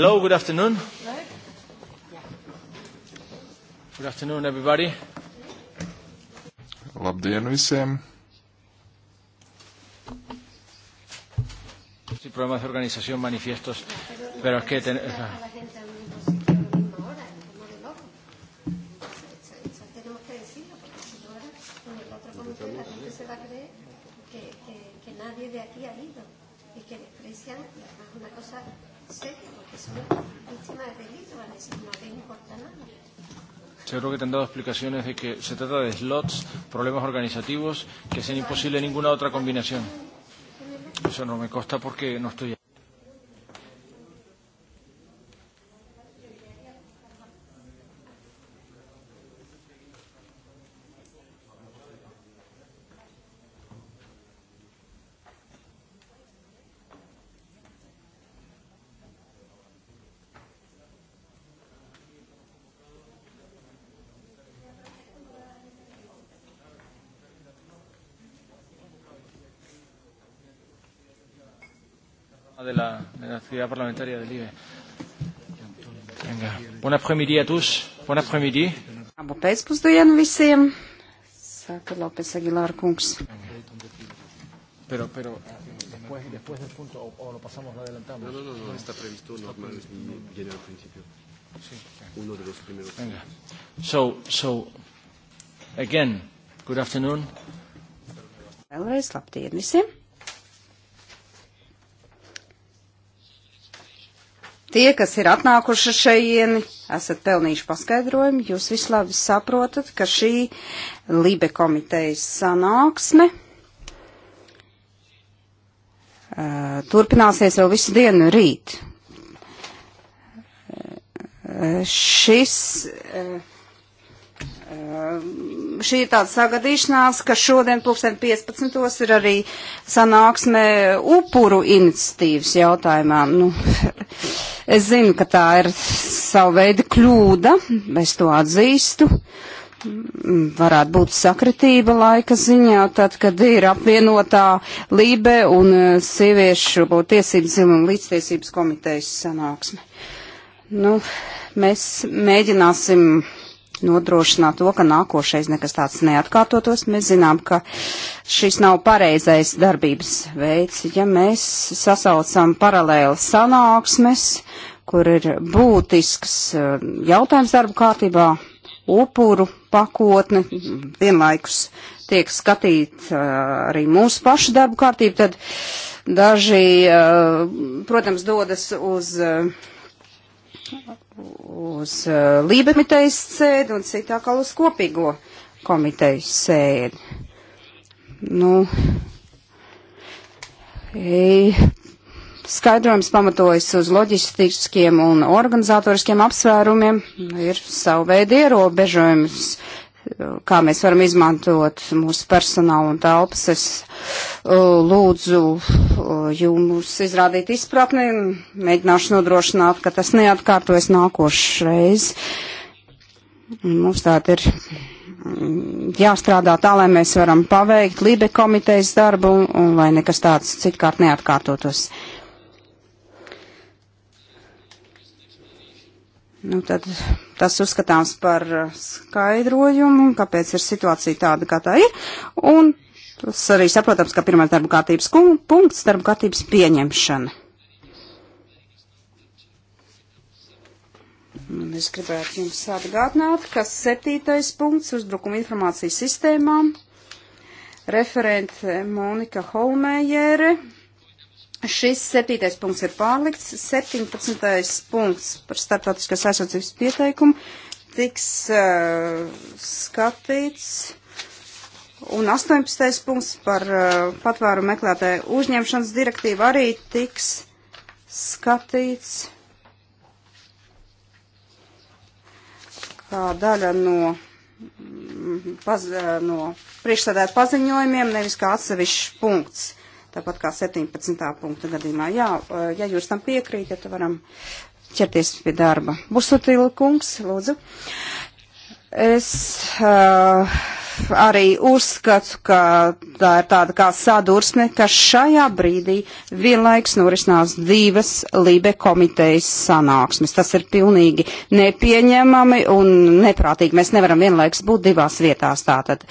Hello, good afternoon. Good afternoon, everybody. Labdien visiem! Sí, problemas de organización manifiestos, pero es que... Ten... han dado explicaciones de que se trata de slots, problemas organizativos, que sean imposible ninguna otra combinación. Eso no me consta porque no estoy. la actividad parlamentaria del IBE. Venga. Buen après-midi a tous. Buen après-midi. Labu pēcpusdienu visiem. Saka Lopes Aguilar kungs. Pero, pero, después, después del punto, o, o lo pasamos, lo adelantamos. No, no, no, no está previsto normal y viene al principio. Sí. Uno de los primeros. Venga. So, so, again, good afternoon. Vēlreiz labdien visiem. Tie, kas ir atnākuši šajieni, esat pelnījuši paskaidrojumu, jūs visi labi saprotat, ka šī Libe komitejas sanāksme uh, turpināsies vēl visu dienu rīt. Uh, šis uh, šī ir tāda sagadīšanās, ka šodien pulksten 15. ir arī sanāksme upuru iniciatīvas jautājumā. Nu, es zinu, ka tā ir savu veidu kļūda, es to atzīstu. Varētu būt sakritība laika ziņā, tad, kad ir apvienotā Lībe un e, sieviešu tiesības un līdztiesības komitejas sanāksme. Nu, mēs mēģināsim nodrošināt to, ka nākošais nekas tāds neatkārtotos. Mēs zinām, ka šis nav pareizais darbības veids. Ja mēs sasaucam paralēli sanāksmes, kur ir būtisks eh, jautājums darba kārtībā, upuru pakotne, vienlaikus tiek skatīt eh, arī mūsu pašu darbu kārtību, tad daži, eh, protams, dodas uz uz uh, Lībemitejas sēdi un citā kā uz kopīgo komitejas sēdi. Nu, ei, skaidrojums pamatojas uz loģistiskiem un organizatoriskiem apsvērumiem, ir savu veidu ierobežojums kā mēs varam izmantot mūsu personālu un telpas. Es uh, lūdzu uh, jums izrādīt izpratni un mēģināšu nodrošināt, ka tas neatkārtojas nākošreiz. Mums tāda ir mm, jāstrādā tā, lai mēs varam paveikt Lībe komitejas darbu un, un lai nekas tāds citkārt neatkārtotos. Nu tad Tas uzskatāms par skaidrojumu, kāpēc ir situācija tāda, kā tā ir. Un tas arī saprotams, ka pirmais darba kārtības punkts - darba kārtības pieņemšana. Un es gribētu jums atgādināt, ka septītais punkts uzbrukuma informācijas sistēmām referente Monika Holmējere Šis septītais punkts ir pārlikts. 17. punkts par starptautiskās aizsardzības pieteikumu tiks uh, skatīts. Un 18. punkts par uh, patvēru meklētāju uzņemšanas direktīvu arī tiks skatīts kā daļa no, mm, paz, uh, no priekšstādāta paziņojumiem, nevis kā atsevišķs punkts tāpat kā 17. punkta gadījumā. Jā, eh, ja jūs tam piekrītat, tad varam ķerties pie darba. Busutila kungs, lūdzu. Es uh, arī uzskatu, ka tā ir tāda kā sadursme, ka šajā brīdī vienlaiks norisinās divas Lībe komitejas sanāksmes. Tas ir pilnīgi nepieņemami un neprātīgi. Mēs nevaram vienlaiks būt divās vietās tātad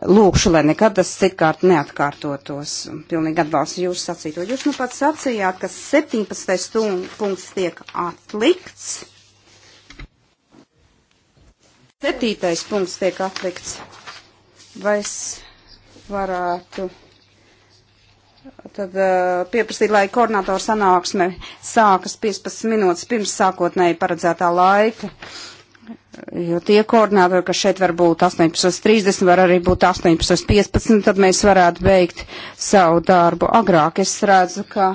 lūkšu, lai nekad tas citkārt neatkārtotos. Pilnīgi atbalstu jūs sacīto. Jūs nu pats sacījāt, ka 17. punkts tiek atlikts. 7. punkts tiek atlikts. Vai es varētu tad uh, pieprasīt, lai koordinātoru sanāksme sākas 15 minūtes pirms sākotnēji paredzētā laika? Uh, Jo tie koordinātori, kas šeit var būt 18.30, var arī būt 18.15, tad mēs varētu beigt savu darbu agrāk. Es redzu, ka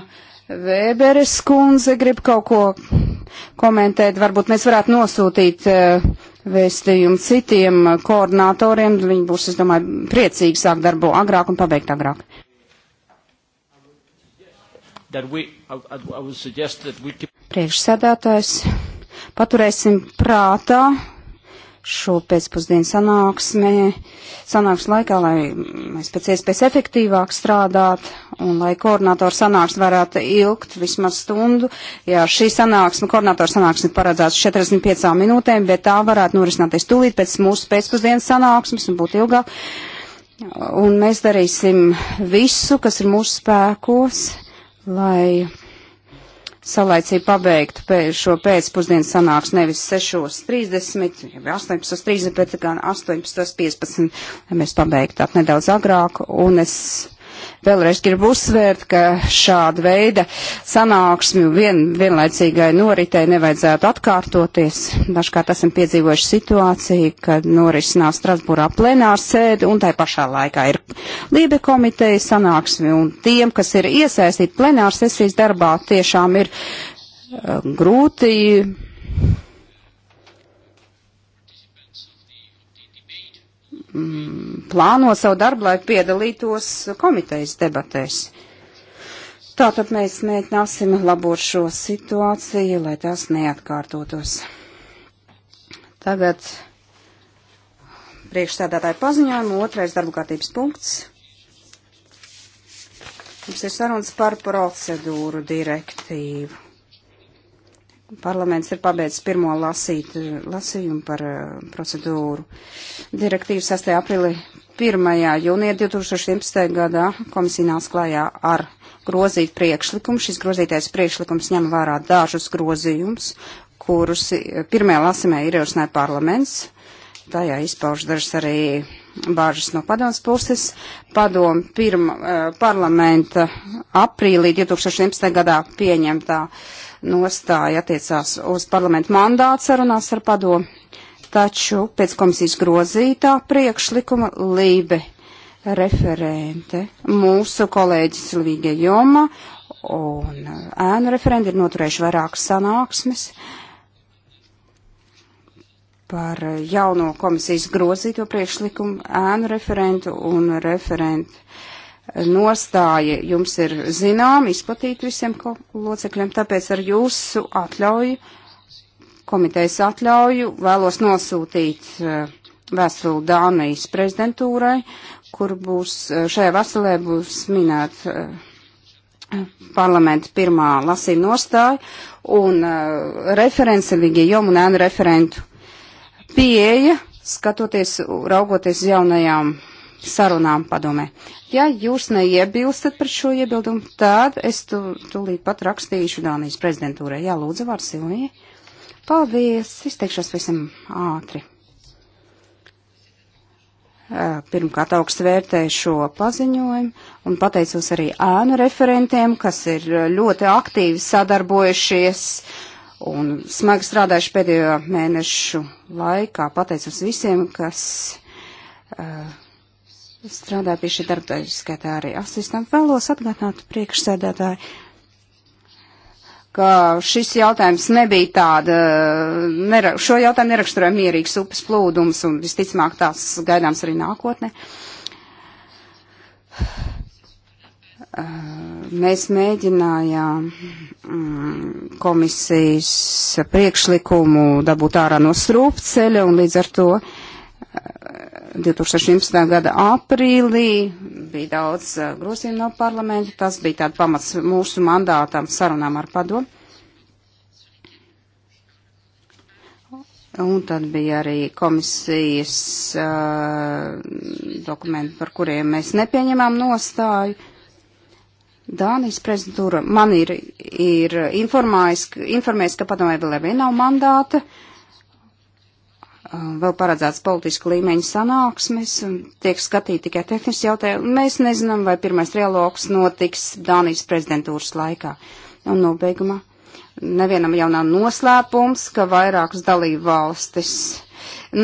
Vēberes kundze grib kaut ko komentēt. Varbūt mēs varētu nosūtīt eh, vēstījumu citiem koordinātoriem. Viņi būs, es domāju, priecīgi sākt darbu agrāk un pabeigt agrāk. Priekšsēdētājs Paturēsim prātā šo pēcpusdienu sanāksmē, sanāks laikā, lai mēs pēc iespējas efektīvāk strādāt un lai koordinātoru sanāksme varētu ilgt vismaz stundu. Jā, šī sanāksme, koordinātoru sanāksme paredzēts 45 minūtēm, bet tā varētu norisināties tūlīt pēc mūsu pēcpusdienas sanāksmes un būt ilgāk. Un mēs darīsim visu, kas ir mūsu spēkos, lai salaicīgi pabeigtu šo pēcpusdienas sanāks nevis 6.30, 18.30, bet gan 18.15, lai mēs pabeigtu tā nedaudz agrāk, un es Vēlreiz gribu uzsvērt, ka šāda veida sanāksmi vien, vienlaicīgai noritei nevajadzētu atkārtoties. Dažkārt esam piedzīvojuši situāciju, kad norisinās Strasbūrā plenāra sēde un tai pašā laikā ir Lībe komiteja sanāksmi un tiem, kas ir iesaistīti plenāra sesijas darbā, tiešām ir uh, grūti Mm, plānot savu darbu, lai piedalītos komitejas debatēs. Tātad mēs mēģināsim labot šo situāciju, lai tas neatkārtotos. Tagad priekšstādātāju paziņojumu, otrais darba kārtības punkts. Mums ir sarunas par procedūru direktīvu. Parlaments ir pabeidzis pirmo lasīt, lasījumu par eh, procedūru. Direktīva 6. aprīlī 1. jūnijā 2011. gadā komisija nāca klājā ar grozīt priekšlikumu. Šis grozītais priekšlikums ņem vērā dažus grozījumus, kurus eh, pirmajā lasīmē ir ierosināja parlaments. Tajā izpauž dažas arī bāžas no padomas puses. Padoma pirma, eh, parlamenta aprīlī 2011. gadā pieņemtā uh, nostāja attiecās uz parlamentu mandātu sarunās ar padomu, taču pēc komisijas grozītā priekšlikuma Lībe referente mūsu kolēģis Līga Joma un ēnu referenti ir noturējuši vairākas sanāksmes par jauno komisijas grozīto priekšlikumu ēnu referentu un referentu nostāja jums ir zinām, izplatīta visiem locekļiem, tāpēc ar jūsu atļauju, komitejas atļauju, vēlos nosūtīt eh, vēstuli Dānijas prezidentūrai, kur būs, eh, šajā vēstulē būs minēt eh, parlamenta pirmā lasījuma nostāja un referenci Ligijomu un referentu pieeja, skatoties, raugoties jaunajām sarunām padomē. Ja jūs neiebilstat par šo iebildumu, tad es tu, tūlīt pat rakstīšu Dānijas prezidentūrai. Jā, lūdzu, var Silvija. Paldies, izteikšos visam ātri. Pirmkārt augstu vērtēju šo paziņojumu un pateicos arī ēnu referentiem, kas ir ļoti aktīvi sadarbojušies un smagi strādājuši pēdējo mēnešu laikā. Pateicos visiem, kas uh, strādāju pie šī darba, tā skaitā arī asistentu. Vēlos atgādināt priekšsēdētāju, ka šis jautājums nebija tāda, nera, šo jautājumu neraksturoja mierīgs upes plūdums un visticamāk tās gaidāms arī nākotnē. Mēs mēģinājām mm, komisijas priekšlikumu dabūt ārā no strūpceļa un līdz ar to uh, 2011. gada aprīlī bija daudz eh, grozījumu no parlamenta. Tas bija tāds pamats mūsu mandātam sarunām ar padomu. Un tad bija arī komisijas uh, dokumenti, par kuriem mēs nepieņemam nostāju. Dānijas prezidentūra man ir, ir informējis, ka padomē vēl arī nav mandāta. Uh, Uh, vēl paredzēts politisku līmeņu sanāksmes, tiek skatīti tikai tehniski jautājumi. Mēs nezinām, vai pirmais trialogs notiks Dānijas prezidentūras laikā. Un nobeigumā nevienam jau nav noslēpums, ka vairākas dalību valstis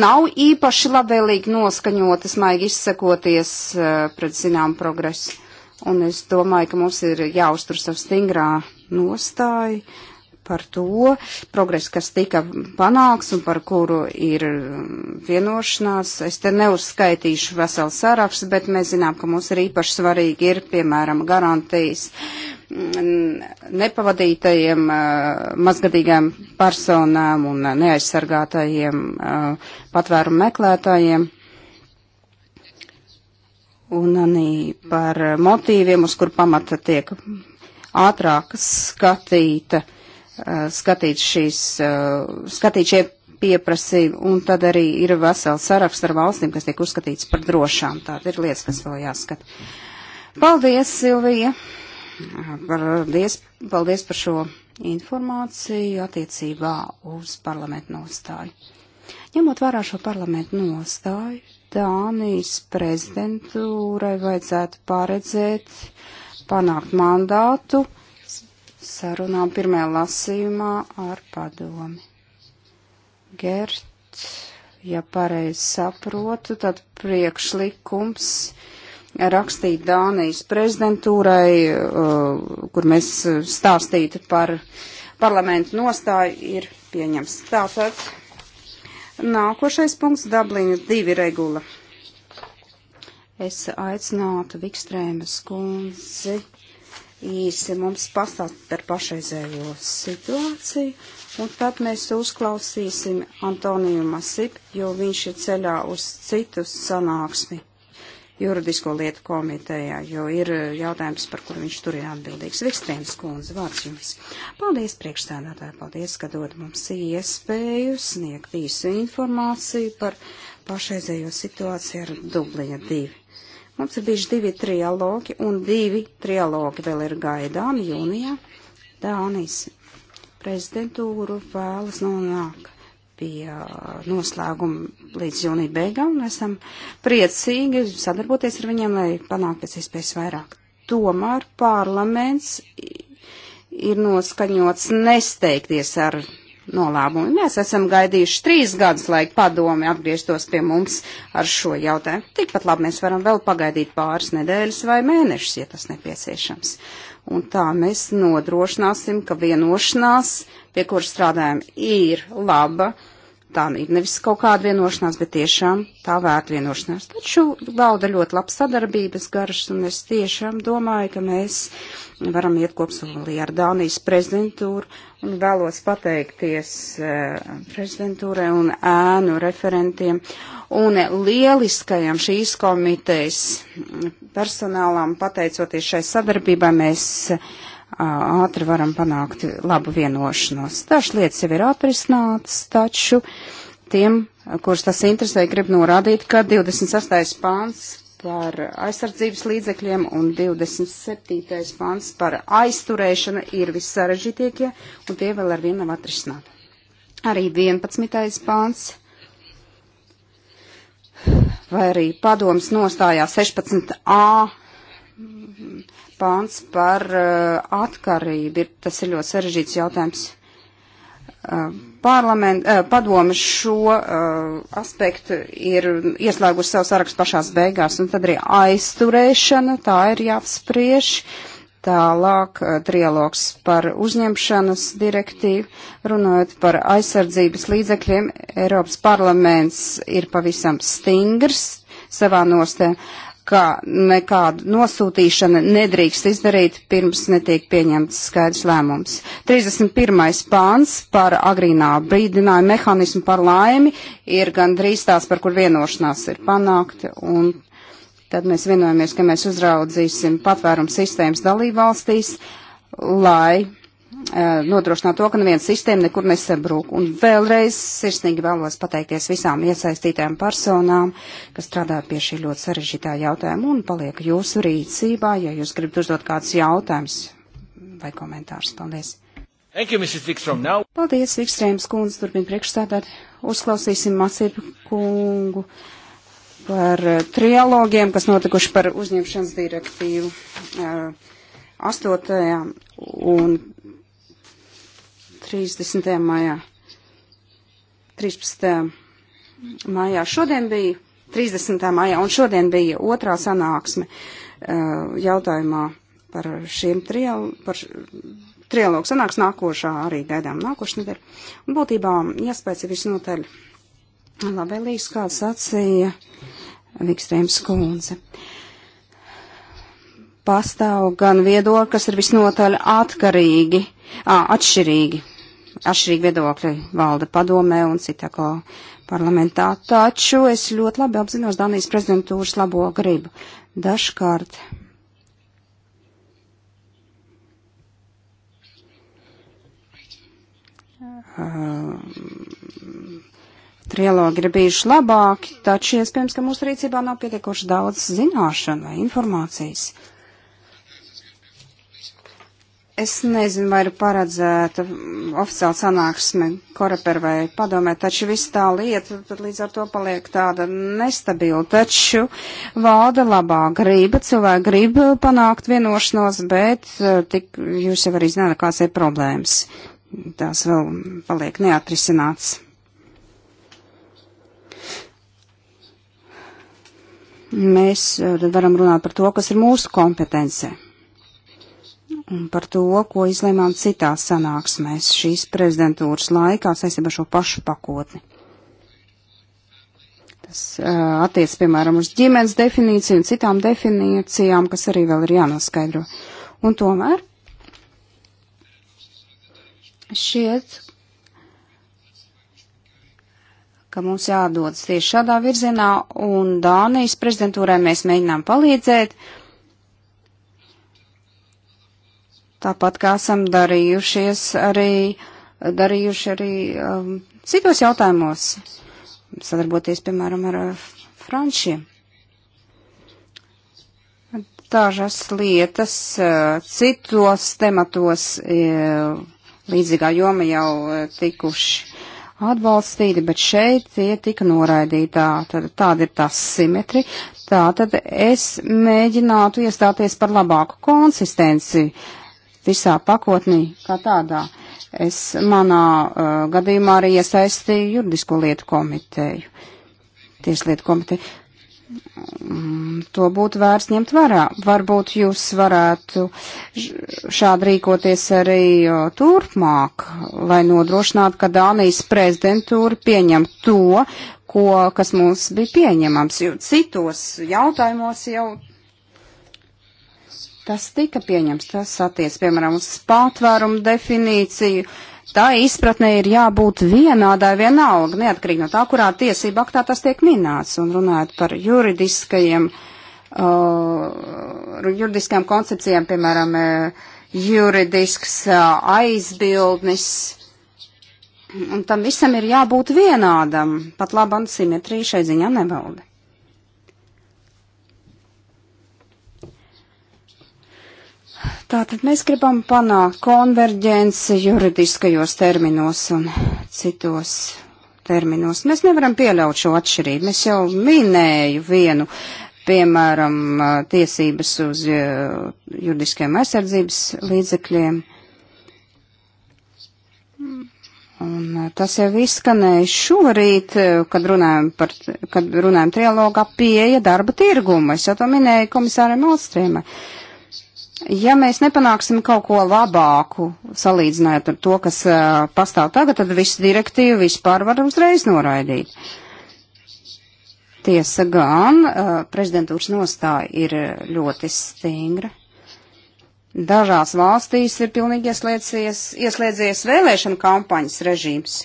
nav īpaši labvēlīgi noskaņotas, maigi izsakoties uh, pret zinām progresu. Un es domāju, ka mums ir jāuztur savu stingrā nostāju par to progresu, kas tika panāks un par kuru ir um, vienošanās. Es te neuzskaitīšu veselu sārakstu, bet mēs zinām, ka mums ir īpaši svarīgi ir, piemēram, garantijas mm, nepavadītajiem uh, mazgadīgām personām un neaizsargātajiem uh, patvērumu meklētājiem un arī par motīviem, uz kur pamata tiek ātrāk skatīta uh, Eh, skatīt šīs, eh, skatīt šie pieprasījumi, un tad arī ir vesels saraksts ar valstīm, kas tiek uzskatīts par drošām. Tātad ir lietas, kas vēl jāskata. Paldies, Silvija! Paldies, paldies par šo informāciju attiecībā uz parlamentu nostāju. Ņemot vērā šo parlamentu nostāju, Dānijas prezidentūrai vajadzētu paredzēt panākt mandātu sarunām pirmajā lasījumā ar padomi. Gert, ja pareizi saprotu, tad priekšlikums rakstīt Dānijas prezidentūrai, uh, kur mēs stāstītu par parlamentu nostāju, ir pieņems. Tātad nākošais punkts Dublina divi regula. Es aicinātu Vikstrēmas kundzi īsi mums pastāst par pašreizējo situāciju, un tad mēs uzklausīsim Antoniju Masip, jo viņš ir ceļā uz citu sanāksmi juridisko lietu komitejā, jo ir eh, jautājums, par kuru viņš tur ir atbildīgs. Vikstrēms kundze, vārds jums. Paldies, priekšstādātāji, paldies, ka dod mums iespēju sniegt īsu informāciju par pašreizējo situāciju ar Dublina 2. Mums ir bijuši divi trialogi, un divi trialogi vēl ir gaidāmi jūnijā. Dānijas prezidentūru vēlas nonākt pie uh, noslēguma līdz jūnija beigām, un esam priecīgi sadarboties ar viņiem, lai panāktu pēc iespējas vairāk. Tomēr parlaments ir noskaņots nesteigties ar nolēmumi. Mēs esam gaidījuši trīs gadus, lai padomi atgrieztos pie mums ar šo jautājumu. Tikpat labi mēs varam vēl pagaidīt pāris nedēļas vai mēnešus, ja tas nepieciešams. Un tā mēs nodrošināsim, ka vienošanās, pie kuras strādājam, ir laba. Tā ir nevis kaut kāda vienošanās, bet tiešām tā vērta vienošanās. Taču bauda ļoti labs sadarbības garš, un es tiešām domāju, ka mēs varam iet kopsolī ar Dānijas prezidentūru un vēlos pateikties uh, prezidentūrai un ēnu referentiem un lieliskajam šīs komitejas personālām. Pateicoties šai sadarbībai, mēs uh, ātri varam panākt labu vienošanos. Dažas lietas jau ir atrisinātas, taču tiem, kurus tas interesē, grib norādīt, ka 26. pāns par aizsardzības līdzekļiem un 27. pants par aizturēšanu ir vissarežģītākie, un tie vēl ar vienu nav atrisināti. Arī 11. pants vai arī padoms nostājā 16a pāns par uh, atkarību. Ir, tas ir ļoti sarežģīts jautājums. Uh, Parlament, eh, padome šo eh, aspektu ir ieslēgusi savu sarakstu pašās beigās, un tad arī aizturēšana, tā ir jāapspriež. Tālāk eh, trialogs par uzņemšanas direktīvu, runājot par aizsardzības līdzekļiem, Eiropas parlaments ir pavisam stingrs savā nostē ka nekādu nosūtīšanu nedrīkst izdarīt pirms netiek pieņemts skaidrs lēmums. 31. pāns par agrīnā brīdinājumu mehānismu par laimi ir gandrīz tās, par kur vienošanās ir panākta, un tad mēs vienojamies, ka mēs uzraudzīsim patvērums sistēmas dalībvalstīs, lai Eh, nodrošināt to, ka neviena sistēma nekur nesabrūk. Un vēlreiz sirsnīgi vēlos pateikties visām iesaistītām personām, kas strādā pie šī ļoti sarežģītā jautājuma un paliek jūsu rīcībā, ja jūs gribat uzdot kādus jautājumus vai komentārus. Paldies! Thank you, Mrs. Vikstrom. Now... Paldies, Vikstrēms kundze, turpin priekšstādāt. Uzklausīsim Masību kungu par eh, trialogiem, kas notikuši par uzņemšanas direktīvu. Uh, eh, 8. un 30. maijā. 13. maijā. Šodien bija 30. maijā un šodien bija otrā sanāksme uh, jautājumā par šiem trial, par trialogu sanāks nākošā arī gaidām nākošā nedēļa. Un būtībā jāspēc ir visnotaļ labvēlīgs, kā sacīja Vikstrēms Kunze. Pastāv gan viedokļi, kas ir visnotaļ atkarīgi, ā, atšķirīgi atšķirīgi viedokļi valda padomē un citāko parlamentā, taču es ļoti labi apzinos Danijas prezidentūras labo gribu. Dažkārt Uh, trilogi ir bijuši labāki, taču iespējams, ka mūsu rīcībā nav pietiekoši daudz zināšanu vai informācijas. Uh, Es nezinu, vai ir paredzēta oficiāla sanāksme koreper vai padomē, taču viss tā lieta tad līdz ar to paliek tāda nestabila. Taču valda labā grība, cilvēki grib panākt vienošanos, bet eh, tik jūs jau arī zināt, kāds ir problēmas. Tās vēl paliek neatrisināts. Mēs eh, varam runāt par to, kas ir mūsu kompetence un par to, ko izlēmām citās sanāksmēs šīs prezidentūras laikā saistībā ar šo pašu pakotni. Tas uh, attiec, piemēram, uz ģimenes definīciju un citām definīcijām, kas arī vēl ir jānoskaidro. Un tomēr šķiet, ka mums jādodas tieši šādā virzienā, un Dānijas prezidentūrai mēs mēģinām palīdzēt. Uh, Tāpat kā esam darījušies arī, darījuši arī um, citos jautājumos, sadarboties, piemēram, ar uh, frančiem. Dažas lietas uh, citos tematos uh, līdzīgā joma jau tikuši atbalstīti, bet šeit tie tika noraidīti. Tāda, tāda ir tā simetri. Tātad es mēģinātu iestāties par labāku konsistenci visā pakotnī kā tādā. Es manā uh, gadījumā arī iesaistīju juridisko lietu komiteju, tieslietu komiteju. Mm, to būtu vērts ņemt vērā. Varbūt jūs varētu šādi rīkoties arī uh, turpmāk, lai nodrošinātu, ka Dānijas prezidentūra pieņem to, ko, kas mums bija pieņemams. Jo citos jautājumos jau Tas tika pieņemts, tas attiec, piemēram, uz patvērumu definīciju. Tā izpratnē ir jābūt vienādai vienalga, neatkarīgi no tā, kurā tiesība aktā tas tiek minēts. Un runājot par juridiskajiem, uh, juridiskajām koncepcijām, piemēram, uh, juridisks uh, aizbildnis. Un tam visam ir jābūt vienādam, pat labam simetrija šai ziņā nevalda. Tātad mēs gribam panākt konverģenci juridiskajos terminos un citos terminos. Mēs nevaram pieļaut šo atšķirību. Es jau minēju vienu, piemēram, tiesības uz juridiskiem aizsardzības līdzekļiem. Un tas jau izskanēja šorīt, kad runājam, par, kad runājam trialogā pieeja darba tirguma. Es jau to minēju komisārai Malstrēmai ja mēs nepanāksim kaut ko labāku, salīdzinājot ar to, kas uh, pastāv tagad, tad visu direktīvu vispār var uzreiz noraidīt. Tiesa gan, uh, prezidentūras nostāja ir ļoti stingra. Dažās valstīs ir pilnīgi ieslēdzies, ieslēdzies vēlēšana kampaņas režīms.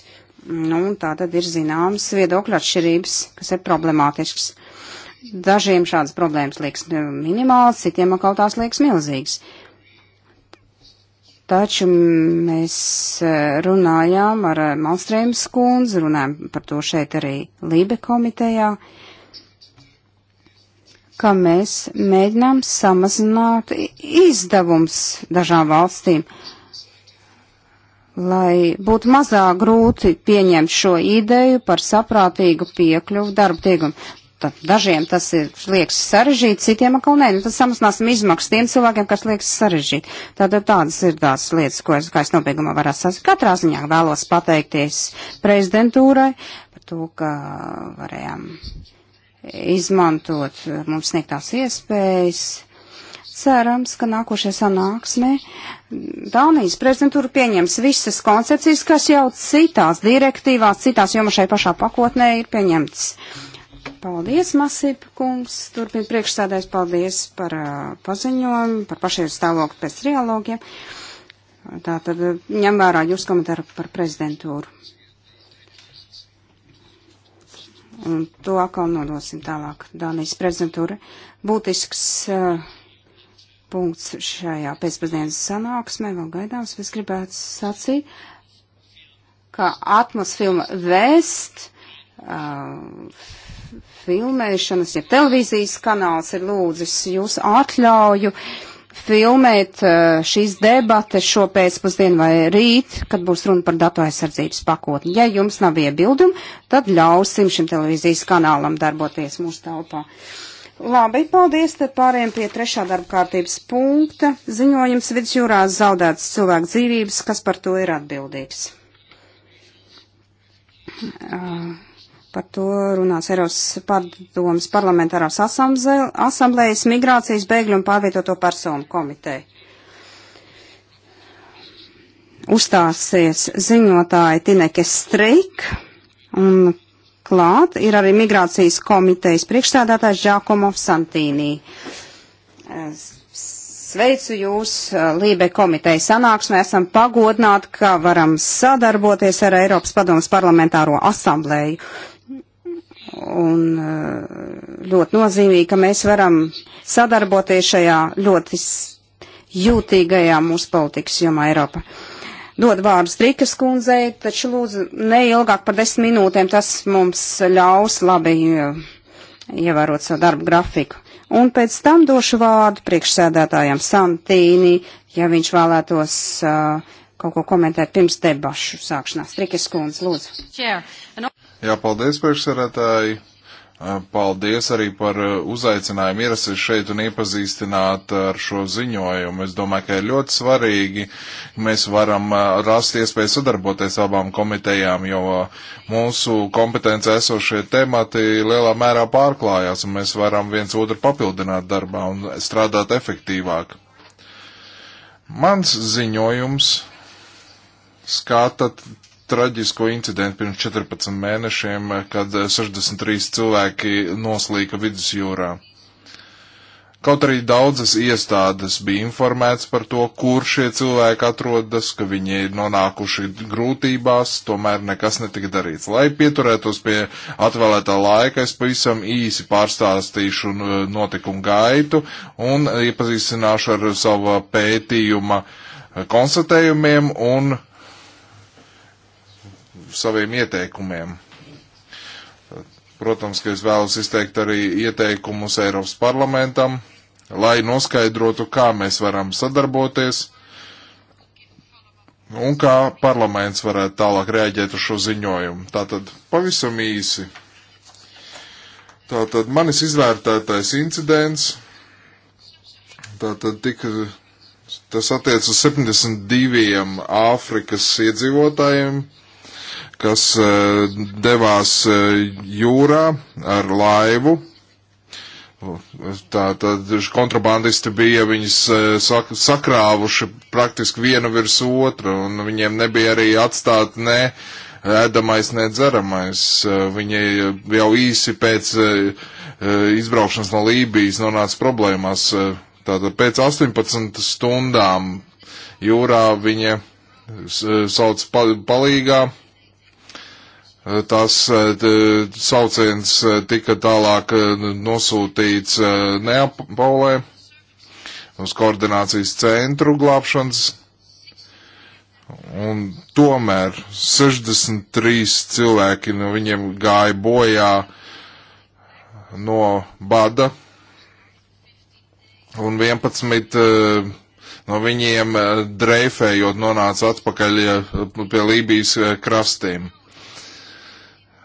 Nu, tā tad ir zināmas viedokļa atšķirības, kas ir problemātisks. Dažiem šādas problēmas liekas nu, minimāls, citiem atkal tās liekas milzīgas. Taču mēs eh, runājām ar eh, Malstrēmas kundzi, runājām par to šeit arī Lībe komitejā, ka mēs mēģinām samazināt izdevums dažām valstīm, lai būtu mazāk grūti pieņemt šo ideju par saprātīgu piekļuvu darba tirgumu. Tad dažiem tas ir, liekas sarežģīti, citiem atkal nē. Nu, tad samazināsim izmaksas tiem cilvēkiem, kas liekas sarežģīti. Tātad tādas ir tās lietas, ko es, kā es nobeigumā varētu sasīt. Katrā ziņā vēlos pateikties prezidentūrai par to, ka varējām izmantot mums sniegtās iespējas. Cerams, ka nākošajā sanāksmē Daunijas prezidentūra pieņems visas koncepcijas, kas jau citās direktīvās, citās jomā šai pašā pakotnē ir pieņemtas. Paldies, Masīp kungs. Turpin priekšstādājs paldies par uh, paziņojumu, par pašreiz stāvokli pēc trialogiem. Tātad ņem vērā jūs komentāru par prezidentūru. Un to atkal nodosim tālāk Dānijas prezidentūra. Būtisks uh, punkts šajā pēcpusdienas sanāksmē vēl gaidāms, es gribētu sacīt, ka atmosfilma vēst uh, filmēšanas, ja televīzijas kanāls ir lūdzis jūs atļauju filmēt eh, šīs debates šo pēcpusdienu vai rīt, kad būs runa par datu aizsardzības pakotni. Ja jums nav iebildumu, tad ļausim šim televīzijas kanālam darboties mūsu telpā. Labi, paldies, tad pāriem pie trešā darba kārtības punkta. Ziņojums vidusjūrā zaudētas cilvēku dzīvības, kas par to ir atbildīgs. Uh Par to runās Eiropas padomas parlamentārās asamblējas migrācijas bēgļu un pārvietoto personu komiteja. Uzstāsies ziņotāji Tineke Streik un klāt ir arī migrācijas komitejas priekšstādātājs Džākomo Santīnī. Sveicu jūs, eh, Lībe komiteja sanāksmē, esam pagodināti, ka varam sadarboties ar Eiropas padomas parlamentāro asamblēju Un eh, ļoti nozīmīgi, ka mēs varam sadarboties šajā ļoti jūtīgajā mūsu politikas jomā Eiropā. Dod vārdu Strikas kundzei, taču lūdzu neilgāk par desmit minūtēm, tas mums ļaus labi eh, ievērot savu darbu grafiku. Un pēc tam došu vārdu priekšsēdētājam Santīni, ja viņš vēlētos uh, kaut ko komentēt pirms debašu sākšanās. Strikas kundze, lūdzu. Yeah. Jā, paldies, priekšsarētāji. Paldies arī par uzaicinājumu ierasties šeit un iepazīstināt ar šo ziņojumu. Es domāju, ka ir ļoti svarīgi, ka mēs varam rast iespēju sadarboties abām komitejām, jo mūsu kompetence esošie temati lielā mērā pārklājās un mēs varam viens otru papildināt darbā un strādāt efektīvāk. Mans ziņojums skata traģisko incidentu pirms 14 mēnešiem, kad 63 cilvēki noslīka vidusjūrā. Kaut arī daudzas iestādes bija informētas par to, kur šie cilvēki atrodas, ka viņi ir nonākuši grūtībās, tomēr nekas netika darīts. Lai pieturētos pie atvēlētā laika, es pavisam īsi pārstāstīšu notikumu gaitu un iepazīstināšu ar savu pētījuma konstatējumiem un saviem ieteikumiem. Protams, ka es vēlos izteikt arī ieteikumus Eiropas parlamentam, lai noskaidrotu, kā mēs varam sadarboties un kā parlaments varētu tālāk rēģēt uz šo ziņojumu. Tātad pavisam īsi. Tātad manis izvērtētais incidents, tātad tika, tas attiec uz 72 Āfrikas iedzīvotājiem, kas e, devās e, jūrā ar laivu. Tā tad kontrabandisti bija viņus e, sak sakrāvuši praktiski vienu virs otru, un viņiem nebija arī atstāt ne ēdamais, ne dzeramais. Viņi jau īsi pēc izbraukšanas no Lībijas nonāca problēmās. Tātad pēc 18 stundām jūrā viņa sauc palīgā. Pa Tas eh, sauciens eh, tika tālāk eh, nosūtīts Neapolē uz koordinācijas centru glābšanas. Un tomēr 63 cilvēki no viņiem gāja bojā no bada. Un 11 no viņiem dreifējot nonāca atpakaļ pie Lībijas krastiem.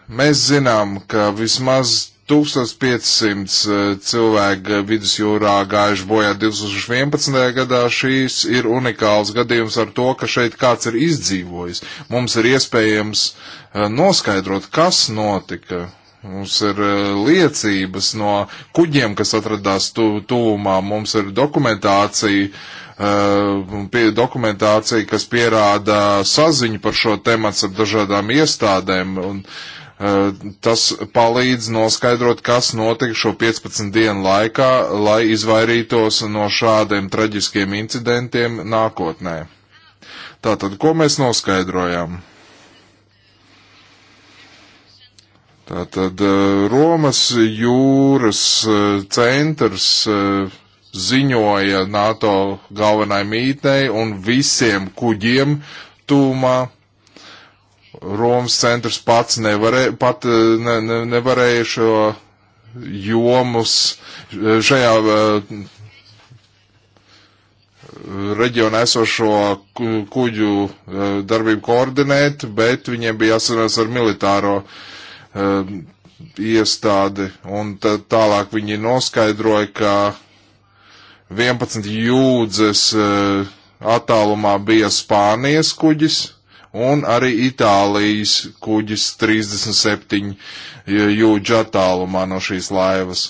Mēs zinām, ka vismaz 1500 eh, cilvēku vidusjūrā gājuši bojā 2011. gadā. Šīs ir unikāls gadījums ar to, ka šeit kāds ir izdzīvojis. Mums ir iespējams eh, noskaidrot, kas notika. Mums ir eh, liecības no kuģiem, kas atradās tu, tuvumā. Mums ir dokumentācija, pie, dokumentācija, kas pierāda saziņu par šo tematu ar dažādām iestādēm. Un, uh, Eh, tas palīdz noskaidrot, kas notika šo 15 dienu laikā, lai izvairītos no šādiem traģiskiem incidentiem nākotnē. Tātad, ko mēs noskaidrojam? Tātad eh, Romas jūras eh, centrs ziņoja NATO galvenai mītnei un visiem kuģiem tūmā Romas centrs pats, nevarē, pat eh, ne, ne, nevarēja šo jomus eh, šajā eh, reģionā esošo kuģu darbību koordinēt, bet viņiem bija jāsanās ar militāro uh, iestādi. Un tālāk viņi noskaidroja, ka 11 jūdzes uh, attālumā bija Spānijas kuģis, un arī Itālijas kuģis 37 jūdžu attālumā no šīs laivas.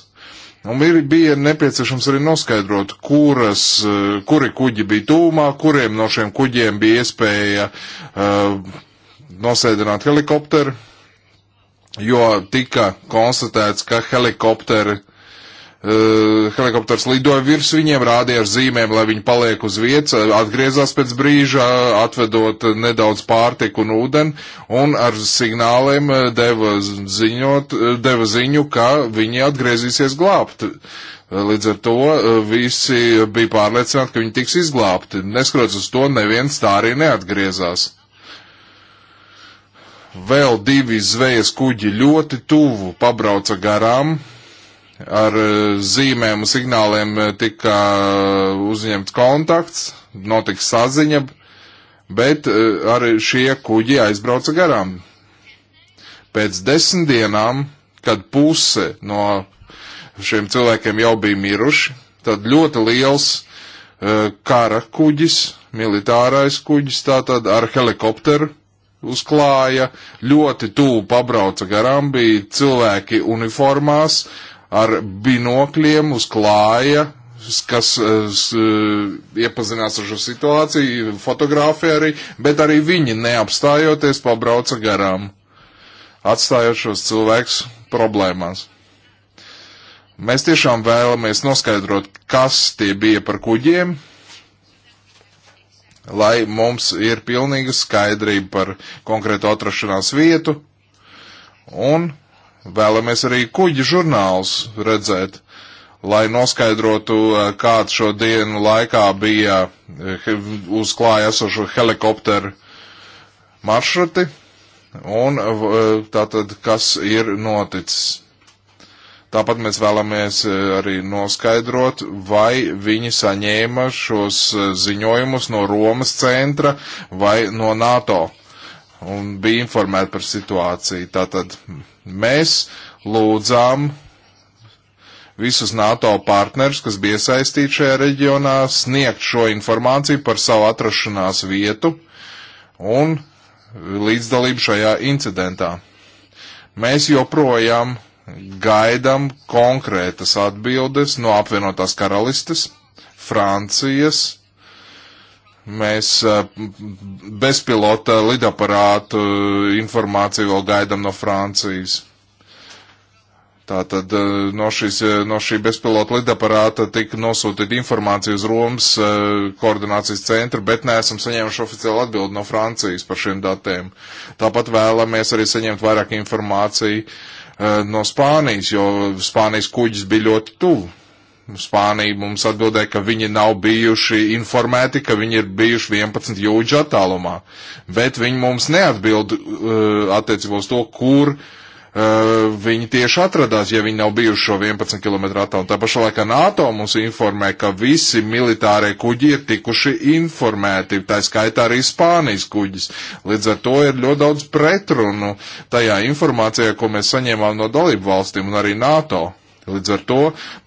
Un ir, bija nepieciešams arī noskaidrot, kuras, eh, kuri kuģi bija tūmā, kuriem no šiem kuģiem bija iespēja uh, nosēdināt helikopteru, jo tika konstatēts, ka helikopteri uh, Uh, helikopters lidoja virs viņiem, rādīja ar zīmēm, lai viņi paliek uz vietas, eh, atgriezās pēc brīža, atvedot nedaudz pārtiku un ūdeni, un ar signāliem eh, deva, ziņot, deva ziņu, ka viņi atgriezīsies glābt. Līdz ar to visi bija pārliecināti, ka viņi tiks izglābti. Neskatoties uz to, neviens tā arī neatgriezās. Vēl divi zvejas kuģi ļoti tuvu pabrauca garām, ar eh, zīmēm un signāliem eh, tika eh, uzņemts kontakts, notika saziņa, bet arī šie kuģi aizbrauca garām. Pēc desmit dienām, kad puse no šiem cilvēkiem jau bija miruši, tad ļoti liels uh, kara kuģis, militārais kuģis, tātad ar helikopteru uzklāja, ļoti tūlu pabrauca garām, bija cilvēki uniformās, uh, ar binokļiem uz klāja, kas eh, eh, iepazinās ar šo situāciju, fotografē arī, bet arī viņi neapstājoties pabrauca garām, atstājot šos cilvēkus problēmās. Mēs tiešām vēlamies noskaidrot, kas tie bija par kuģiem, lai mums ir pilnīga skaidrība par konkrētu atrašanās vietu un Vēlamies arī kuģi žurnāls redzēt, lai noskaidrotu, eh, kāds šo dienu laikā bija eh, uz klāja esošu helikopteru maršruti un eh, tātad, kas ir noticis. Tāpat mēs vēlamies arī noskaidrot, vai viņi saņēma šos ziņojumus no Romas centra vai no NATO un bija informēti par situāciju. Tātad mēs lūdzām visus NATO partnerus, kas bija iesaistīti šajā reģionā, sniegt šo informāciju par savu atrašanās vietu un līdzdalību šajā incidentā. Mēs joprojām gaidām konkrētas atbildes no apvienotās karalistes, Francijas, Mēs bezpilota lidaparātu informāciju vēl gaidām no Francijas. Tātad no, šis, no šī bezpilota lidaparāta tika nosūtīta informācija uz Romas koordinācijas centru, bet neesam saņēmuši oficiālu atbildi no Francijas par šiem datiem. Tāpat vēlamies arī saņemt vairāk informāciju no Spānijas, jo Spānijas kuģis bija ļoti tuvu. Spānija mums atbildēja, ka viņi nav bijuši informēti, ka viņi ir bijuši 11 jūdžu attālumā, bet viņi mums neatbild uh, attiecībā uz to, kur uh, viņi tieši atradās, ja viņi nav bijuši šo 11 km attālumā. Tā pašā laikā NATO mums informē, ka visi militārie kuģi ir tikuši informēti, tā skaitā arī Spānijas kuģis. Līdz ar to ir ļoti daudz pretrunu tajā informācijā, ko mēs saņēmām no dalību valstīm un arī NATO. Līdz ar to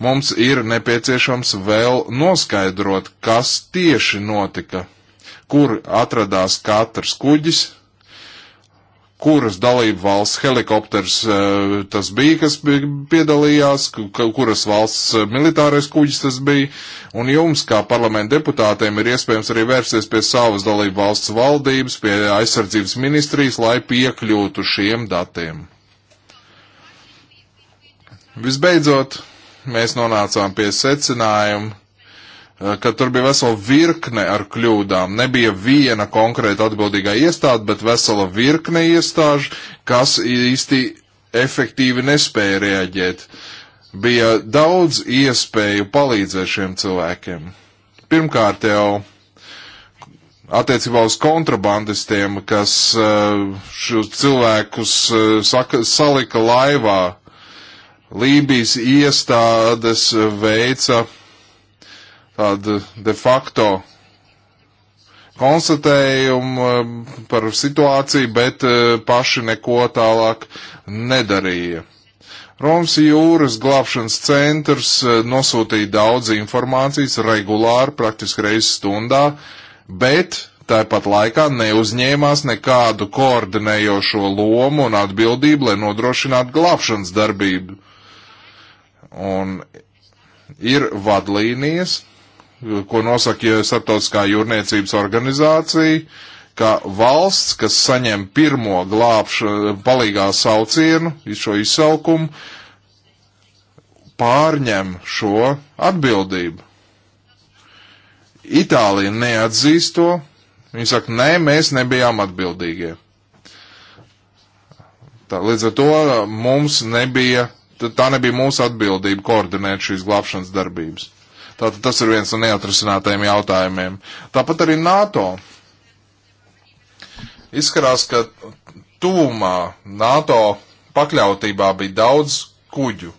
mums ir nepieciešams vēl noskaidrot, kas tieši notika, kur atradās katrs kuģis, kuras dalību valsts helikopters eh, tas bija, kas piedalījās, kuras valsts eh, militārais kuģis tas bija, un jums, kā parlamenta deputātiem, ir iespējams arī vērsties pie savas dalību valsts valdības, pie aizsardzības ministrijas, lai piekļūtu šiem datiem. Visbeidzot, mēs nonācām pie secinājuma, eh, ka tur bija vesela virkne ar kļūdām. Nebija viena konkrēta atbildīgā iestāde, bet vesela virkne iestāžu, kas īsti efektīvi nespēja reaģēt. Bija daudz iespēju palīdzēt šiem cilvēkiem. Pirmkārt jau attiecībā uz kontrabandistiem, kas eh, šos cilvēkus eh, saka, salika laivā, Lībijas iestādes veica tādu de facto konstatējumu um, par situāciju, bet uh, paši neko tālāk nedarīja. Romas jūras glābšanas centrs uh, nosūtīja daudz informācijas regulāri, praktiski reizes stundā, bet tāpat laikā neuzņēmās nekādu koordinējošo lomu un atbildību, lai nodrošinātu glābšanas darbību. Un ir vadlīnijas, ko nosaka Startautiskā jūrniecības organizācija, ka valsts, kas saņem pirmo glābšu palīgā saucienu, šo izsaukumu, pārņem šo atbildību. Itālija neatzīst to. Viņa saka, nē, mēs nebijām atbildīgie. Tā, līdz ar to mums nebija tā nebija mūsu atbildība koordinēt šīs glābšanas darbības. Tātad tas ir viens no neatrisinātajiem jautājumiem. Tāpat arī NATO. Izskatās, ka tūmā NATO pakļautībā bija daudz kuģu.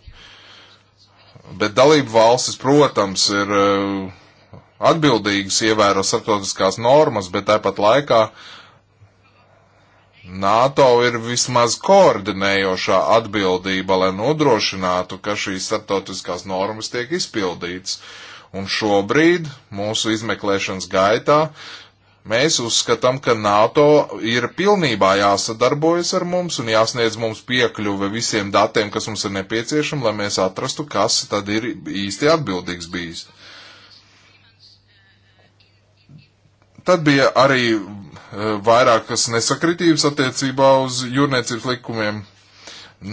Bet dalību valstis, protams, ir eh, atbildīgas ievēro starptautiskās normas, bet tāpat laikā uh, NATO ir vismaz koordinējošā atbildība, lai nodrošinātu, ka šīs starptautiskās normas tiek izpildītas. Un šobrīd mūsu izmeklēšanas gaitā mēs uzskatām, ka NATO ir pilnībā jāsadarbojas ar mums un jāsniedz mums piekļuve visiem datiem, kas mums ir nepieciešami, lai mēs atrastu, kas tad ir īsti atbildīgs bijis. Tad bija arī eh, vairākas nesakritības attiecībā uz jūrniecības likumiem.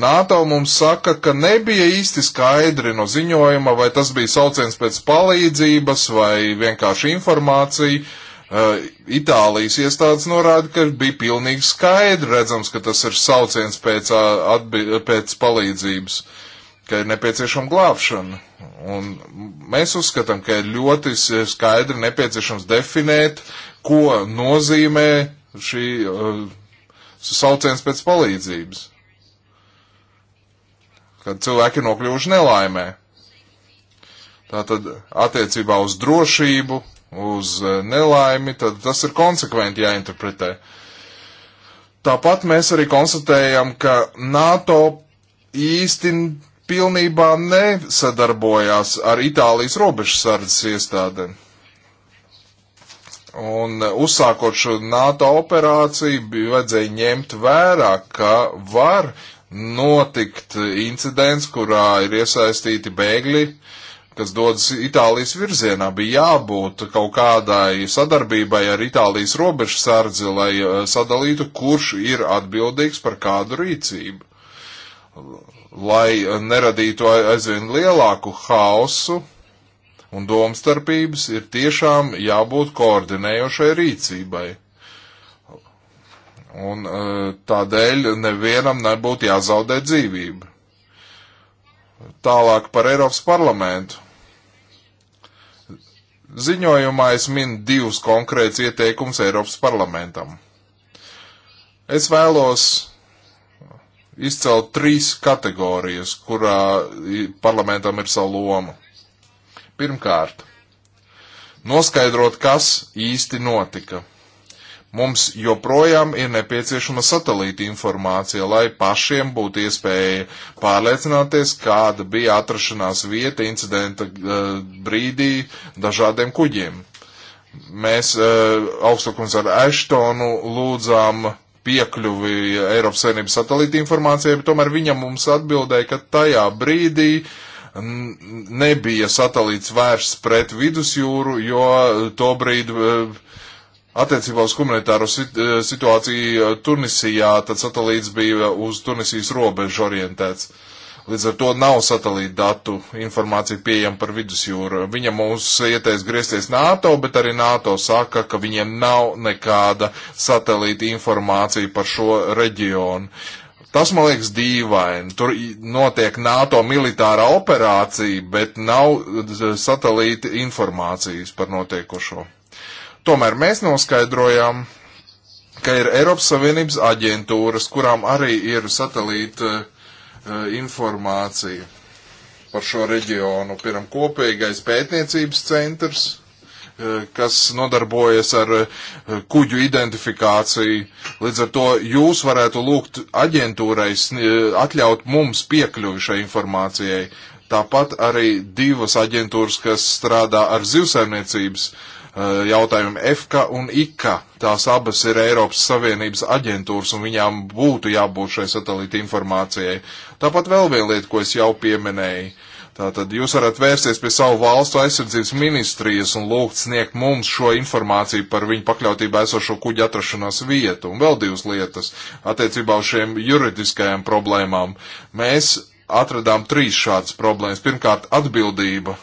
NATO mums saka, ka nebija īsti skaidri no ziņojuma, vai tas bija sauciens pēc palīdzības vai vienkārši informācija. Uh, Itālijas iestādes norāda, ka bija pilnīgi skaidri redzams, ka tas ir sauciens pēc, uh, pēc palīdzības. Uh, ka ir nepieciešama glābšana. Un mēs uzskatām, ka ir ļoti skaidri nepieciešams definēt, ko nozīmē šī uh, sauciens pēc palīdzības. Kad cilvēki nokļuvuši nelaimē. Tātad attiecībā uz drošību, uz uh, nelaimi, tad tas ir konsekventi jāinterpretē. Tāpat mēs arī konstatējam, ka NATO īsti pilnībā nesadarbojās ar Itālijas robežsardzes iestādēm. Un uh, uzsākot šo NATO operāciju, bija vajadzēja ņemt vērā, ka var notikt incidents, kurā ir iesaistīti bēgļi, kas dodas Itālijas virzienā. Bija jābūt kaut kādai sadarbībai ar Itālijas robežsardzi, lai uh, sadalītu, kurš ir atbildīgs par kādu rīcību lai neradītu aizvien lielāku haosu un domstarpības, ir tiešām jābūt koordinējošai rīcībai. Un e, tādēļ nevienam nebūtu jāzaudē dzīvība. Tālāk par Eiropas parlamentu. Ziņojumā es minu divus konkrēts ieteikums Eiropas parlamentam. Es vēlos izcelt trīs kategorijas, kurā parlamentam ir savu lomu. Pirmkārt, noskaidrot, kas īsti notika. Mums joprojām ir nepieciešama satelīta informācija, lai pašiem būtu iespēja pārliecināties, kāda bija atrašanās vieta incidenta e, brīdī dažādiem kuģiem. Mēs e, augstokungs ar Eštonu lūdzām piekļuvi Eiropas Savienības satelīta informācijai, bet tomēr viņa mums atbildēja, ka tajā brīdī nebija satelīts vērsts pret vidusjūru, jo to brīdi eh, attiecībā uz humanitāro eh, situāciju Tunisijā, tad satelīts bija uz Tunisijas robežu orientēts. Uh, Līdz ar to nav satelīta datu informācija pieejama par vidusjūru. Viņa mūs ieteic griezties NATO, bet arī NATO saka, ka viņiem nav nekāda satelīta informācija par šo reģionu. Tas man liekas dīvaini. Tur notiek NATO militārā operācija, bet nav satelīta informācijas par notiekošo. Tomēr mēs noskaidrojām, ka ir Eiropas Savienības aģentūras, kurām arī ir satelīta E, informāciju par šo reģionu. Piemēram, kopīgais pētniecības centrs, e, kas nodarbojas ar e, kuģu identifikāciju. Līdz ar to jūs varētu lūgt aģentūrai atļaut mums piekļuvi šai informācijai. Tāpat arī divas aģentūras, kas strādā ar zivsaimniecības jautājumu EFKA un IKA. Tās abas ir Eiropas Savienības aģentūras un viņām būtu jābūt šai satelīta informācijai. Uh, Tāpat vēl viena lieta, ko es jau pieminēju. Tātad jūs varat vērsties pie savu valstu aizsardzības ministrijas un lūgt sniegt mums šo informāciju par viņu pakļautībā esošo kuģu atrašanās vietu. Un vēl divas lietas attiecībā uz šiem juridiskajām problēmām. Mēs atradām trīs šādas problēmas. Pirmkārt, atbildība.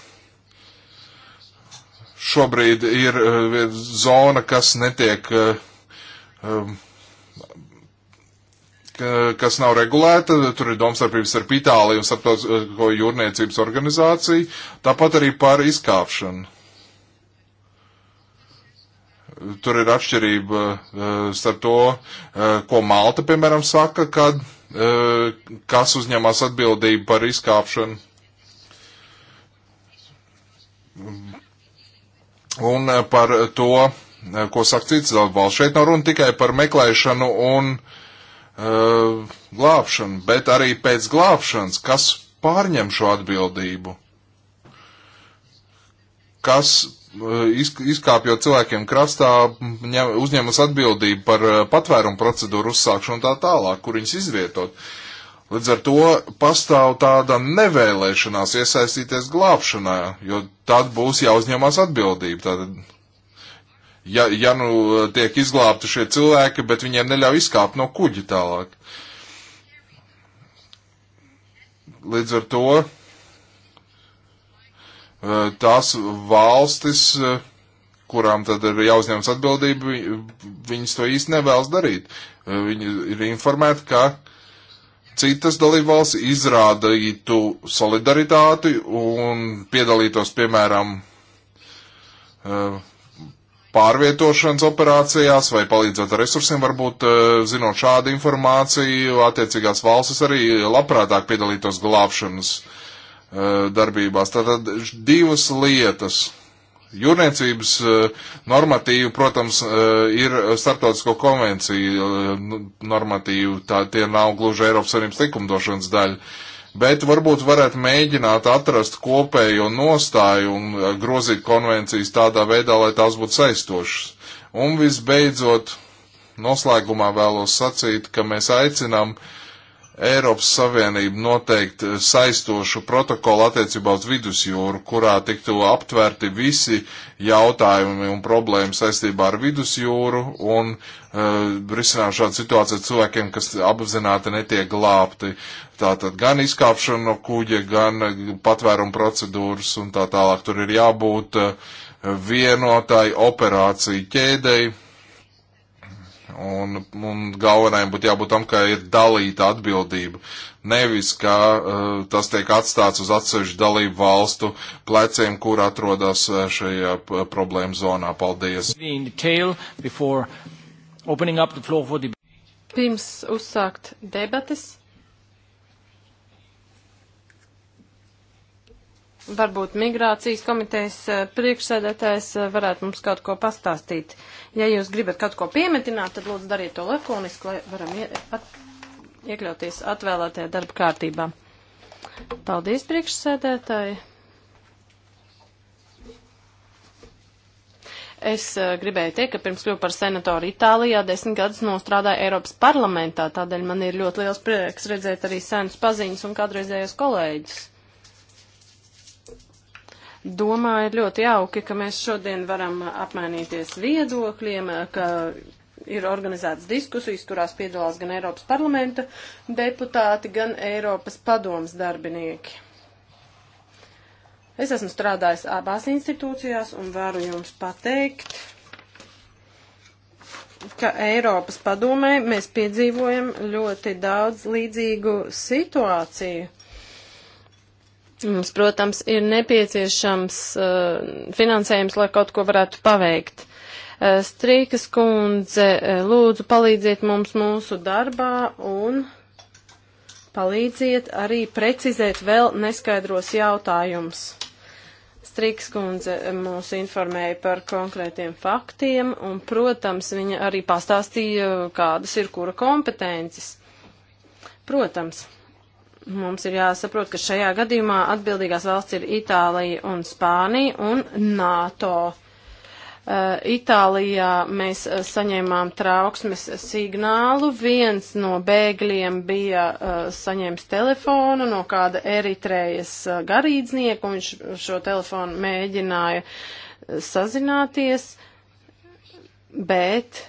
Šobrīd ir uh, zona, kas netiek. Uh, um, kas nav regulēta, tur ir domstarpības ar Itāliju un starptautisko jūrniecības organizāciju, tāpat arī par izkāpšanu. Tur ir atšķirība eh, starp to, eh, ko Malta, piemēram, saka, kad eh, kas uzņemas atbildību par izkāpšanu. Un par to, ko saka cits valsts. Šeit nav runa tikai par meklēšanu un uh, uh, glābšanu, bet arī pēc glābšanas, kas pārņem šo atbildību, kas uh, izkāpjot cilvēkiem krastā, ņem, uzņemas atbildību par uh, patvērumu procedūru uzsākšanu un tā tālāk, kur viņas izvietot. Līdz ar to pastāv tāda nevēlēšanās iesaistīties glābšanā, jo tad būs jāuzņemās atbildība. Tātad ja, ja nu eh, tiek izglābti šie cilvēki, bet viņiem neļauj izkāpt no kuģa tālāk. Līdz ar to eh, tās valstis, eh, kurām tad ir jāuzņemas atbildība, viņas to īsti nevēlas darīt. Viņi ir informēti, ka citas dalībvalsts izrādītu solidaritāti un piedalītos, piemēram, pārvietošanas operācijās vai palīdzot ar resursiem, varbūt eh, zinot šādu informāciju, attiecīgās valstis arī labprātāk piedalītos glābšanas eh, darbībās. Tātad divas lietas. Jūrniecības eh, normatīva, protams, ir starptautisko konvenciju normatīva, tā tie nav gluži Eiropas Savienības likumdošanas daļa bet varbūt varētu mēģināt atrast kopējo nostāju un eh, grozīt konvencijas tādā veidā, lai tās būtu saistošas. Un visbeidzot, noslēgumā vēlos sacīt, ka mēs aicinām uh, Eiropas Savienība noteikt eh, saistošu protokolu attiecībā uz vidusjūru, kurā tiktu aptvērti visi jautājumi un problēmas saistībā ar vidusjūru un uh, eh, risināt šādu situāciju cilvēkiem, kas apzināti netiek glābti. Tātad gan izkāpšana no kuģa, gan eh, patvērumu procedūras un tā tālāk. Tur ir jābūt uh, vienotai operāciju ķēdei Un, un galvenajam būtu jābūt tam, ka ir dalīta atbildība. Nevis, ka uh, tas tiek atstāts uz atsevišķu dalību valstu pleciem, kur atrodas uh, šajā uh, problēma zonā. Paldies! Pirms uzsākt debates, varbūt migrācijas komitejas uh, priekšsēdētājs varētu mums kaut ko pastāstīt. Uh, Ja jūs gribat kaut ko piemetināt, tad lūdzu dariet to lakoniski, lai varam ie, at, iekļauties atvēlētajā darba kārtībā. Paldies, priekšsēdētāji! Es uh, gribēju teikt, ka pirms kļuvu par senatoru Itālijā desmit gadus nostrādāju Eiropas parlamentā, tādēļ man ir ļoti liels prieks redzēt arī senus paziņas un kādreizējos kolēģus. Domāju, ir ļoti jauki, ka mēs šodien varam apmainīties viedokļiem, ka ir organizētas diskusijas, kurās piedalās gan Eiropas parlamenta deputāti, gan Eiropas padomas darbinieki. Es esmu strādājis abās institūcijās un varu jums pateikt, ka Eiropas padomē mēs piedzīvojam ļoti daudz līdzīgu situāciju. Mums, protams, ir nepieciešams uh, finansējums, lai kaut ko varētu paveikt. Uh, Strīkas kundze, uh, lūdzu palīdziet mums mūsu darbā un palīdziet arī precizēt vēl neskaidros jautājumus. Strīkas kundze mūs informēja par konkrētiem faktiem, un, protams, viņa arī pastāstīja, kādas ir kura kompetences. Protams. Mums ir jāsaprot, ka šajā gadījumā atbildīgās valsts ir Itālija un Spānija un NATO. Eh, Itālijā mēs eh, saņēmām trauksmes signālu. Viens no bēgļiem bija eh, saņēmis telefonu no kāda Eritrejas garīdznieka, un viņš šo telefonu mēģināja sazināties, bet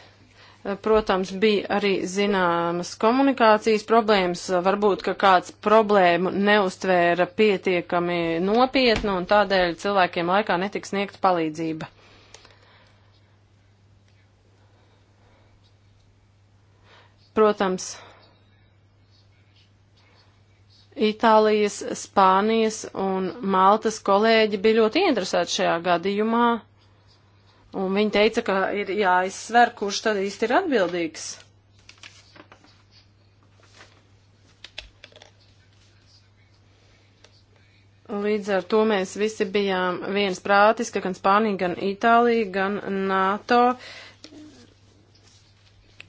protams, bija arī zināmas komunikācijas problēmas, varbūt, ka kāds problēmu neustvēra pietiekami nopietni un tādēļ cilvēkiem laikā netika sniegta palīdzība. Protams, Itālijas, Spānijas un Maltas kolēģi bija ļoti interesēti šajā gadījumā. Un viņi teica, ka ir jāizsver, kurš tad īsti ir atbildīgs. Līdz ar to mēs visi bijām viens prātis, ka gan Spānija, gan Itālija, gan NATO uh,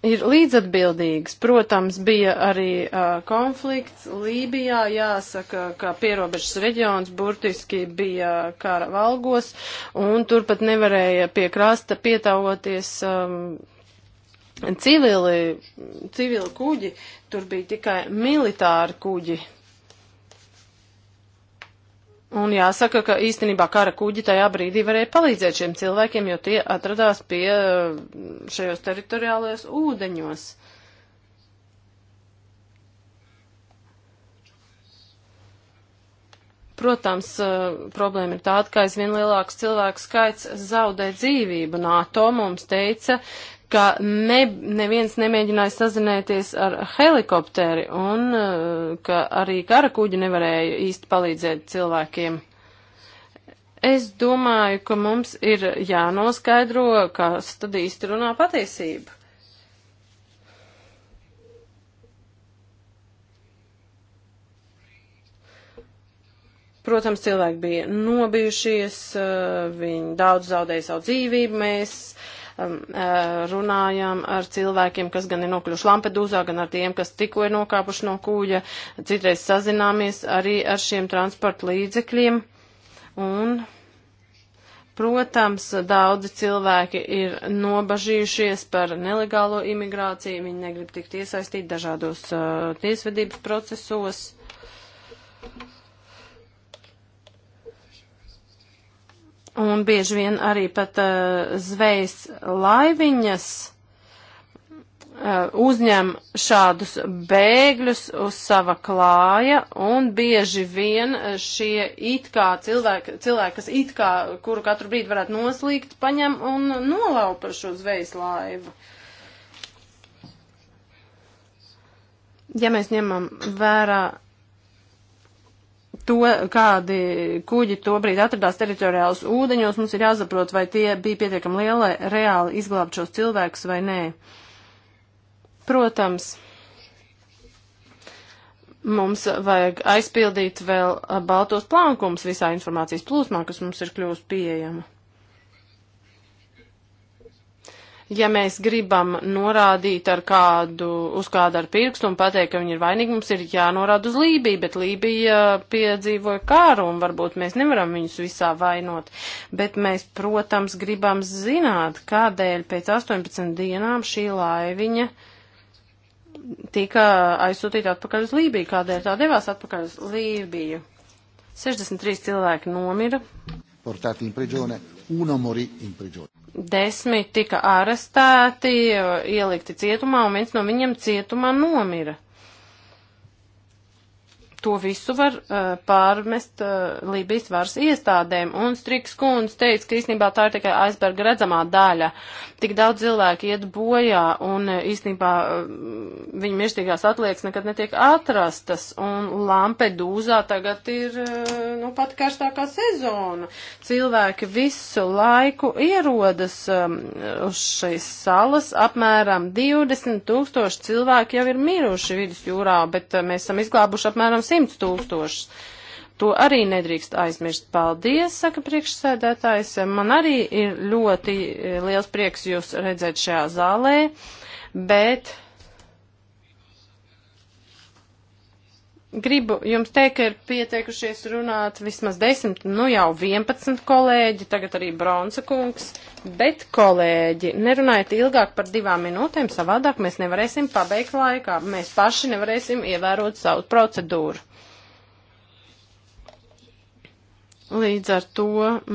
ir līdzatbildīgs. Protams, bija arī uh, konflikts Lībijā, jāsaka, ka pierobežas reģions burtiski bija kara valgos, un turpat nevarēja pie krasta pietāvoties um, civili, civili kuģi, tur bija tikai militāri kuģi. Un jāsaka, ka īstenībā kara kuģi tajā brīdī varēja palīdzēt šiem cilvēkiem, jo tie atradās pie eh, šajos teritoriālajos ūdeņos. Protams, eh, problēma ir tāda, ka aizvien lielāks cilvēku skaits zaudē dzīvību. NATO mums teica, uh, ka ne, neviens nemēģināja sazinēties ar helikopteri un uh, ka arī kara kuģi nevarēja īsti palīdzēt cilvēkiem. Es domāju, ka mums ir jānoskaidro, kas tad īsti runā patiesību. Protams, cilvēki bija nobijušies, uh, viņi daudz zaudēja savu dzīvību, mēs uh, Um, uh, runājām ar cilvēkiem, kas gan ir nokļuvuši Lampedūzā, gan ar tiem, kas tikko ir nokāpuši no kūļa. Citreiz sazināmies arī ar šiem transporta līdzekļiem. Un, protams, daudzi cilvēki ir nobažījušies par nelegālo imigrāciju, viņi negrib tikt iesaistīt dažādos uh, tiesvedības procesos. Thank you. Un bieži vien arī pat uh, zvejas laiviņas uh, uzņem šādus bēgļus uz sava klāja, un bieži vien uh, šie it kā cilvēki, cilvēki kas it kā, kuru katru brīdi varētu noslīgt, paņem un nolaupa šo zvejas laivu. Ja mēs ņemam vērā to, kādi kuģi tobrīd atradās teritoriālus ūdeņos, mums ir jāsaprot, vai tie bija pietiekami lieli, lai reāli izglābt šos cilvēkus vai nē. Protams, mums vajag aizpildīt vēl baltos plankums visā informācijas plūsmā, kas mums ir kļūst pieejama. ja mēs gribam norādīt ar kādu, uz kādu ar pirkstu un pateikt, ka viņi ir vainīgi, mums ir jānorāda uz Lībiju, bet Lībija piedzīvoja kāru un varbūt mēs nevaram viņus visā vainot. Bet mēs, protams, gribam zināt, kādēļ pēc 18 dienām šī laiviņa tika aizsūtīta atpakaļ uz Lībiju, kādēļ tā devās atpakaļ uz Lībiju. 63 cilvēki nomira. Portati in prigione, uno morì in prigione desmit tika arestēti, ielikti cietumā, un viens no viņiem cietumā nomira to visu var uh, pārmest uh, eh, Lībijas varas iestādēm. Un Striks kundze teica, ka īstenībā tā ir tikai aizberga redzamā daļa. Tik daudz cilvēku iet bojā un uh, īstenībā uh, viņu mirstīgās atliekas nekad netiek atrastas. Un Lampedūzā tagad ir uh, nu, pat karstākā sezona. Cilvēki visu laiku ierodas um, uz šīs salas. Apmēram 20 tūkstoši cilvēki jau ir miruši vidusjūrā, bet uh, mēs esam izglābuši apmēram 100. 100 tūkstošus. To arī nedrīkst aizmirst. Paldies, saka priekšsēdētājs. Man arī ir ļoti eh, liels prieks jūs redzēt šajā zālē, bet Gribu jums teikt, ka ir pieteikušies runāt vismaz 10, nu jau 11 kolēģi, tagad arī Bronsa kungs, bet kolēģi, nerunājiet ilgāk par divām minūtēm, savādāk mēs nevarēsim pabeigt laikā, mēs paši nevarēsim ievērot savu procedūru. Līdz ar to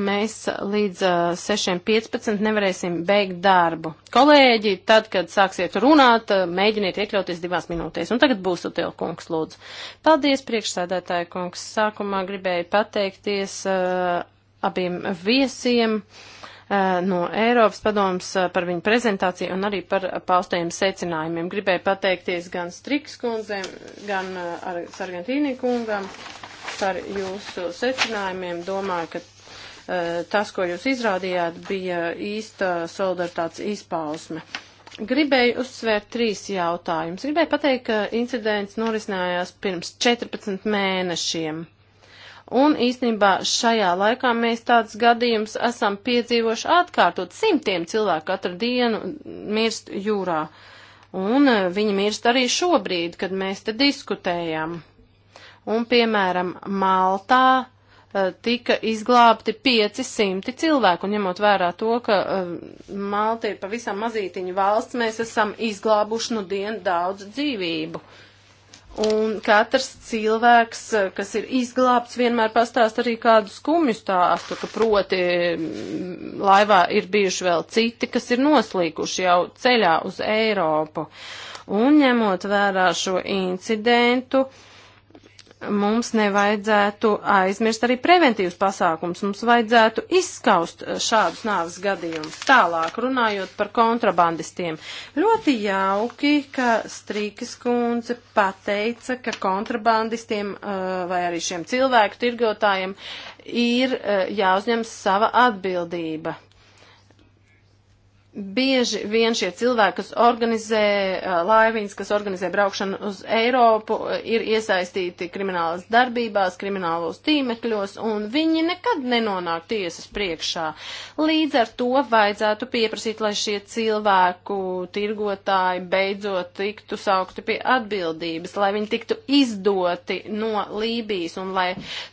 mēs līdz uh, 6.15 nevarēsim beigt darbu. Kolēģi, tad, kad sāksiet runāt, mēģiniet iekļauties divās minūtēs. Un tagad būs Utila kungs, lūdzu. Paldies, priekšsēdētāja kungs. Sākumā gribēju pateikties uh, abiem viesiem uh, no Eiropas padomas par viņu prezentāciju un arī par paustajiem secinājumiem. Gribēju pateikties gan Striks kundzēm, gan Sargentīnī kungam. Uh, par jūsu secinājumiem. Domāju, ka eh, tas, ko jūs izrādījāt, bija īsta solidaritātes izpausme. Gribēju uzsvērt trīs jautājumus. Gribēju pateikt, ka incidents norisinājās pirms 14 mēnešiem. Un īstenībā šajā laikā mēs tādus gadījumus esam piedzīvojuši atkārtot. Simtiem cilvēku katru dienu mirst jūrā. Un eh, viņi mirst arī šobrīd, kad mēs te diskutējam un, piemēram, Maltā eh, tika izglābti 500 cilvēku, un ņemot vērā to, ka eh, Malta ir pavisam mazītiņa valsts, mēs esam izglābuši nu dienu daudz dzīvību. Un katrs cilvēks, eh, kas ir izglābts, vienmēr pastāst arī kādu skumju stāstu, ka proti mm, laivā ir bijuši vēl citi, kas ir noslīkuši jau ceļā uz Eiropu. Un ņemot vērā šo incidentu, uh, mums nevajadzētu aizmirst arī preventīvas pasākums. Mums vajadzētu izskaust eh, šādus nāves gadījumus. Tālāk runājot par kontrabandistiem. Ļoti jauki, ka Strīkas kundze pateica, ka kontrabandistiem eh, vai arī šiem cilvēku tirgotājiem ir eh, jāuzņem sava atbildība. Bieži vien šie cilvēki, kas organizē laivīnas, kas organizē braukšanu uz Eiropu, ir iesaistīti kriminālas darbībās, kriminālos tīmekļos, un viņi nekad nenonāk tiesas priekšā. Līdz ar to vajadzētu pieprasīt, lai šie cilvēku tirgotāji beidzot tiktu saukti pie atbildības, lai viņi tiktu izdoti no Lībijas, un lai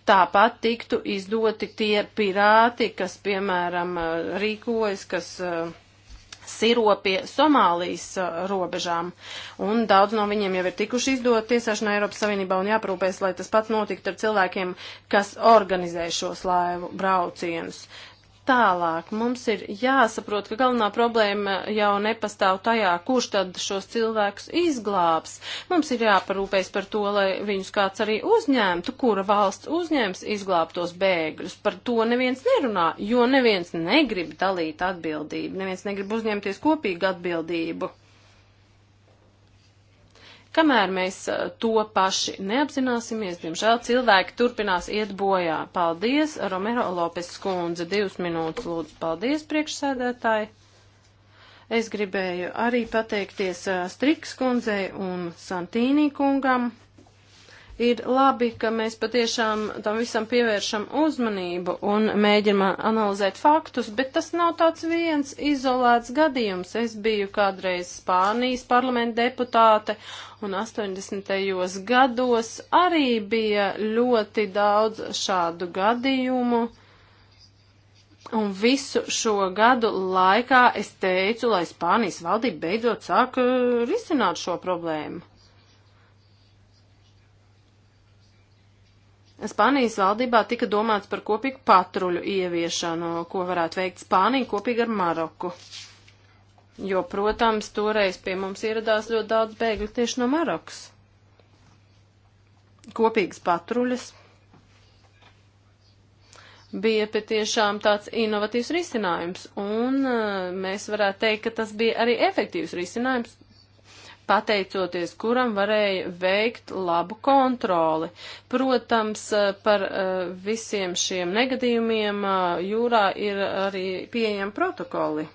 tāpat tiktu izdoti tie pirāti, kas, piemēram, rīkojas, kas siro pie Somālijas uh, robežām. Un daudz no viņiem jau ir tikuši izdot tiesāšanā Eiropas Savienībā un jāprūpēs, lai tas pats notiktu ar cilvēkiem, kas organizē šos laivu braucienus tālāk. Mums ir jāsaprot, ka galvenā problēma jau nepastāv tajā, kurš tad šos cilvēkus izglābs. Mums ir jāparūpēs par to, lai viņus kāds arī uzņemtu, kura valsts uzņems izglābtos bēgļus. Par to neviens nerunā, jo neviens negrib dalīt atbildību, neviens negrib uzņemties kopīgu atbildību. Kamēr mēs eh, to paši neapzināsimies, diemžēl cilvēki turpinās iet bojā. Paldies, Romero Lopes skundze, divas minūtes lūdzu. Paldies, priekšsēdētāji. Es gribēju arī pateikties eh, Striks kundzei un Santīnī kungam. Ir labi, ka mēs patiešām tam visam pievēršam uzmanību un mēģinām analizēt faktus, bet tas nav tāds viens izolēts gadījums. Es biju kādreiz Spānijas parlamenta deputāte un 80. gados arī bija ļoti daudz šādu gadījumu. Un visu šo gadu laikā es teicu, lai Spānijas valdība beidzot sāk eh, risināt šo problēmu. Spānijas valdībā tika domāts par kopīgu patruļu ieviešanu, ko varētu veikt Spānija kopīgi ar Maroku. Jo, protams, toreiz pie mums ieradās ļoti daudz bēgļu tieši no Marokas. Kopīgas patruļas bija patiešām tāds inovatīvs risinājums, un eh, mēs varētu teikt, ka tas bija arī efektīvs risinājums, pateicoties kuram varēja veikt labu kontroli. Protams, eh, par eh, visiem šiem negadījumiem eh, jūrā ir arī pieejami protokoli.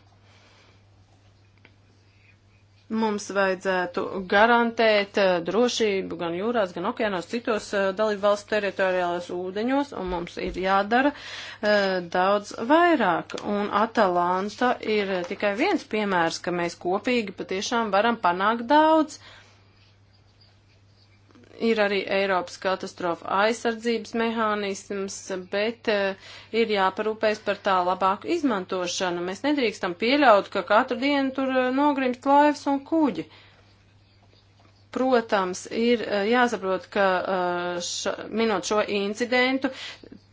Mums vajadzētu garantēt eh, drošību gan jūrās, gan okeānos, citos eh, dalību valsts teritoriālajos ūdeņos, un mums ir jādara eh, daudz vairāk. Un Atalanta ir tikai viens piemērs, ka mēs kopīgi patiešām varam panākt daudz. Ir arī Eiropas katastrofa aizsardzības mehānisms, bet uh, ir jāparūpēs par tā labāku izmantošanu. Mēs nedrīkstam pieļaut, ka katru dienu tur uh, nogrimst laivas un kuģi. Protams, ir uh, jāsaprot, ka ša, minot šo incidentu,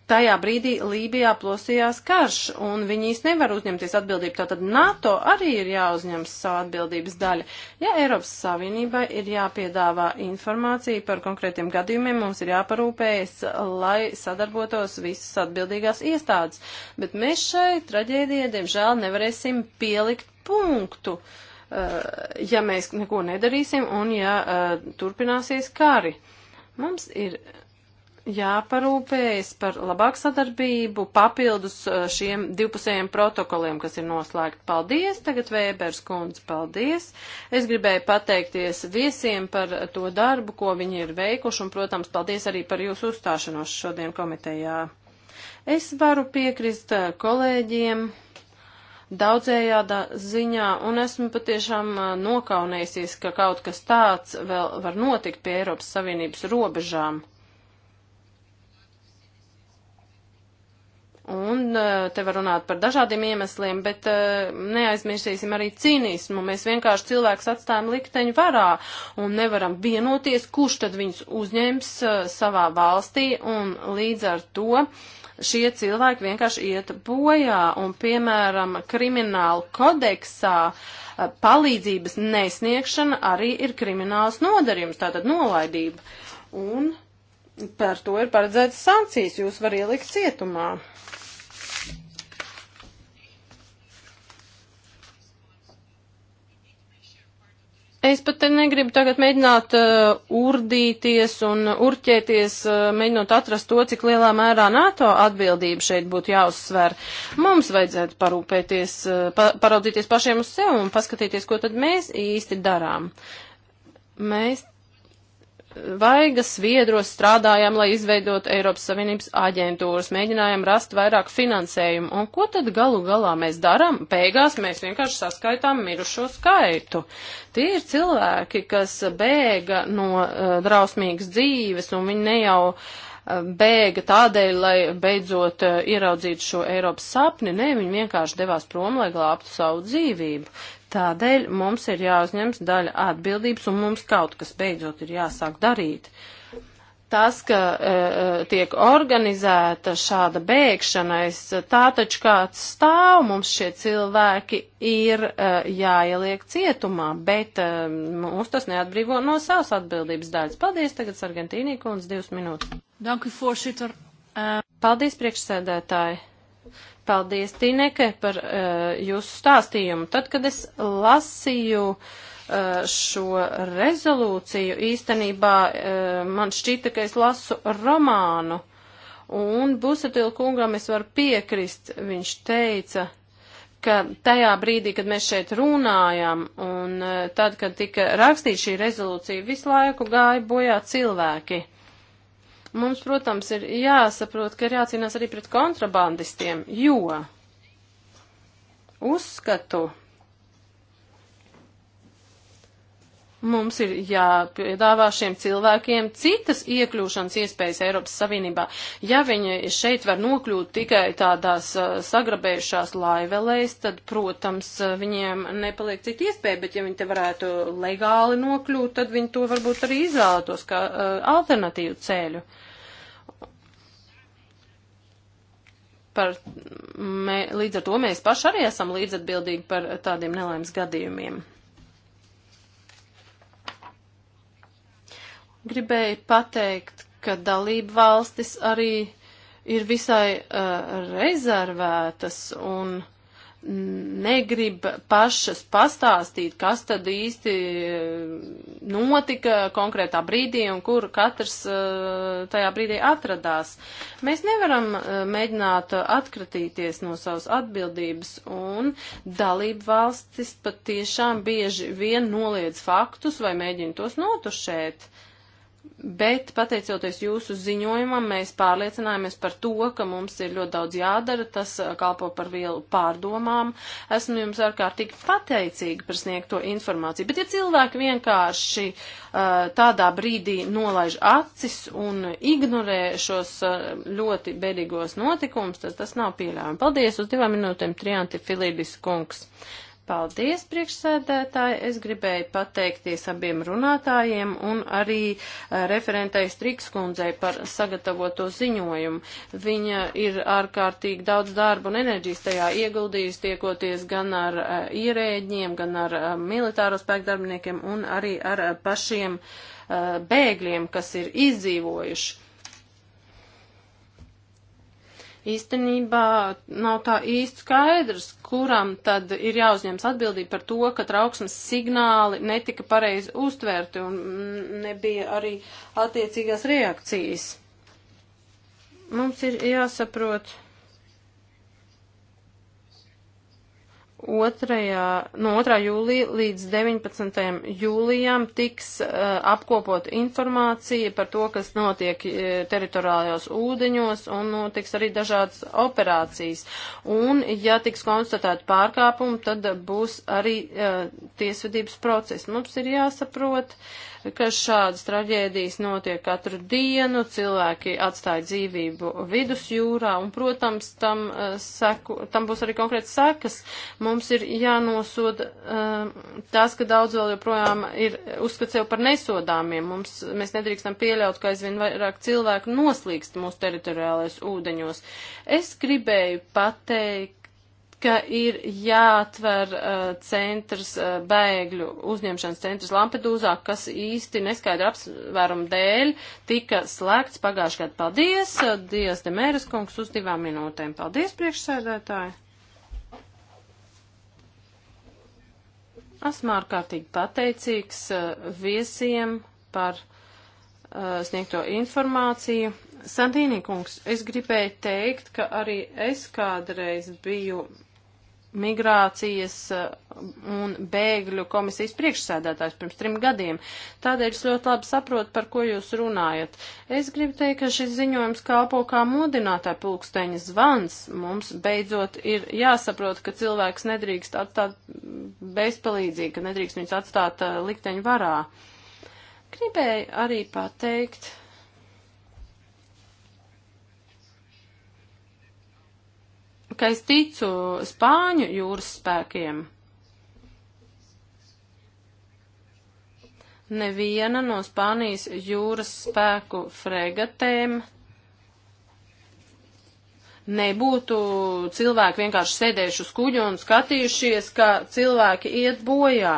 tajā brīdī Lībijā plosījās karš, un viņi īsti nevar uzņemties atbildību. Tātad NATO arī ir jāuzņems savu atbildības daļu. Ja Eiropas Savienībai ir jāpiedāvā informācija par konkrētiem gadījumiem, mums ir jāparūpējas, lai sadarbotos visas atbildīgās iestādes. Bet mēs šai traģēdijai, diemžēl, nevarēsim pielikt punktu, uh, ja mēs neko nedarīsim un ja uh, turpināsies kari. Mums ir jāparūpējas par labāku sadarbību papildus uh, šiem divpusējiem protokoliem, kas ir noslēgti. Paldies, tagad Vēbers kundze, paldies. Es gribēju pateikties viesiem par to darbu, ko viņi ir veikuši, un, protams, paldies arī par jūsu uzstāšanos šodien komitejā. Es varu piekrist uh, kolēģiem daudzējādā ziņā, un esmu patiešām uh, nokaunējusies, ka kaut kas tāds vēl var notikt pie Eiropas Savienības robežām. Un eh, te var runāt par dažādiem iemesliem, bet eh, neaizmirsīsim arī cīnismu. Mēs vienkārši cilvēks atstājam likteņu varā un nevaram vienoties, kurš tad viņus uzņems eh, savā valstī un līdz ar to. Šie cilvēki vienkārši iet bojā un, piemēram, kriminālu kodeksā palīdzības nesniegšana arī ir krimināls nodarījums, tātad nolaidība. Un par to ir paredzētas sankcijas, jūs var ielikt cietumā. Es pat negribu tagad mēģināt uh, urdīties un urķēties, uh, mēģinot atrast to, cik lielā mērā NATO atbildība šeit būtu jāuzsver. Mums vajadzētu parūpēties, uh, pa, paraudzīties pašiem uz sevi un paskatīties, ko tad mēs īsti darām. Mēs vaigas viedros strādājām, lai izveidot Eiropas Savienības aģentūras, mēģinājām rast vairāk finansējumu. Un ko tad galu galā mēs darām? Beigās mēs vienkārši saskaitām mirušo skaitu. Tie ir cilvēki, kas bēga no uh, drausmīgas dzīves, un viņi ne jau uh, bēga tādēļ, lai beidzot eh, ieraudzītu šo Eiropas sapni. Nē, viņi vienkārši devās prom, lai glābtu savu dzīvību. Tādēļ mums ir jāuzņems daļa atbildības un mums kaut kas beidzot ir jāsāk darīt. Tas, ka e, tiek organizēta šāda bēgšanais, tā taču kāds stāv, mums šie cilvēki ir e, jāieliek cietumā, bet e, mums tas neatbrīvo no savas atbildības daļas. Paldies, tagad Sargentīnī kundze, divas minūtes. Dank u, voorzitter. Uh... Paldies, priekšsēdētāji. Paldies, Tīneke, par uh, jūsu stāstījumu. Tad, kad es lasīju uh, šo rezolūciju, īstenībā uh, man šķita, ka es lasu romānu. Un Busatil kungam es varu piekrist, viņš teica, ka tajā brīdī, kad mēs šeit runājam, un uh, tad, kad tika rakstīta šī rezolūcija, visu laiku gāja bojā cilvēki. Uh, Mums, protams, ir jāsaprot, ka ir jācīnās arī pret kontrabandistiem, jo uzskatu, Mums ir jāpiedāvā šiem cilvēkiem citas iekļūšanas iespējas Eiropas Savienībā. Ja viņi šeit var nokļūt tikai tādās eh, sagrabējušās laivelēs, tad, protams, eh, viņiem nepaliek cita iespēja, bet ja viņi te varētu legāli nokļūt, tad viņi to varbūt arī izvēlētos kā uh, alternatīvu ceļu. Par, mē, līdz ar to mēs paši arī esam līdzatbildīgi par tādiem nelaimes gadījumiem. gribēju pateikt, ka dalība valstis arī ir visai uh, rezervētas un negrib pašas pastāstīt, kas tad īsti uh, notika konkrētā brīdī un kur katrs uh, tajā brīdī atradās. Mēs nevaram uh, mēģināt atkratīties no savas atbildības un dalību valstis pat tiešām bieži vien noliedz faktus vai mēģina tos notušēt. Bet, pateicoties jūsu ziņojumam, mēs pārliecinājāmies par to, ka mums ir ļoti daudz jādara, tas uh, kalpo par vielu pārdomām. Esmu jums ārkārtīgi pateicīga par sniegto informāciju. Bet, ja cilvēki vienkārši uh, tādā brīdī nolaiž acis un ignorē šos uh, ļoti bedīgos notikumus, tad tas nav pieļaujami. Paldies uz divām minūtēm, Trianti Filibis kungs. Paldies, priekšsēdētāji. Es gribēju pateikties abiem runātājiem un arī eh, referentai Strikskundzei par sagatavoto ziņojumu. Viņa ir ārkārtīgi daudz darba un enerģijas tajā ieguldījusi, tiekoties gan ar eh, ierēģiem, gan ar eh, militāro spēku darbiniekiem un arī ar pašiem bēgļiem, kas ir izdzīvojuši īstenībā nav tā īsti skaidrs, kuram tad ir jāuzņems atbildība par to, ka trauksmes signāli netika pareizi uztvērti un nebija arī attiecīgās reakcijas. Mums ir jāsaprot 2. no 2. jūlija līdz 19. jūlijam tiks uh, apkopot informācija par to, kas notiek uh, teritoriālajos ūdeņos un notiks arī dažādas operācijas. Un, ja tiks konstatēta pārkāpuma, tad būs arī uh, tiesvedības process. Mums ir jāsaprot, uh, ka šādas traģēdijas notiek katru dienu, cilvēki atstāja dzīvību vidusjūrā, un, protams, tam, eh, seku, tam būs arī konkrēts sekas. Mums ir jānosoda eh, tas, ka daudz vēl joprojām ir uzskats sev par nesodāmiem. Mums, mēs nedrīkstam pieļaut, ka aizvien vairāk cilvēku noslīkst mūsu teritoriālais ūdeņos. Es gribēju pateikt, ka ir jāatver uh, centrs, uh, bēgļu uzņemšanas centrs Lampedūzā, kas īsti neskaidra apsvērumu dēļ tika slēgts pagājušajā gadā. Paldies, uh, Dievs Demēras kungs, uz divām minūtēm. Paldies, priekšsēdētāji! Esmu ārkārtīgi pateicīgs uh, viesiem par uh, sniegto informāciju. Santīnī kungs, es gribēju teikt, ka arī es kādreiz biju migrācijas eh, un bēgļu komisijas priekšsēdētājs pirms trim gadiem. Tādēļ es ļoti labi saprotu, par ko jūs runājat. Es gribu teikt, ka šis ziņojums kalpo kā modinātā pulksteņa zvans. Mums beidzot ir jāsaprot, ka cilvēks nedrīkst atstāt bezpalīdzīgi, ka nedrīkst viņus atstāt eh, likteņu varā. Gribēju arī pateikt, ka es ticu Spāņu jūras spēkiem. Neviena no Spānijas jūras spēku fregatēm nebūtu cilvēki vienkārši sēdējuši uz kuģa un skatījušies, ka cilvēki iet bojā.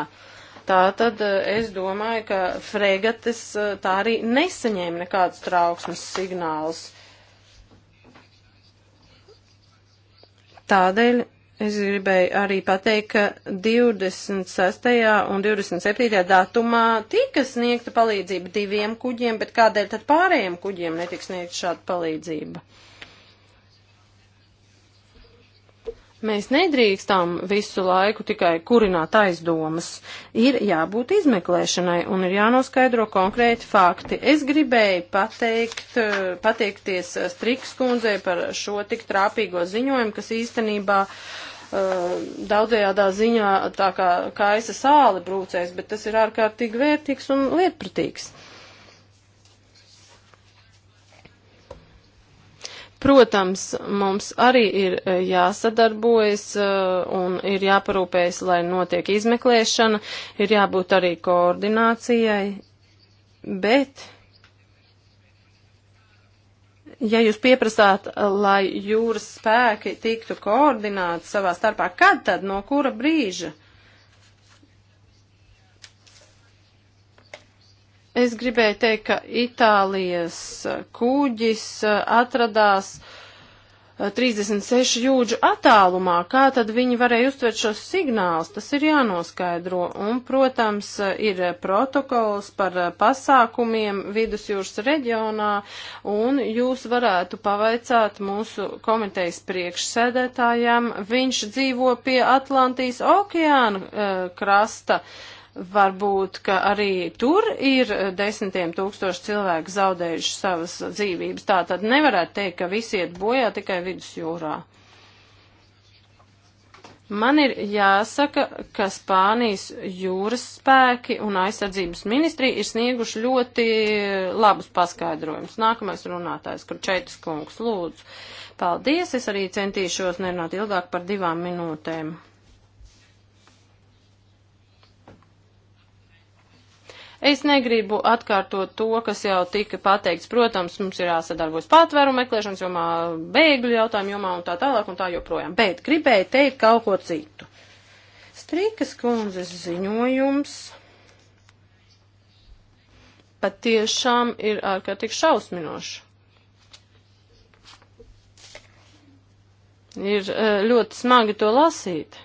Tā tad eh, es domāju, ka fregates eh, tā arī nesaņēma nekādus trauksmes signālus. Tādēļ es gribēju arī pateikt, ka 26. un 27. datumā tika sniegta palīdzība diviem kuģiem, bet kādēļ tad pārējiem kuģiem netiks sniegta šāda palīdzība? Uh, Mēs nedrīkstam visu laiku tikai kurināt aizdomas. Ir jābūt izmeklēšanai un ir jānoskaidro konkrēti fakti. Es gribēju pateikt, pateikties Striks kundzei par šo tik trāpīgo ziņojumu, kas īstenībā uh, daudzējādā ziņā tā kā kaisa sāli brūcēs, bet tas ir ārkārtīgi vērtīgs un lietpratīgs. Uh, Protams, mums arī ir e, jāsadarbojas e, un ir jāparūpējas, lai notiek izmeklēšana, ir jābūt arī koordinācijai, bet ja jūs pieprasāt, e, lai jūras spēki tiktu koordināti savā starpā, kad tad, no kura brīža? Es gribēju teikt, ka Itālijas kūģis eh, atradās 36 eh, jūdžu attālumā. Kā tad viņi varēja uztvert šos signālus? Tas ir jānoskaidro. Un, protams, ir protokols par eh, pasākumiem vidusjūras reģionā, un jūs varētu pavaicāt mūsu komitejas priekšsēdētājam. Viņš dzīvo pie Atlantijas okeāna krasta. Uh, Varbūt, ka arī tur ir desmitiem tūkstoši cilvēku zaudējuši savas dzīvības. Tā tad nevarētu teikt, ka visi iet bojā tikai vidusjūrā. Man ir jāsaka, ka Spānijas jūras spēki un aizsardzības ministrija ir snieguši ļoti labus paskaidrojumus. Nākamais runātājs, kur Čeitas kungs lūdzu. Paldies, es arī centīšos nerunāt ilgāk par divām minūtēm. Es negribu atkārtot to, kas jau tika pateikts. Protams, mums ir jāsadarbojas patvēru meklēšanas jomā, bēgļu jautājumu jomā un tā tālāk un tā joprojām. Bet gribēju teikt kaut ko citu. Strīkas kundzes ziņojums patiešām ir ārkārtīgi šausminošs. Ir eh, ļoti smagi to lasīt.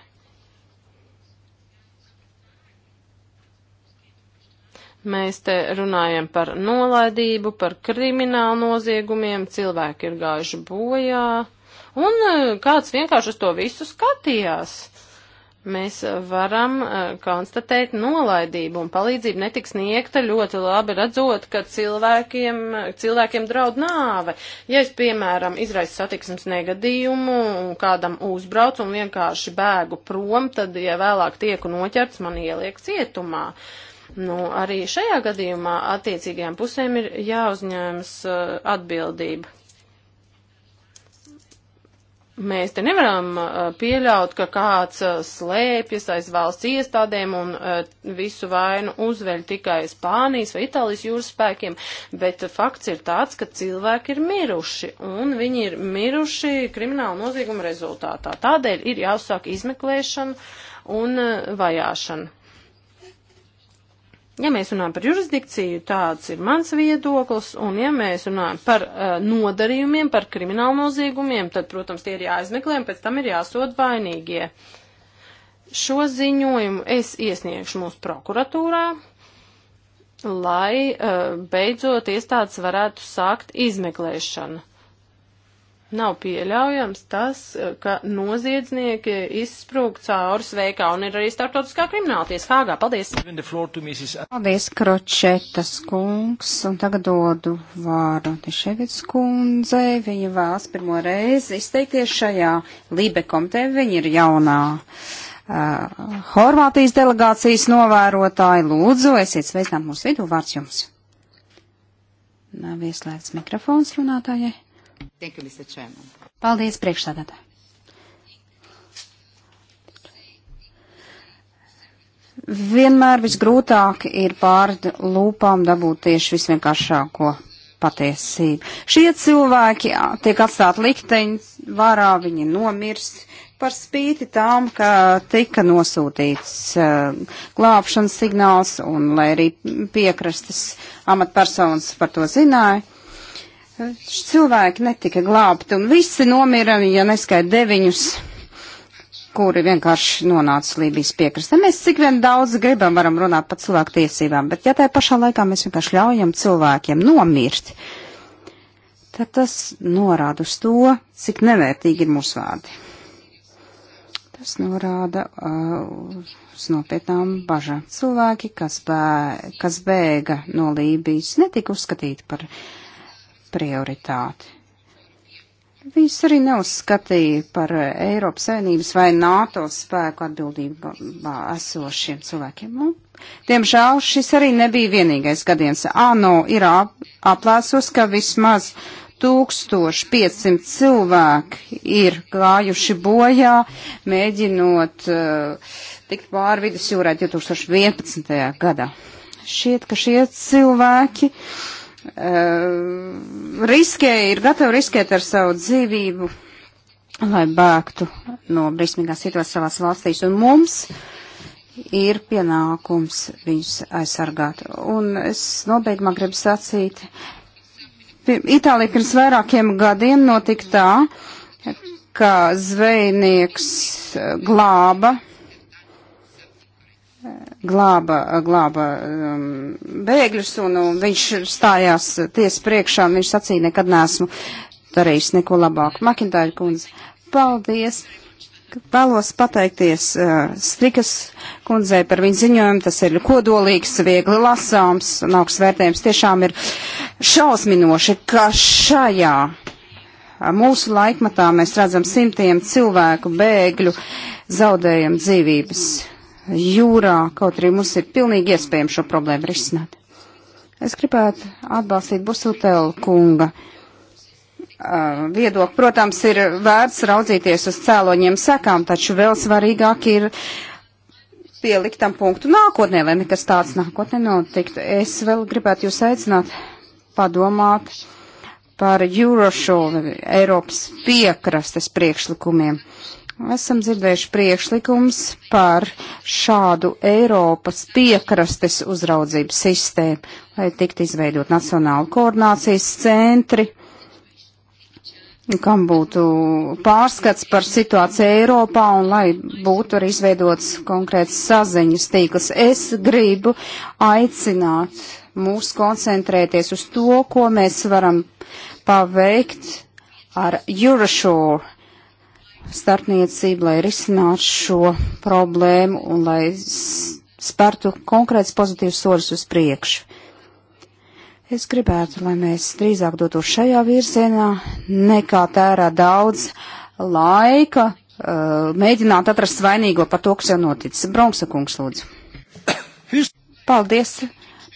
Mēs te runājam par nolaidību, par kriminālu noziegumiem, cilvēki ir gājuši bojā, un e, kāds vienkārši uz to visu skatījās. Mēs varam e, konstatēt nolaidību, un palīdzība netiks sniegta ļoti labi redzot, ka cilvēkiem, cilvēkiem draud nāve. Ja es, piemēram, izraisu satiksmes negadījumu un kādam uzbraucu un vienkārši bēgu prom, tad, ja vēlāk tieku noķerts, man ieliek cietumā. Uh, Nu, arī šajā gadījumā attiecīgajām pusēm ir jāuzņēmas uh, atbildība. Mēs te nevaram uh, pieļaut, ka kāds uh, slēpjas aiz valsts iestādēm un uh, visu vainu uzveļ tikai Spānijas vai Itālijas jūras spēkiem, bet fakts ir tāds, ka cilvēki ir miruši un viņi ir miruši krimināla nozieguma rezultātā. Tādēļ ir jāuzsāk izmeklēšana un uh, vajāšana. Ja mēs runājam par jurisdikciju, tāds ir mans viedoklis, un ja mēs runājam par uh, nodarījumiem, par kriminālu noziegumiem, tad, protams, tie ir jāizmeklē un pēc tam ir jāsod vainīgie. Šo ziņojumu es iesniegšu mūsu prokuratūrā, lai uh, beidzot iestādes varētu sākt izmeklēšanu. Nav pieļaujams tas, eh, ka noziedznieki izsprūg cauri sveikā un ir arī starptautiskā krimināltiesa Hāgā. Paldies! Paldies, Kročetas kungs, un tagad dodu vārdu Tiševits kundzei. Viņa vēlas pirmo reizi izteikties šajā Lībe komitē. Viņa ir jaunā uh, Horvātijas delegācijas novērotāja. Lūdzu, esiet sveicināti mūsu vidū. Vārds jums. Nav ieslēgts mikrofons runātājai. Paldies, priekšstādātāji! Vienmēr visgrūtāk ir pār lūpām dabūt tieši visvienkāršāko patiesību. Šie cilvēki tiek atstāti likteņu varā, viņi nomirst par spīti tām, ka tika nosūtīts uh, glābšanas signāls un lai arī piekrastes amatpersonas par to zināja. Cilvēki netika glābti un visi nomira, ja neskaita deviņus, kuri vienkārši nonāca Lībijas piekrastē. Mēs cik vien daudz gribam varam runāt par cilvēku tiesībām, bet ja tajā pašā laikā mēs vienkārši ļaujam cilvēkiem nomirt, tad tas norāda uz to, cik nevērtīgi ir mūsu vārdi. Tas norāda uh, uz nopietnām bažām. Cilvēki, kas, bē, kas bēga no Lībijas, netika uzskatīti par prioritāti. Viņus arī neuzskatīja par Eiropas Savienības vai NATO spēku atbildībā esošiem cilvēkiem. Nu, diemžēl šis arī nebija vienīgais gadījums. ANO ir aplēsos, ka vismaz 1500 cilvēki ir gājuši bojā, mēģinot uh, tikt pāri vidusjūrā 2011. gadā. Šķiet, ka šie cilvēki. Uh, Eh, riskē, ir gatavi riskēt ar savu dzīvību, lai bēgtu no briesmīgās situācijas savās valstīs. Un mums ir pienākums viņus aizsargāt. Un es nobeigumā gribu sacīt, Itālija pirms vairākiem gadiem notika tā, ka zvejnieks eh, glāba glāba, glāba um, bēgļus, un, un viņš stājās tiesas priekšā, un viņš sacīja, nekad neesmu darījis neko labāku. Makintāļa kundze, paldies! Vēlos pateikties uh, Strikas kundzei par viņu ziņojumu. Tas ir kodolīgs, viegli lasāms un augsts vērtējums. Tiešām ir šausminoši, ka šajā uh, mūsu laikmatā mēs redzam simtiem cilvēku bēgļu zaudējumu dzīvības. Mm jūrā, kaut arī mums ir pilnīgi iespējams šo problēmu risināt. Es gribētu atbalstīt Busutelu kunga viedokli. Protams, ir vērts raudzīties uz cēloņiem sekām, taču vēl svarīgāk ir pielikt tam punktu nākotnē, lai nekas tāds nākotnē notiktu. Es vēl gribētu jūs aicināt padomāt par Eurošo, Eiropas piekrastes priekšlikumiem. Uh, Esam dzirdējuši priekšlikums par šādu Eiropas piekrastes uzraudzības sistēmu, lai tiktu izveidot nacionālu koordinācijas centri, kam būtu pārskats par situāciju Eiropā un lai būtu arī izveidots konkrēts saziņas tīkls. Es gribu aicināt mūs koncentrēties uz to, ko mēs varam paveikt ar Euroshore starpniecību, lai risinātu šo problēmu un lai spērtu konkrēts pozitīvs soļus uz priekšu. Es gribētu, lai mēs drīzāk dotos šajā virzienā, nekā tērā daudz laika, uh, mēģināt atrast vainīgo par to, kas jau noticis. Bronksa kungs, lūdzu. Paldies,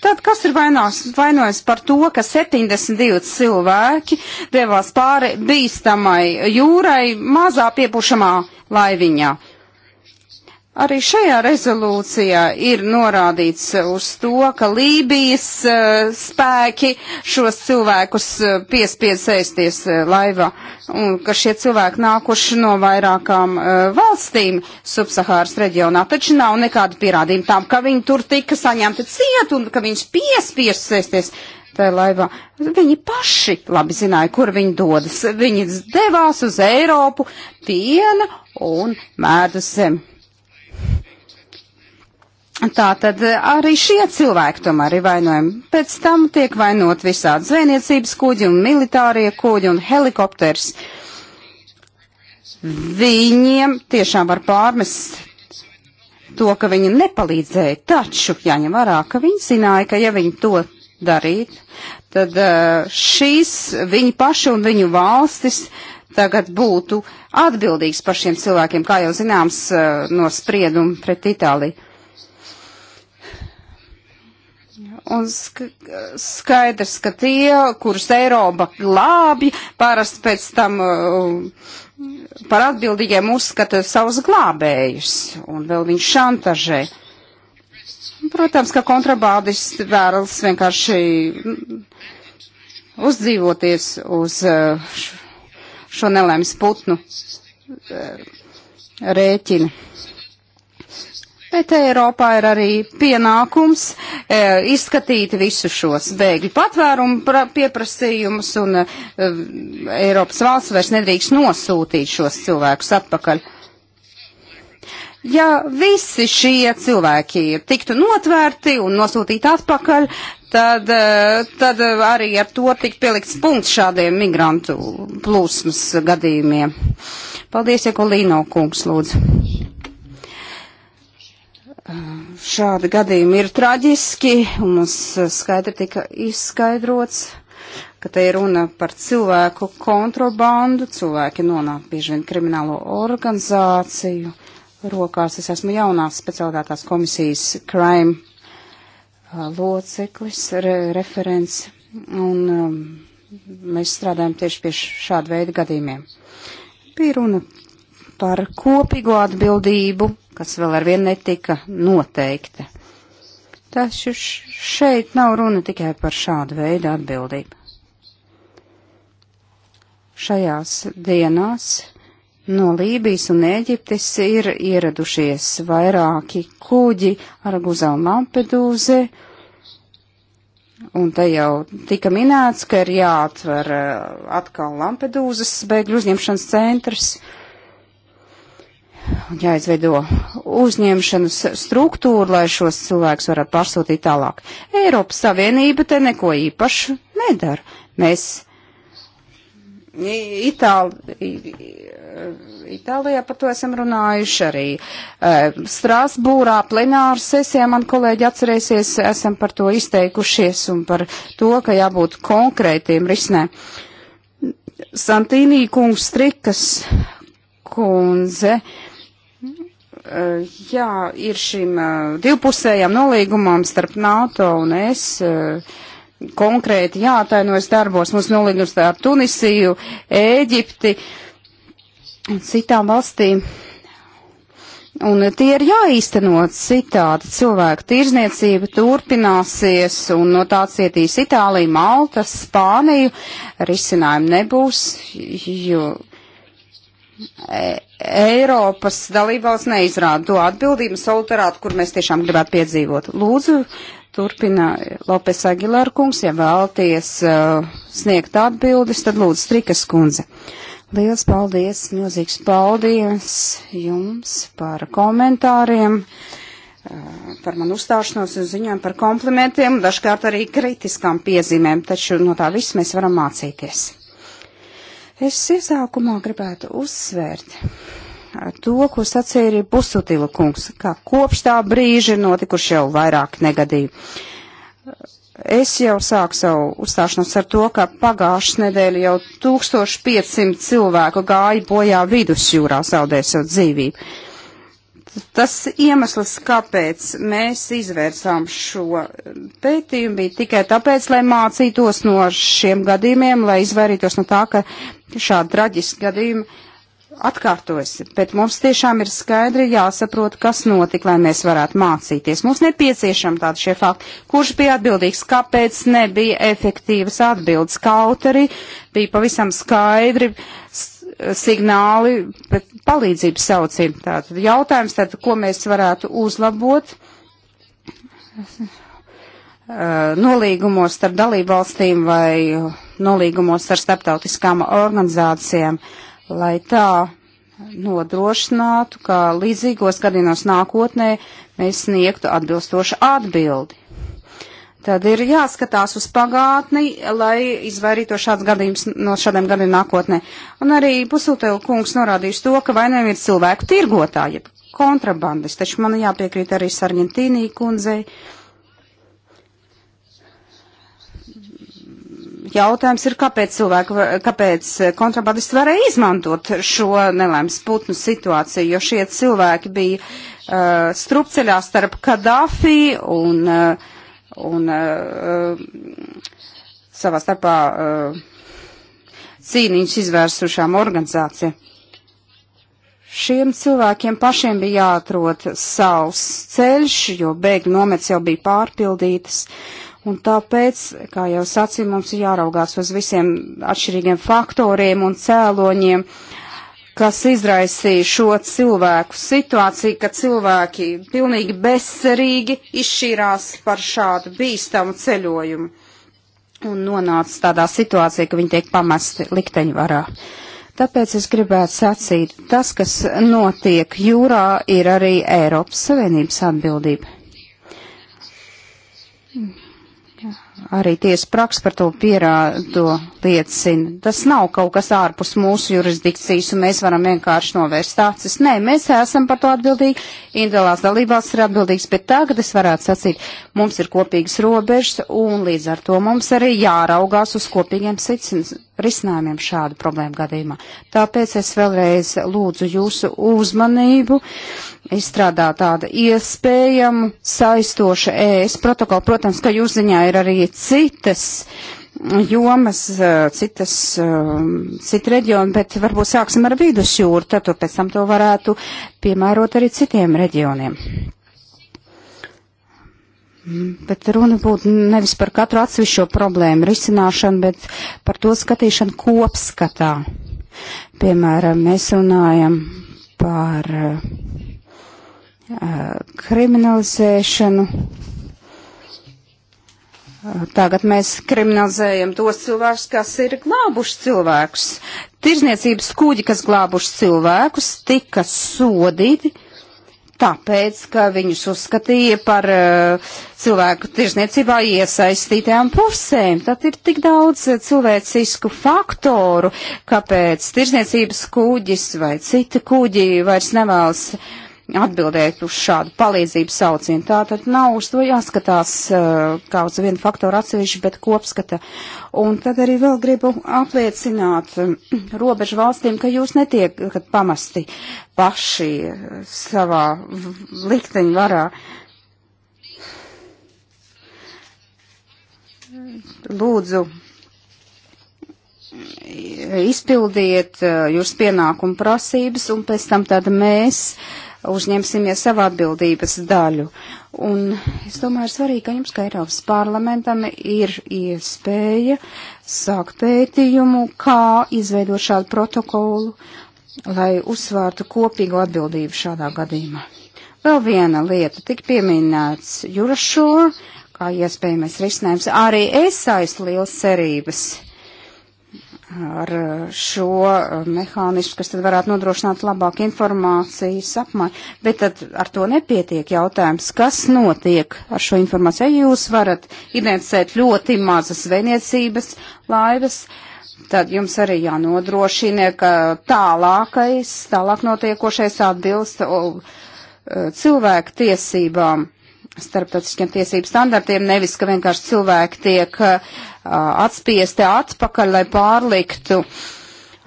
Tad kas ir vainās, vainojas par to, ka 72 cilvēki devās pāri bīstamai jūrai mazā piepušamā laiviņā? Arī šajā rezolūcijā ir norādīts uz to, ka Lībijas uh, spēki šos cilvēkus uh, e, piespiedz sēsties uh, laivā, un ka šie cilvēki nākuši no vairākām uh, valstīm subsahāras reģionā, taču nav nekāda pierādījuma tam, ka viņi tur tika saņemti ciet un ka viņš piespiež sēsties tajā laivā. Viņi paši labi zināja, kur viņi dodas. Viņi devās uz Eiropu, piena un mēdus zemi. Tā tad eh, arī šie cilvēki tomēr ir vainojami. Pēc tam tiek vainot visādi zvejniecības kuģi un militārie kuģi un helikopters. Viņiem tiešām var pārmest to, ka viņi nepalīdzēja, taču jāņem vērā, ka viņi zināja, ka ja viņi to darīt, tad eh, šīs viņi paši un viņu valstis tagad būtu atbildīgs par šiem cilvēkiem, kā jau zināms eh, no sprieduma pret Itāliju. Un skaidrs, ka tie, kurus Eiropa glābi, parasti pēc tam uh, par atbildīgiem uzskata savus glābējus, un vēl viņš šantažē. Protams, ka kontrabādists vēlas vienkārši uzdzīvoties uz uh, šo nelēmas putnu uh, rēķina. Bet Eiropā ir arī pienākums e, izskatīt visus šos bēgļu patvērumu pieprasījumus, un e, Eiropas valsts vairs nedrīkst nosūtīt šos cilvēkus atpakaļ. Ja visi šie cilvēki tiktu notvērti un nosūtīti atpakaļ, tad, e, tad arī ar to tikt pielikts punkts šādiem migrantu plūsmas gadījumiem. Paldies, Ekolīno kungs, lūdzu. Šādi gadījumi ir traģiski, un mums eh, skaidri tika izskaidrots, ka te ir runa par cilvēku kontrabandu, cilvēki nonāk bieži vien kriminālo organizāciju rokās. Es esmu jaunās specializētās komisijas crime eh, loceklis, re, referents, un um, mēs strādājam tieši pie šāda veida gadījumiem. Bija runa par kopīgo atbildību, kas vēl ar vienu netika noteikta. Taču šeit nav runa tikai par šādu veidu atbildību. Šajās dienās no Lībijas un Ēģiptes ir ieradušies vairāki kuģi ar Guzau Lampedūzi, un te jau tika minēts, ka ir jāatver eh, atkal Lampedūzas bēgļu uzņemšanas centrs. Uh, un jāizveido uzņemšanas struktūra, lai šos cilvēkus varētu pārsūtīt tālāk. Eiropas Savienība te neko īpašu nedara. Mēs Itāli, Itālijā par to esam runājuši arī. E, Strasbūrā plenāru sesijā man kolēģi atcerēsies, esam par to izteikušies un par to, ka jābūt konkrētiem risinē. Santīnī kungs Strikas kundze. Uh, Eh, jā, ir šim eh, divpusējam nolīgumam starp NATO un es eh, konkrēti jātainojas darbos. Mums nolīgums ar Tunisiju, Ēģipti un citām valstīm. Un tie ir jāīstenot citādi. Cilvēku tirzniecība turpināsies un no tā cietīs Itālija, Malta, Spāniju. Risinājumu nebūs, jo Eiropas dalībvalsts neizrāda to atbildību solidarātu, kur mēs tiešām gribētu piedzīvot. Lūdzu, turpina Lopes Agilāra kungs, ja vēlties uh, sniegt atbildes, tad lūdzu Strikas kundze. Liels paldies, milzīgs paldies jums par komentāriem, uh, par man uzstāšanos un ziņām par komplimentiem, dažkārt arī kritiskām piezīmēm, taču no tā viss mēs varam mācīties. Es iesākumā gribētu uzsvērt to, ko sacīja arī Busutila kungs, ka kopš tā brīža ir notikuši jau vairāk negadīju. Es jau sāku savu uzstāšanos ar to, ka pagājušas nedēļa jau 1500 cilvēku gāja bojā vidusjūrā, zaudēja savu dzīvību tas iemesls, kāpēc mēs izvērsām šo pētījumu, bija tikai tāpēc, lai mācītos no šiem gadījumiem, lai izvairītos no tā, ka šādi traģiski gadījumi atkārtojas. Bet mums tiešām ir skaidri jāsaprot, kas notika, lai mēs varētu mācīties. Mums nepieciešama tāda šie fakti. Kurš bija atbildīgs, kāpēc nebija efektīvas atbildes? Kaut arī bija pavisam skaidri signāli, bet palīdzības saucība. Tātad jautājums, tad, ko mēs varētu uzlabot eh, nolīgumos starp dalībvalstīm vai nolīgumos ar starptautiskām organizācijām, lai tā nodrošinātu, ka līdzīgos gadījumos nākotnē mēs sniegtu atbilstošu atbildi. Tad ir jāskatās uz pagātni, lai izvairītu šāds gadījums no šādiem gadiem nākotnē. Un arī Pusutēl kungs norādījis to, ka vainojumi ir cilvēku tirgotāji, kontrabandis, taču man jāpiekrīt arī Sarņentīnī kundzei. Jautājums ir, kāpēc cilvēki, kāpēc kontrabandisti varēja izmantot šo nelēmas putnu situāciju, jo šie cilvēki bija uh, strupceļā starp Kadāfī un uh, un uh, savā starpā uh, eh, cīniņus izvērsušām organizācijām. Šiem cilvēkiem pašiem bija jāatrod savs ceļš, jo bēgļu nomets jau bija pārpildītas. Un tāpēc, kā jau sacīja, mums jāraugās uz visiem atšķirīgiem faktoriem un cēloņiem, uh, kas izraisīja šo cilvēku situāciju, ka cilvēki pilnīgi bezcerīgi izšķīrās par šādu bīstamu ceļojumu un nonāca tādā situācijā, ka viņi tiek pamesti likteņvarā. Tāpēc es gribētu sacīt, tas, kas notiek jūrā, ir arī Eiropas Savienības atbildība arī tiesa praks par to pierādo liecina. Tas nav kaut kas ārpus mūsu jurisdikcijas, un mēs varam vienkārši novērst acis. Nē, mēs esam par to atbildīgi, indēlās dalībās ir atbildīgs, bet tagad es varētu sacīt, mums ir kopīgas robežas, un līdz ar to mums arī jāraugās uz kopīgiem sicins risinājumiem šādu problēmu gadījumā. Tāpēc es vēlreiz lūdzu jūsu uzmanību izstrādā tāda iespējama saistoša ēs e protokola. Protams, ka jūs ziņā ir arī citas jomas, citas, citu reģionu, bet varbūt sāksim ar vidusjūru, tad to pēc tam to varētu piemērot arī citiem reģioniem. Mm, bet runa būtu nevis par katru atsevišķo problēmu risināšanu, bet par to skatīšanu kopskatā. Piemēram, mēs runājam par uh, kriminalizēšanu, uh, Tagad mēs kriminalizējam tos cilvēkus, kas ir glābuši cilvēkus. Tirzniecības kuģi, kas glābuši cilvēkus, tika sodīti, tāpēc, ka viņus uzskatīja par uh, cilvēku tirzniecībā iesaistītajām pusēm. Tad ir tik daudz eh, cilvēcisku faktoru, kāpēc tirzniecības kuģis vai citi kuģi vairs nevēlas. Uh, atbildēt uz šādu palīdzību saucienu. Tā tad nav uz to jāskatās eh, kā uz vienu faktoru atsevišķi, bet kopskata. Un tad arī vēl gribu apliecināt eh, robežu valstīm, ka jūs netiek pamesti paši eh, savā likteņu varā. Lūdzu, izpildiet jūs pienākumu prasības, un pēc tam tad mēs uh, uzņemsimies savu atbildības daļu. Un es domāju, ir svarīgi, ka jums, kā Eiropas parlamentam, ir iespēja sākt pētījumu, kā izveidot šādu protokolu, lai uzsvārtu kopīgu atbildību šādā gadījumā. Vēl viena lieta, tik pieminēts Jurašūra, kā iespējamais risinājums. Arī es aizlielu cerības ar eh, šo eh, mehānismu, kas tad varētu nodrošināt labāk informācijas apmaiņu. Bet tad ar to nepietiek jautājums, kas notiek ar šo informāciju. Ja jūs varat identificēt ļoti mazas zvejniecības laivas, tad jums arī jānodrošina, ka tālākais, tālāk notiekošais atbilst eh, cilvēku tiesībām starptautiskiem tiesību standartiem, nevis, ka vienkārši cilvēki tiek uh, atspiesti atpakaļ, lai pārliktu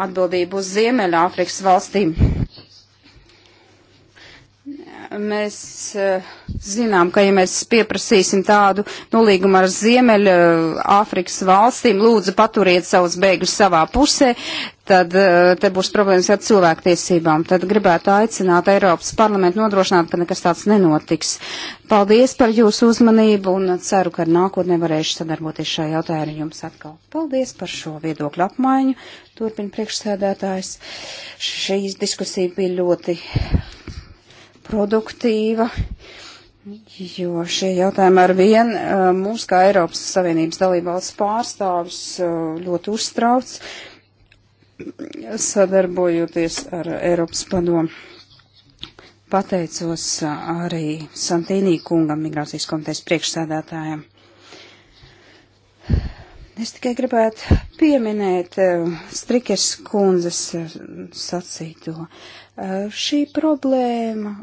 atbildību uz Ziemeļāfrikas valstīm. Mēs eh, zinām, ka ja mēs pieprasīsim tādu nolīgumu ar Ziemeļa eh, Āfrikas valstīm, lūdzu paturiet savus bēgļus savā pusē, tad eh, te būs problēmas ar cilvēktiesībām. Tad gribētu aicināt Eiropas parlamentu nodrošināt, ka nekas tāds nenotiks. Paldies par jūsu uzmanību un ceru, ka nākotnē varēšu sadarboties šajā jautājumā ar jums atkal. Paldies par šo viedokļu apmaiņu. Turpin priekšsēdētājs. Šīs diskusija bija ļoti produktīva, jo šie jautājumi ar vien mūs kā Eiropas Savienības dalībvalsts pārstāvis ļoti uztrauc, sadarbojoties ar Eiropas padomu. Pateicos arī Santīnī kungam, migrācijas komitejas priekšsēdētājam. Es tikai gribētu pieminēt eh, Strikers kundzes eh, sacīto. Eh, šī problēma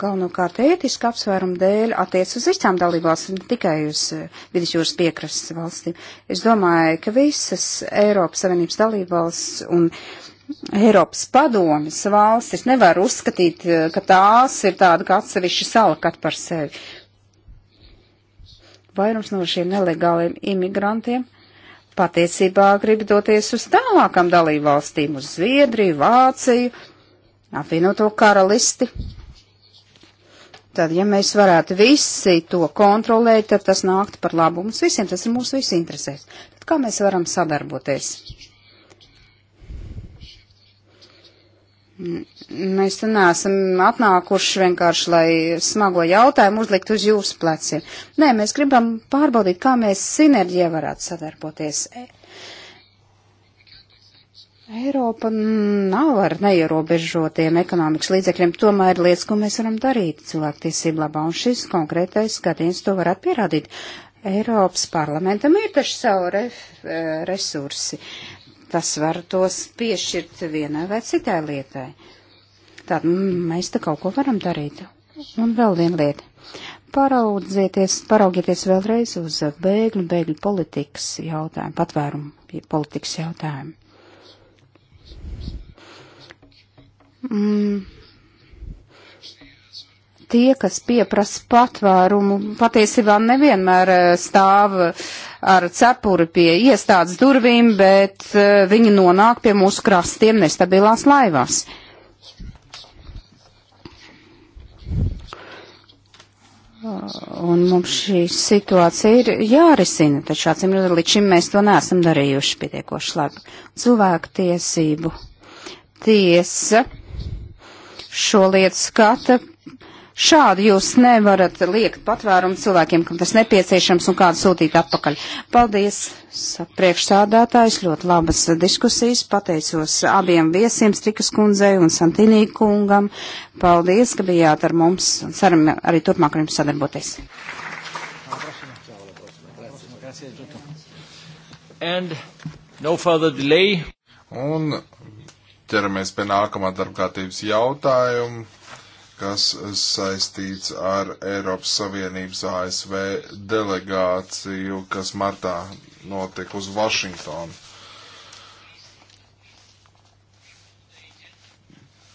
galvenokārt ētiska apsvēruma dēļ attiec uz visām dalībvalstīm, ne tikai uz vidusjūras piekrastes valstīm. Es domāju, ka visas Eiropas Savienības dalībvalsts un Eiropas padomis valstis nevar uzskatīt, ka tās ir tāda kā atsevišķa sala kat par sevi. Vairums no šiem nelegāliem imigrantiem patiesībā grib doties uz tālākam dalībvalstīm, uz Zviedriju, Vāciju, apvienoto karalisti. Tad, ja mēs varētu visi to kontrolēt, tad tas nāktu par labu mums visiem, tas ir mūsu visu interesēs. Tad kā mēs varam sadarboties? Mēs te neesam atnākuši vienkārši, lai smago jautājumu uzlikt uz jūsu pleciem. Nē, mēs gribam pārbaudīt, kā mēs sinerģijā varētu sadarboties. E, Eiropa nav ar neierobežotiem ekonomikas līdzekļiem, tomēr ir lietas, ko mēs varam darīt cilvēktiesību labā, un šis konkrētais skatījums to varētu pierādīt. Eiropas parlamentam ir taču savu ref, e, resursi tas var tos piešķirt vienai vai citai lietai. Tad mēs te kaut ko varam darīt. Un vēl viena lieta. Paraudzieties, paraugieties vēlreiz uz bēgļu, bēgļu politikas jautājumu, patvērumu politikas jautājumu. Mm tie, kas pieprasa patvērumu, patiesībā nevienmēr eh, stāv eh, ar cepuri pie iestādes durvīm, bet eh, viņi nonāk pie mūsu krastiem nestabilās laivās. Un mums šī situācija ir jārisina, taču acīm redzot, līdz šim mēs to neesam darījuši pietiekoši labi. Cilvēku tiesību tiesa šo lietu skata Šādi jūs nevarat liekt patvērumu cilvēkiem, kam tas nepieciešams un kādu sūtīt atpakaļ. Paldies, priekšsādātājs, ļoti labas diskusijas. Pateicos abiem viesiem, Strikas kundzei un Santīnī kungam. Paldies, ka bijāt ar mums un ceram arī turpmāk ar jums sadarboties. And no further delay. Un ķeramies pie nākamā darbkārtības jautājuma kas saistīts ar Eiropas Savienības ASV delegāciju, kas martā notiek uz Vašingtonu.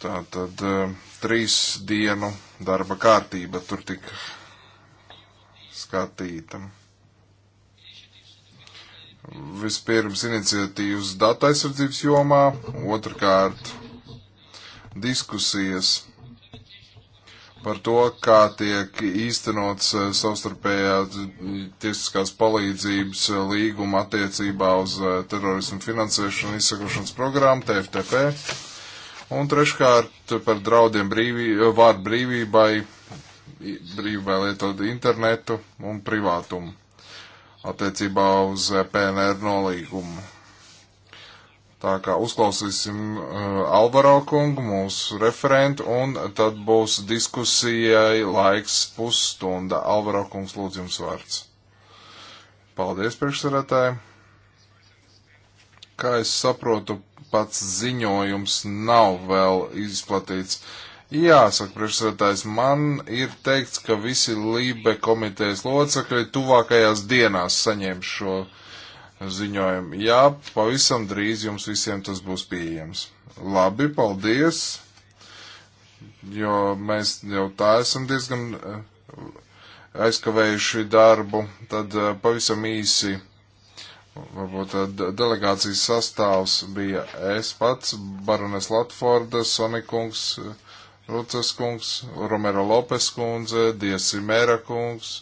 Tā tad eh, trīs dienu darba kārtība tur tik skatīta. Vispirms iniciatīvas data aizsardzības jomā, otrkārt diskusijas par to, kā tiek īstenots eh, savstarpējā tiesiskās palīdzības eh, līguma attiecībā uz eh, terorismu finansēšanu izsakošanas programmu TFTP. Un treškārt par draudiem brīvī, vārdu brīvībai, brīvībai lietot internetu un privātumu attiecībā uz PNR nolīgumu. Tā kā uzklausīsim uh, Alvaro kungu, mūsu referentu, un tad būs diskusijai laiks pusstunda. Alvaro kungs, lūdzu jums vārds. Paldies, priekšsarētāji. Kā es saprotu, pats ziņojums nav vēl izplatīts. Jā, saka priekšsētājs, man ir teikts, ka visi Lībe komitejas locekļi tuvākajās dienās saņem šo uh, ziņojumu. Jā, pavisam drīz jums visiem tas būs pieejams. Labi, paldies, jo mēs jau tā esam diezgan eh, aizkavējuši darbu. Tad eh, pavisam īsi Varbūt eh, delegācijas sastāvs bija es pats, Barones Latforda, Sonikungs, Rucas kungs, Romero Lopes kundze, Diesi Mēra kungs,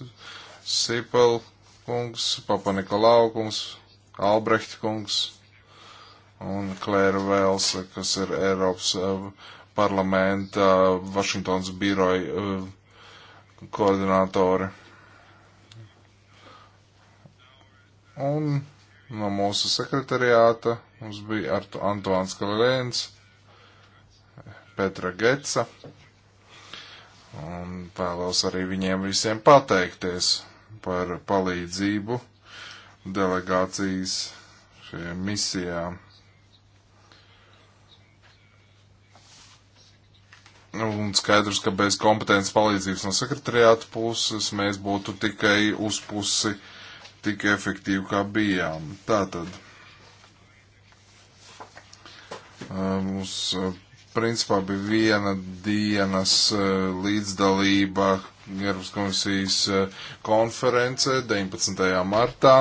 Sipel kungs, Papa Nikolau kungs, Albrecht kungs un Klēra Vēlse, kas ir Eiropas eh, parlamenta eh, Vašingtons biroja eh, koordinātori. Un no mūsu sekretariāta mums bija Antoāns Kalēns, Petra Geca. Un vēlos arī viņiem visiem pateikties par palīdzību delegācijas šajā misijā. Un skaidrs, ka bez kompetences palīdzības no sekretariāta puses mēs būtu tikai uz pusi tik efektīvi, kā bijām. Tātad mums principā bija viena dienas līdzdalība Eiropas komisijas konference 19. martā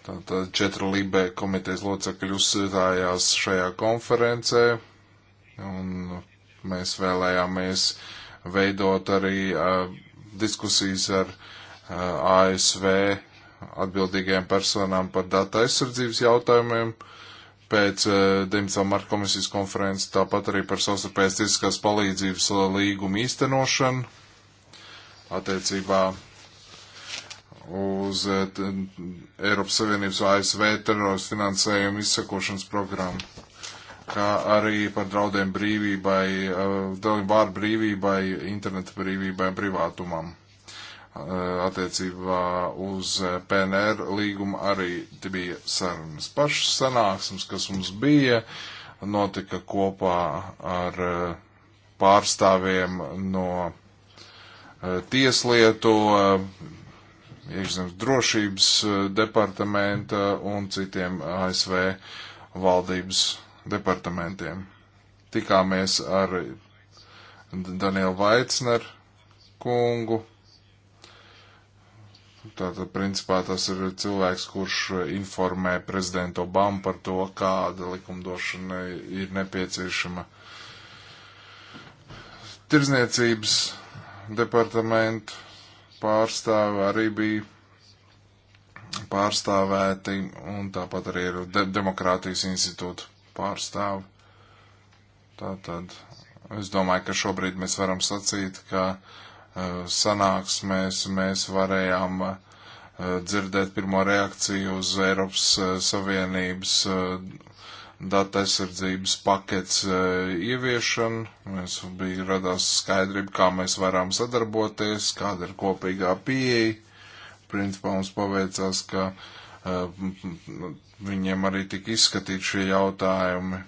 Tātad četri Libē komitejas locekļi uzstājās šajā konferencē, un mēs vēlējāmies veidot arī uh, diskusijas ar uh, ASV atbildīgajām personām par data aizsardzības jautājumiem pēc uh, 9. marta komisijas konferences, tāpat arī par savstarpējas tiesiskās palīdzības līgumu īstenošanu attiecībā uz eh, Eiropas Savienības ASV teroristu finansējumu izsakošanas programmu, kā arī par draudiem brīvībai, eh, vārdu brīvībai, interneta brīvībai un privātumam. Eh, attiecībā uz PNR līgumu arī bija sarunas. Pašas sanāksmes, kas mums bija, notika kopā ar pārstāvjiem no tieslietu, iekšzemes drošības eh, departamenta un citiem ASV valdības departamentiem. Tikāmies ar Danielu Vaicneru kungu. Tātad, principā, tas ir cilvēks, kurš informē prezidentu Obamu par to, kāda likumdošana ir nepieciešama. Tirzniecības departamentu pārstāvi arī bija pārstāvēti, un tāpat arī ir de demokrātijas institūta pārstāvi. Tātad es domāju, ka šobrīd mēs varam sacīt, ka uh, sanāksmēs mēs varējām uh, dzirdēt pirmo reakciju uz Eiropas uh, Savienības data aizsardzības pakets e, ieviešana. Mēs bija radās skaidrība, kā mēs varam sadarboties, kāda ir kopīgā pieeja. Principā mums paveicās, ka uh, viņiem arī tika izskatīt šie jautājumi.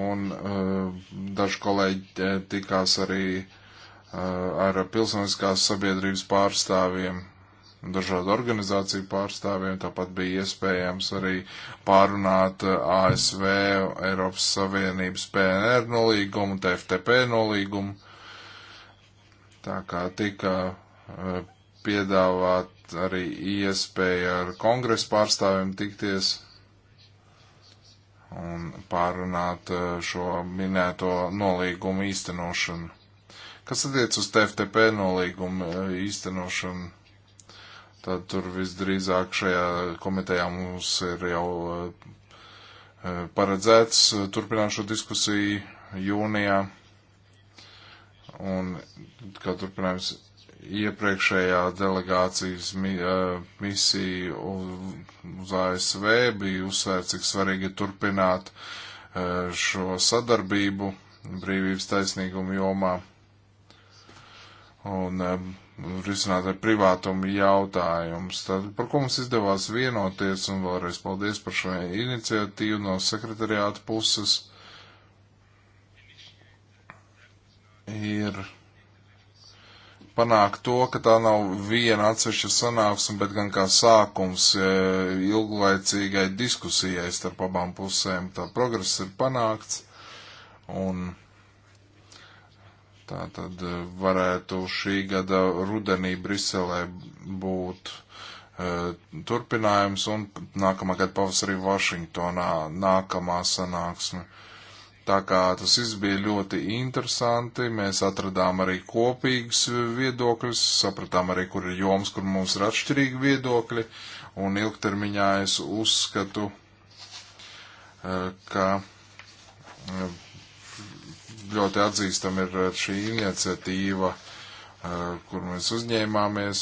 Un uh, daži kolēģi tikās arī uh, ar pilsoniskās sabiedrības pārstāvjiem dažādu organizāciju pārstāvjiem, tāpat bija iespējams arī pārunāt eh, ASV, Eiropas Savienības PNR nolīgumu, TFTP nolīgumu. Tā kā tika eh, piedāvāt arī iespēja ar kongresu pārstāvjiem tikties un pārunāt eh, šo minēto nolīgumu īstenošanu. Kas attiec uz TFTP nolīgumu īstenošanu? Tad tur visdrīzāk šajā komitejā mums ir jau eh, eh, paredzēts eh, turpināt šo diskusiju jūnijā. Un kā turpinājums iepriekšējā delegācijas mi, uh, misija uz ASV bija uzsvērts, cik svarīgi turpināt uh, šo sadarbību brīvības taisnīgumu jomā. Un uh, risināt ar privātumu jautājumus. Tad, par ko mums izdevās vienoties, un vēlreiz paldies par šo iniciatīvu no sekretariāta puses, ir panākt to, ka tā nav viena atsevišķa sanāksme, bet gan kā sākums e, ilglaicīgai diskusijai starp abām pusēm. Tā progress ir panākts, un Tā tad e, varētu šī gada rudenī Briselē būt uh, turpinājums un nākamā gada pavasarī Vašingtonā nākamā sanāksme. Tā kā tas viss bija ļoti interesanti, mēs atradām arī kopīgus viedokļus, sapratām arī, kur ir joms, kur mums ir atšķirīgi viedokļi, un ilgtermiņā es uzskatu, uh, ka uh, ļoti atzīstam ir eh, šī iniciatīva, eh, kur mēs uzņēmāmies,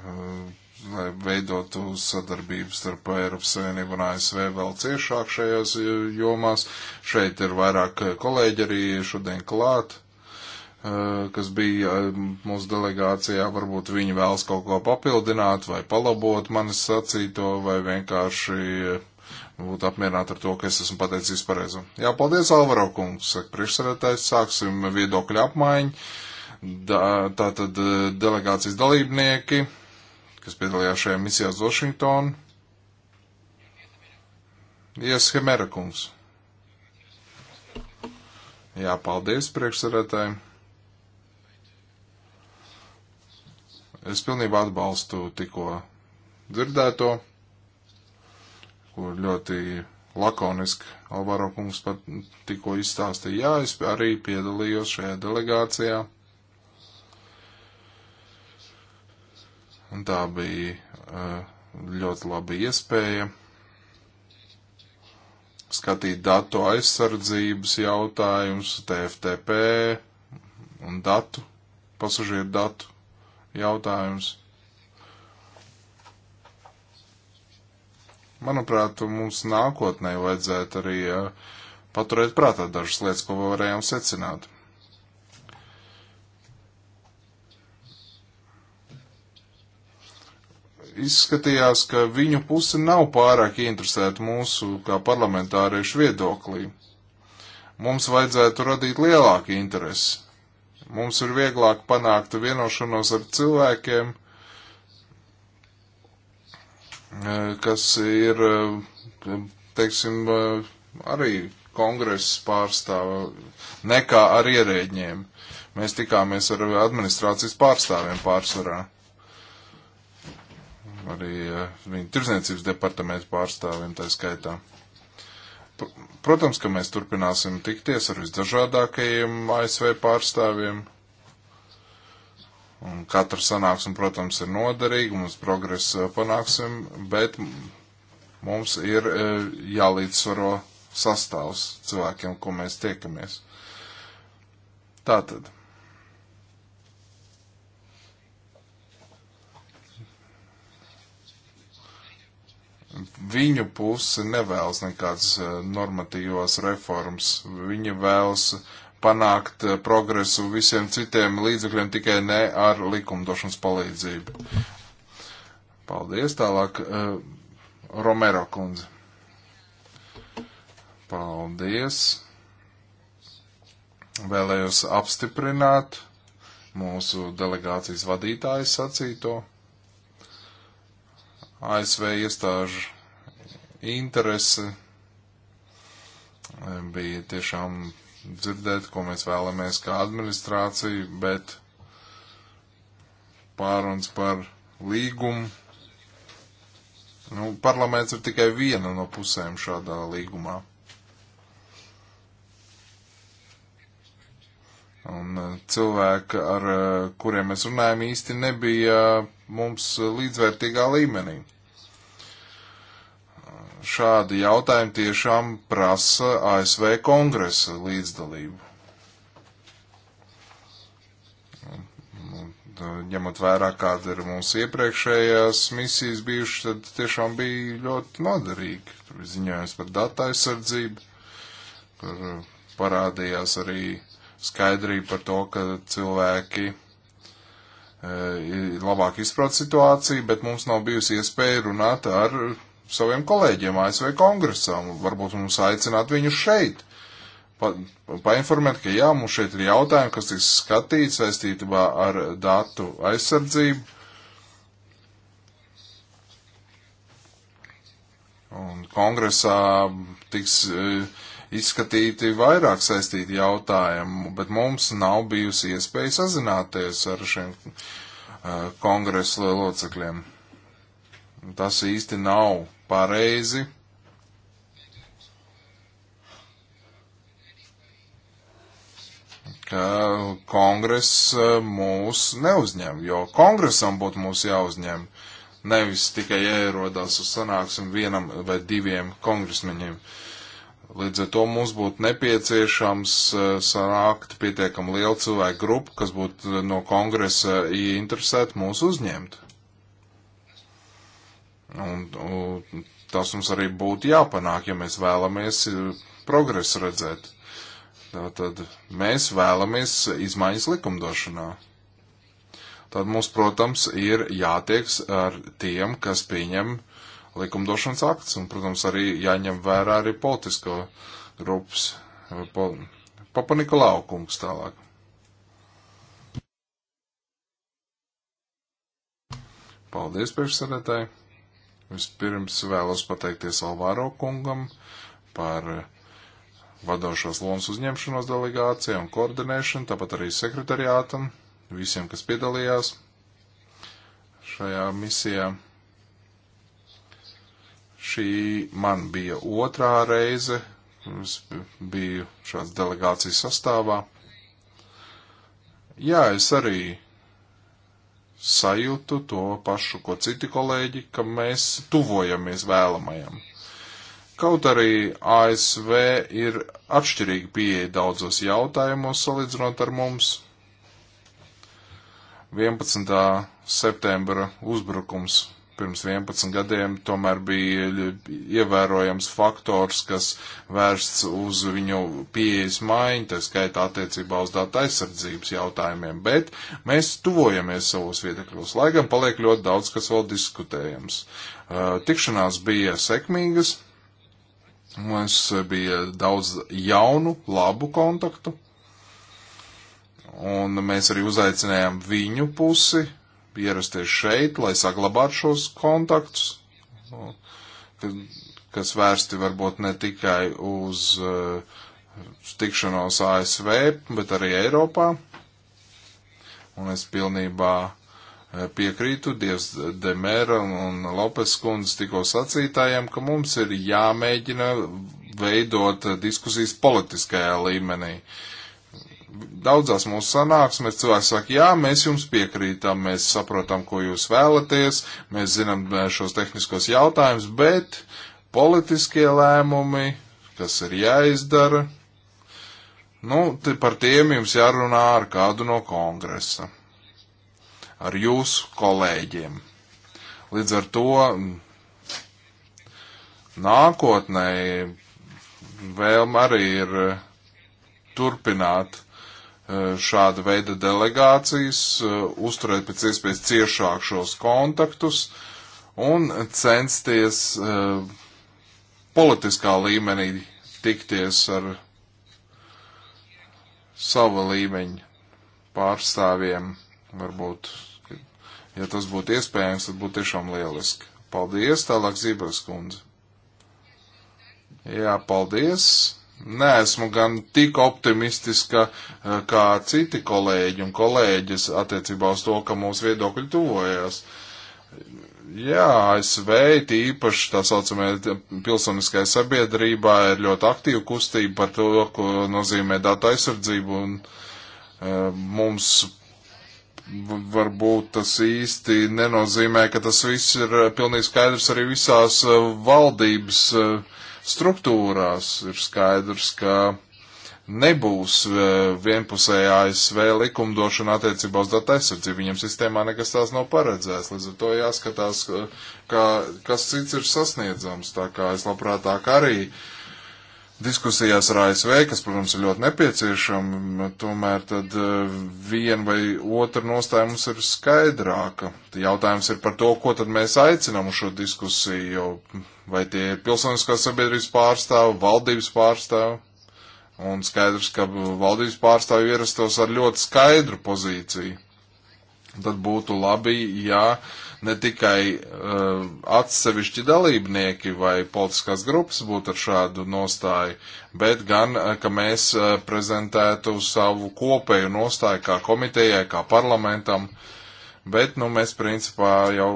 eh, lai veidotu sadarbību starp Eiropas Savienību un ASV vēl ciešāk šajās jomās. Šeit ir vairāk kolēģi arī šodien klāt kas bija mūsu delegācijā, varbūt viņi vēlas kaut ko papildināt vai palabot manis sacīto, vai vienkārši būtu apmierināti ar to, ka es esmu pateicis pareizo. Jā, paldies, Alvaro kungs, saka priekšsarētājs, sāksim viedokļu apmaiņu. Da, tā tad eh, delegācijas dalībnieki, kas piedalījās šajā misijā uz Vašingtonu. Ies Hemera kungs. Jā, paldies priekšsarētājiem. Es pilnībā atbalstu tikko dzirdēto kur ļoti lakoniski Alvaro kungs pat tikko izstāstīja. Jā, es arī piedalījos šajā delegācijā. Un tā bija eh, ļoti laba iespēja skatīt datu aizsardzības jautājumus, TFTP un datu, pasažieru datu jautājumus. Manuprāt, mums nākotnē vajadzētu arī paturēt prātā dažas lietas, ko varējām secināt. Izskatījās, ka viņu pusi nav pārāk interesēta mūsu kā parlamentāriešu viedoklī. Mums vajadzētu radīt lielāku interesi. Mums ir vieglāk panākt vienošanos ar cilvēkiem, kas ir, eh, teiksim, eh, arī kongresa pārstāva, nekā ar ierēģiem. Mēs tikāmies ar administrācijas pārstāvjiem pārsvarā. Arī eh, viņa tirzniecības departamentu pārstāvjiem tā skaitā. Protams, ka mēs turpināsim tikties ar visdažādākajiem ASV pārstāvjiem Un katra sanāksme, protams, ir noderīga, mums progresu panāksim, bet mums ir jālīdzsvaro sastāvs cilvēkiem, ko mēs tiekamies. Tātad. Viņu puse nevēlas nekādas normatīvās reformas. Viņa vēlas uh, panākt eh, progresu visiem citiem līdzekļiem, tikai ne ar likumdošanas palīdzību. Paldies, tālāk eh, Romero kundze. Paldies. Vēlējos apstiprināt mūsu delegācijas vadītāju sacīto. ASV iestāžu interese eh, bija tiešām dzirdēt, ko mēs vēlamies kā administrācija, bet pāruns par līgumu. Nu, parlaments ir tikai viena no pusēm šādā līgumā. Un uh, cilvēki, ar uh, kuriem mēs runājam, īsti nebija uh, mums līdzvērtīgā līmenī šādi jautājumi tiešām prasa ASV kongresa līdzdalību. ņemot vērā, kāda ir mūsu iepriekšējās misijas bijušas, tad tiešām bija ļoti noderīgi. Tur bija ziņojums par datu aizsardzību, kur parādījās arī skaidrība par to, ka cilvēki e, labāk izprot situāciju, bet mums nav bijusi iespēja runāt ar saviem kolēģiem ASV kongresam, varbūt mums aicināt viņus šeit, pa, painformēt, ka jā, mums šeit ir jautājumi, kas tiks skatīts saistībā ar datu aizsardzību. Un kongresā tiks e, izskatīti vairāk saistīti jautājumi, bet mums nav bijusi iespēja sazināties ar šiem e, kongresa locekļiem. Tas īsti nav pareizi. ka kongress e, mūs neuzņem, jo kongresam būtu mūs jāuzņem, nevis tikai ierodās uz sanāksim vienam vai diviem kongresmeņiem. Līdz ar to mums būtu nepieciešams e, sanākt pietiekam lielu cilvēku grupu, kas būtu no kongresa ieinteresēti mūs uzņemt. Un, un tas mums arī būtu jāpanāk, ja mēs vēlamies eh, progresu redzēt. Tātad mēs vēlamies izmaiņas likumdošanā. Tad mums, protams, ir jātieks ar tiem, kas pieņem likumdošanas akts, un, protams, arī jāņem vērā arī politisko grupas. Eh, po, Papa Nikolau kungs tālāk. Paldies, priekšsēdētāji! Vispirms vēlos pateikties Alvāro kungam par vadošos lomas uzņemšanos delegācijā un koordinēšanu, tāpat arī sekretariātam, visiem, kas piedalījās šajā misijā. Šī man bija otrā reize, es biju šāds delegācijas sastāvā. Jā, es arī sajūtu, to pašu, ko citi kolēģi, ka mēs tuvojamies vēlamajam. Kaut arī ASV ir atšķirīga pieeja daudzos jautājumos salīdzinot ar mums. 11. septembra uzbrukums pirms 11 gadiem tomēr bija ievērojams faktors, kas vērsts uz viņu pieejas maiņu, tā skaitā attiecībā uz datu aizsardzības jautājumiem, bet mēs tuvojamies savos vietakļos, lai gan paliek ļoti daudz, kas vēl diskutējams. Uh, tikšanās bija sekmīgas, mums bija daudz jaunu, labu kontaktu. Un mēs arī uzaicinājām viņu pusi, ierasties šeit, lai saglabātu šos kontaktus, kas vērsti varbūt ne tikai uz eh, tikšanos ASV, bet arī Eiropā. Un es pilnībā eh, piekrītu Dievs Demēra un Lopes kundzes tikko sacītājiem, ka mums ir jāmēģina veidot eh, diskusijas politiskajā līmenī. Uh, Daudzās mūsu sanāksmēs cilvēki saka, jā, mēs jums piekrītam, mēs saprotam, ko jūs vēlaties, mēs zinām e, šos tehniskos jautājumus, bet politiskie lēmumi, kas ir jāizdara, nu, par tiem jums jārunā ar kādu no kongresa, ar jūsu kolēģiem. Līdz ar to nākotnē vēlme arī ir e, turpināt Eh, šāda veida delegācijas, eh, uzturēt pēc iespējas ciešāk šos kontaktus un censties eh, politiskā līmenī tikties ar sava līmeņa pārstāvjiem, varbūt, ja tas būtu iespējams, tad būtu tiešām lieliski. Paldies, tālāk Zībras kundze. Jā, paldies neesmu gan tik optimistiska eh, kā citi kolēģi un kolēģis attiecībā uz to, ka mūsu viedokļi tuvojas. Jā, ASV tīpaši tā saucamajā pilsoniskajā sabiedrībā ir ļoti aktīva kustība par to, ko nozīmē data aizsardzība, un uh, mums varbūt tas īsti nenozīmē, ka tas viss ir pilnīgi skaidrs arī visās eh, valdības uh, struktūrās. Ir skaidrs, ka nebūs e, vienpusējā ASV likumdošana attiecībā uz datu aizsardzību. Viņam sistēmā nekas tās nav paredzēts. Līdz ar to jāskatās, kā, kas cits ir sasniedzams. Tā kā es labprātāk arī uh, diskusijās ar ASV, kas, protams, ir ļoti nepieciešama, tomēr tad eh, viena vai otra nostāja mums ir skaidrāka. Jautājums ir par to, ko tad mēs aicinām uz šo diskusiju, vai tie ir pilsoniskās sabiedrības pārstāvi, valdības pārstāvi. Un skaidrs, ka valdības pārstāvi ierastos ar ļoti skaidru pozīciju. Tad būtu labi, ja. Uh, ne tikai uh, atsevišķi dalībnieki vai politiskās grupas būtu ar šādu nostāju, bet gan, eh, ka mēs uh, prezentētu savu kopēju nostāju kā komitejai, kā parlamentam, bet, nu, mēs principā jau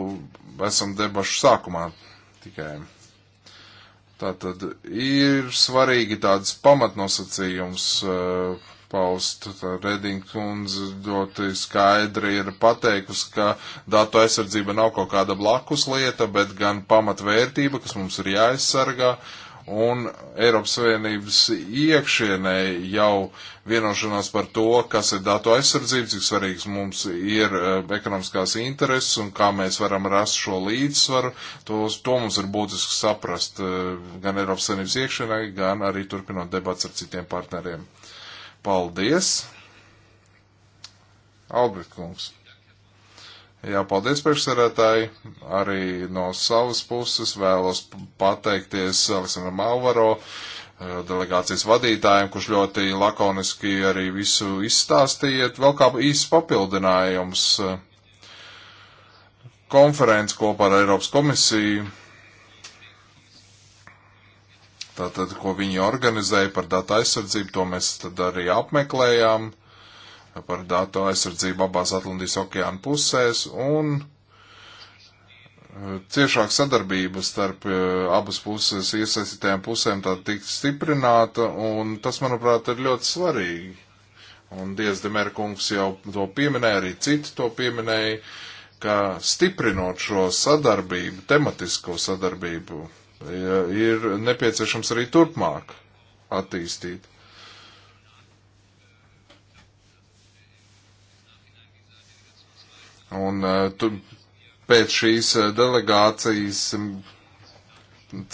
esam debašu sākumā tikai. Tātad ir svarīgi tādas pamatnosacījums. Uh, paust. Reding kundze ļoti skaidri ir pateikusi, ka datu aizsardzība nav kaut kāda blakus lieta, bet gan pamatvērtība, kas mums ir jāaizsargā. Un Eiropas Savienības iekšienē jau vienošanās par to, kas ir datu aizsardzība, cik svarīgs mums ir eh, ekonomiskās intereses un kā mēs varam rast šo līdzsvaru, tos, to mums ir būtiski saprast eh, gan Eiropas Savienības iekšienē, gan arī turpinot debats ar citiem partneriem. Paldies! Albert kungs. Jā, paldies priekšsarētāji. Arī no savas puses vēlos pateikties Aleksandram Alvaro, eh, delegācijas vadītājiem, kurš ļoti lakoniski arī visu izstāstījiet. Vēl kā īsts papildinājums eh, konferences kopā ar Eiropas komisiju Tātad, ko viņi organizēja par datu aizsardzību, to mēs tad arī apmeklējām par datu aizsardzību abās Atlantijas okeāna pusēs un eh, ciešāk sadarbība starp eh, abas puses iesaistītajām pusēm tā tiks stiprināta un tas, manuprāt, ir ļoti svarīgi. Un Dievs Demerkungs jau to pieminēja, arī citi to pieminēja, ka stiprinot šo sadarbību, tematisko sadarbību, ir nepieciešams arī turpmāk attīstīt. Un eh, tu, pēc šīs eh, delegācijas mm,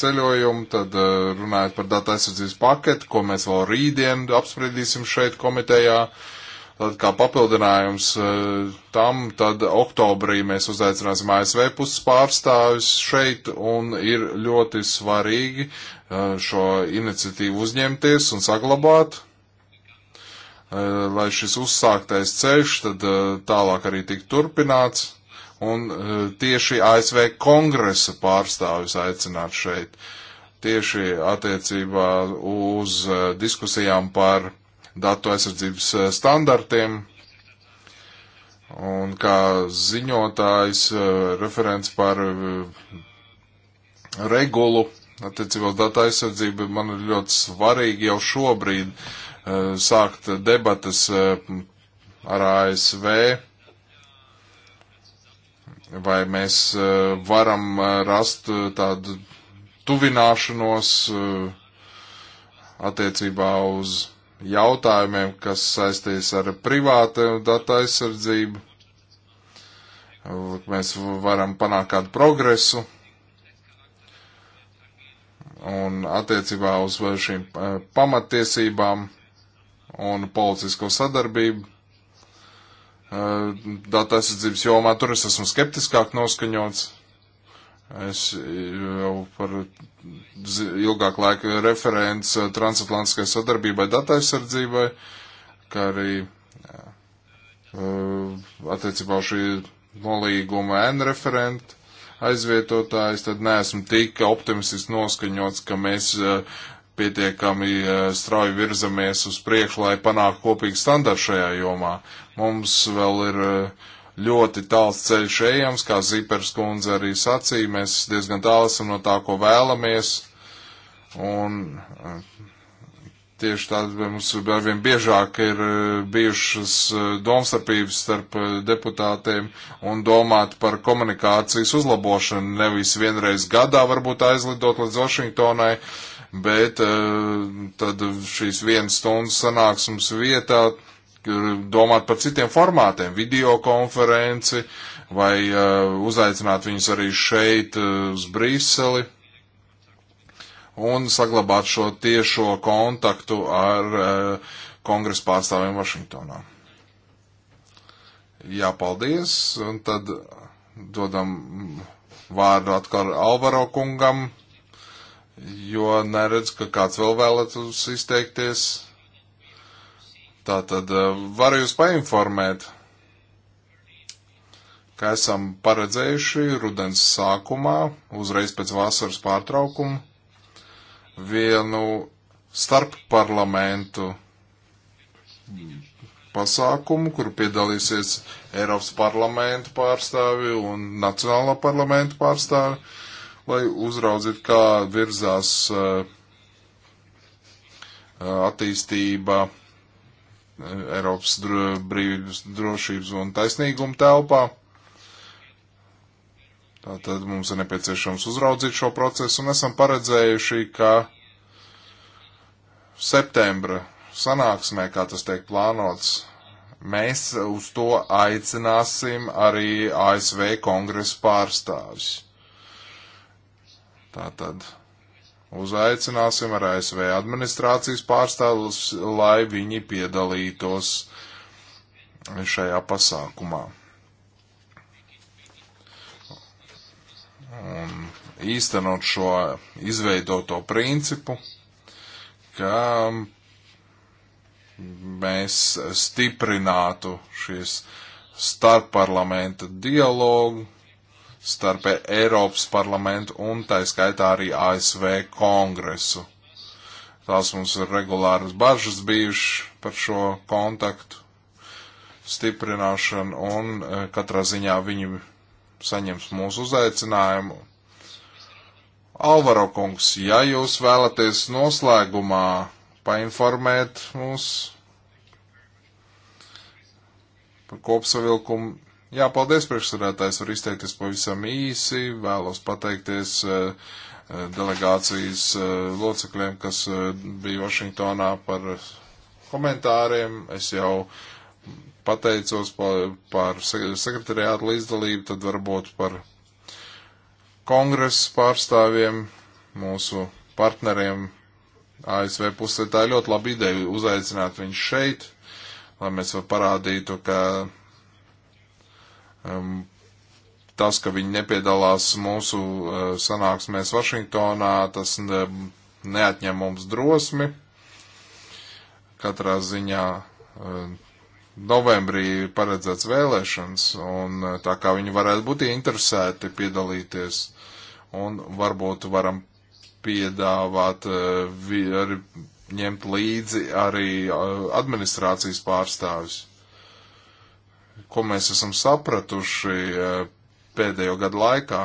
ceļojumu, tad eh, runājot par datu aizsardzības paketu, ko mēs vēl rītdien apspriedīsim šeit komitejā. Uh, Tad kā papildinājums eh, tam, tad oktobrī mēs uzaicināsim ASV puses pārstāvis šeit un ir ļoti svarīgi eh, šo iniciatīvu uzņemties un saglabāt, eh, lai šis uzsāktais ceļš tad tālāk arī tik turpināts un tieši ASV kongresa pārstāvis aicināt šeit tieši attiecībā uz diskusijām par datu aizsardzības eh, standartiem. Un kā ziņotājs, eh, referents par eh, regulu attiecībā uz datu aizsardzību, man ir ļoti svarīgi jau šobrīd sākt debatas ar ASV vai mēs varam rast tādu tuvināšanos attiecībā uz jautājumiem, kas saistīs ar privātu datu aizsardzību. Mēs varam panākt kādu progresu. Un attiecībā uz šīm eh, pamatiesībām un policisko sadarbību eh, datu aizsardzības jomā tur es esmu skeptiskāk noskaņots. Es jau par ilgāku laiku referents eh, transatlantiskai sadarbībai datu aizsardzībai, kā arī eh, attiecībā uz šī nolīguma N referenta aizvietotājs, tad neesmu tik optimistiski noskaņots, ka mēs eh, pietiekami strauji virzamies uz priekšu, lai panāktu kopīgu standartu šajā jomā. Mums vēl ir uh, ļoti tāls ceļš ejams, kā Zipers kundze arī sacīja, mēs diezgan tālu esam no tā, ko vēlamies. Un eh, tieši tādā mums arvien biežāk ir eh, bijušas eh, domstarpības starp deputātiem un domāt par komunikācijas uzlabošanu. Nevis vienreiz gadā varbūt aizlidot līdz Vašingtonai, bet tad šīs vienas stundas sanāksmes vietā domāt par citiem formātiem, videokonferenci vai uh, uzaicināt viņus arī šeit uh, uz Brīseli un saglabāt šo tiešo kontaktu ar uh, kongresa pārstāvjiem Vašingtonā. Jā, paldies, un tad dodam vārdu atkal Alvaro kungam, jo neredz, ka kāds vēl vēlētos izteikties. Tātad eh, varu jūs painformēt, ka esam paredzējuši rudens sākumā, uzreiz pēc vasaras pārtraukuma, vienu starp parlamentu pasākumu, kur piedalīsies Eiropas parlamentu pārstāvi un Nacionālā parlamentu pārstāvi, lai uzraudzītu, kā virzās eh, eh, attīstība Eiropas dro, brīvības, drošības un taisnīguma telpā. Tātad mums ir nepieciešams uzraudzīt šo procesu un esam paredzējuši, ka septembra sanāksmē, kā tas tiek plānots, mēs uz to aicināsim arī ASV kongresa pārstāvis. Tātad Uzaicināsim ar ASV administrācijas pārstāvus, lai viņi piedalītos šajā pasākumā. Un īstenot šo izveidoto principu, ka mēs stiprinātu šīs starpparlamenta dialogu starp Eiropas parlamentu un tā skaitā arī ASV kongresu. Tās mums ir regulāras bažas bijušas par šo kontaktu stiprināšanu un e, katrā ziņā viņi saņems mūsu uzaicinājumu. Alvaro kungs, ja jūs vēlaties noslēgumā painformēt mūs par kopsavilkumu Jā, paldies priekšsarētājs, var izteikties pavisam īsi, vēlos pateikties eh, eh, delegācijas eh, locekļiem, kas bija Vašingtonā par komentāriem. Es jau pateicos par, par sekretariātu līdzdalību, tad varbūt par kongresa pārstāvjiem, mūsu partneriem ASV pusē. Tā ir ļoti laba ideja uzaicināt viņus šeit, lai mēs vēl parādītu, ka um, tas, ka viņi nepiedalās mūsu uh, sanāksmēs Vašingtonā, tas ne, neatņem mums drosmi. Katrā ziņā uh, novembrī paredzēts vēlēšanas, un uh, tā kā viņi varētu būt interesēti piedalīties, un varbūt varam piedāvāt uh, vi, arī ņemt līdzi arī uh, administrācijas pārstāvis ko mēs esam sapratuši e, pēdējo gadu laikā.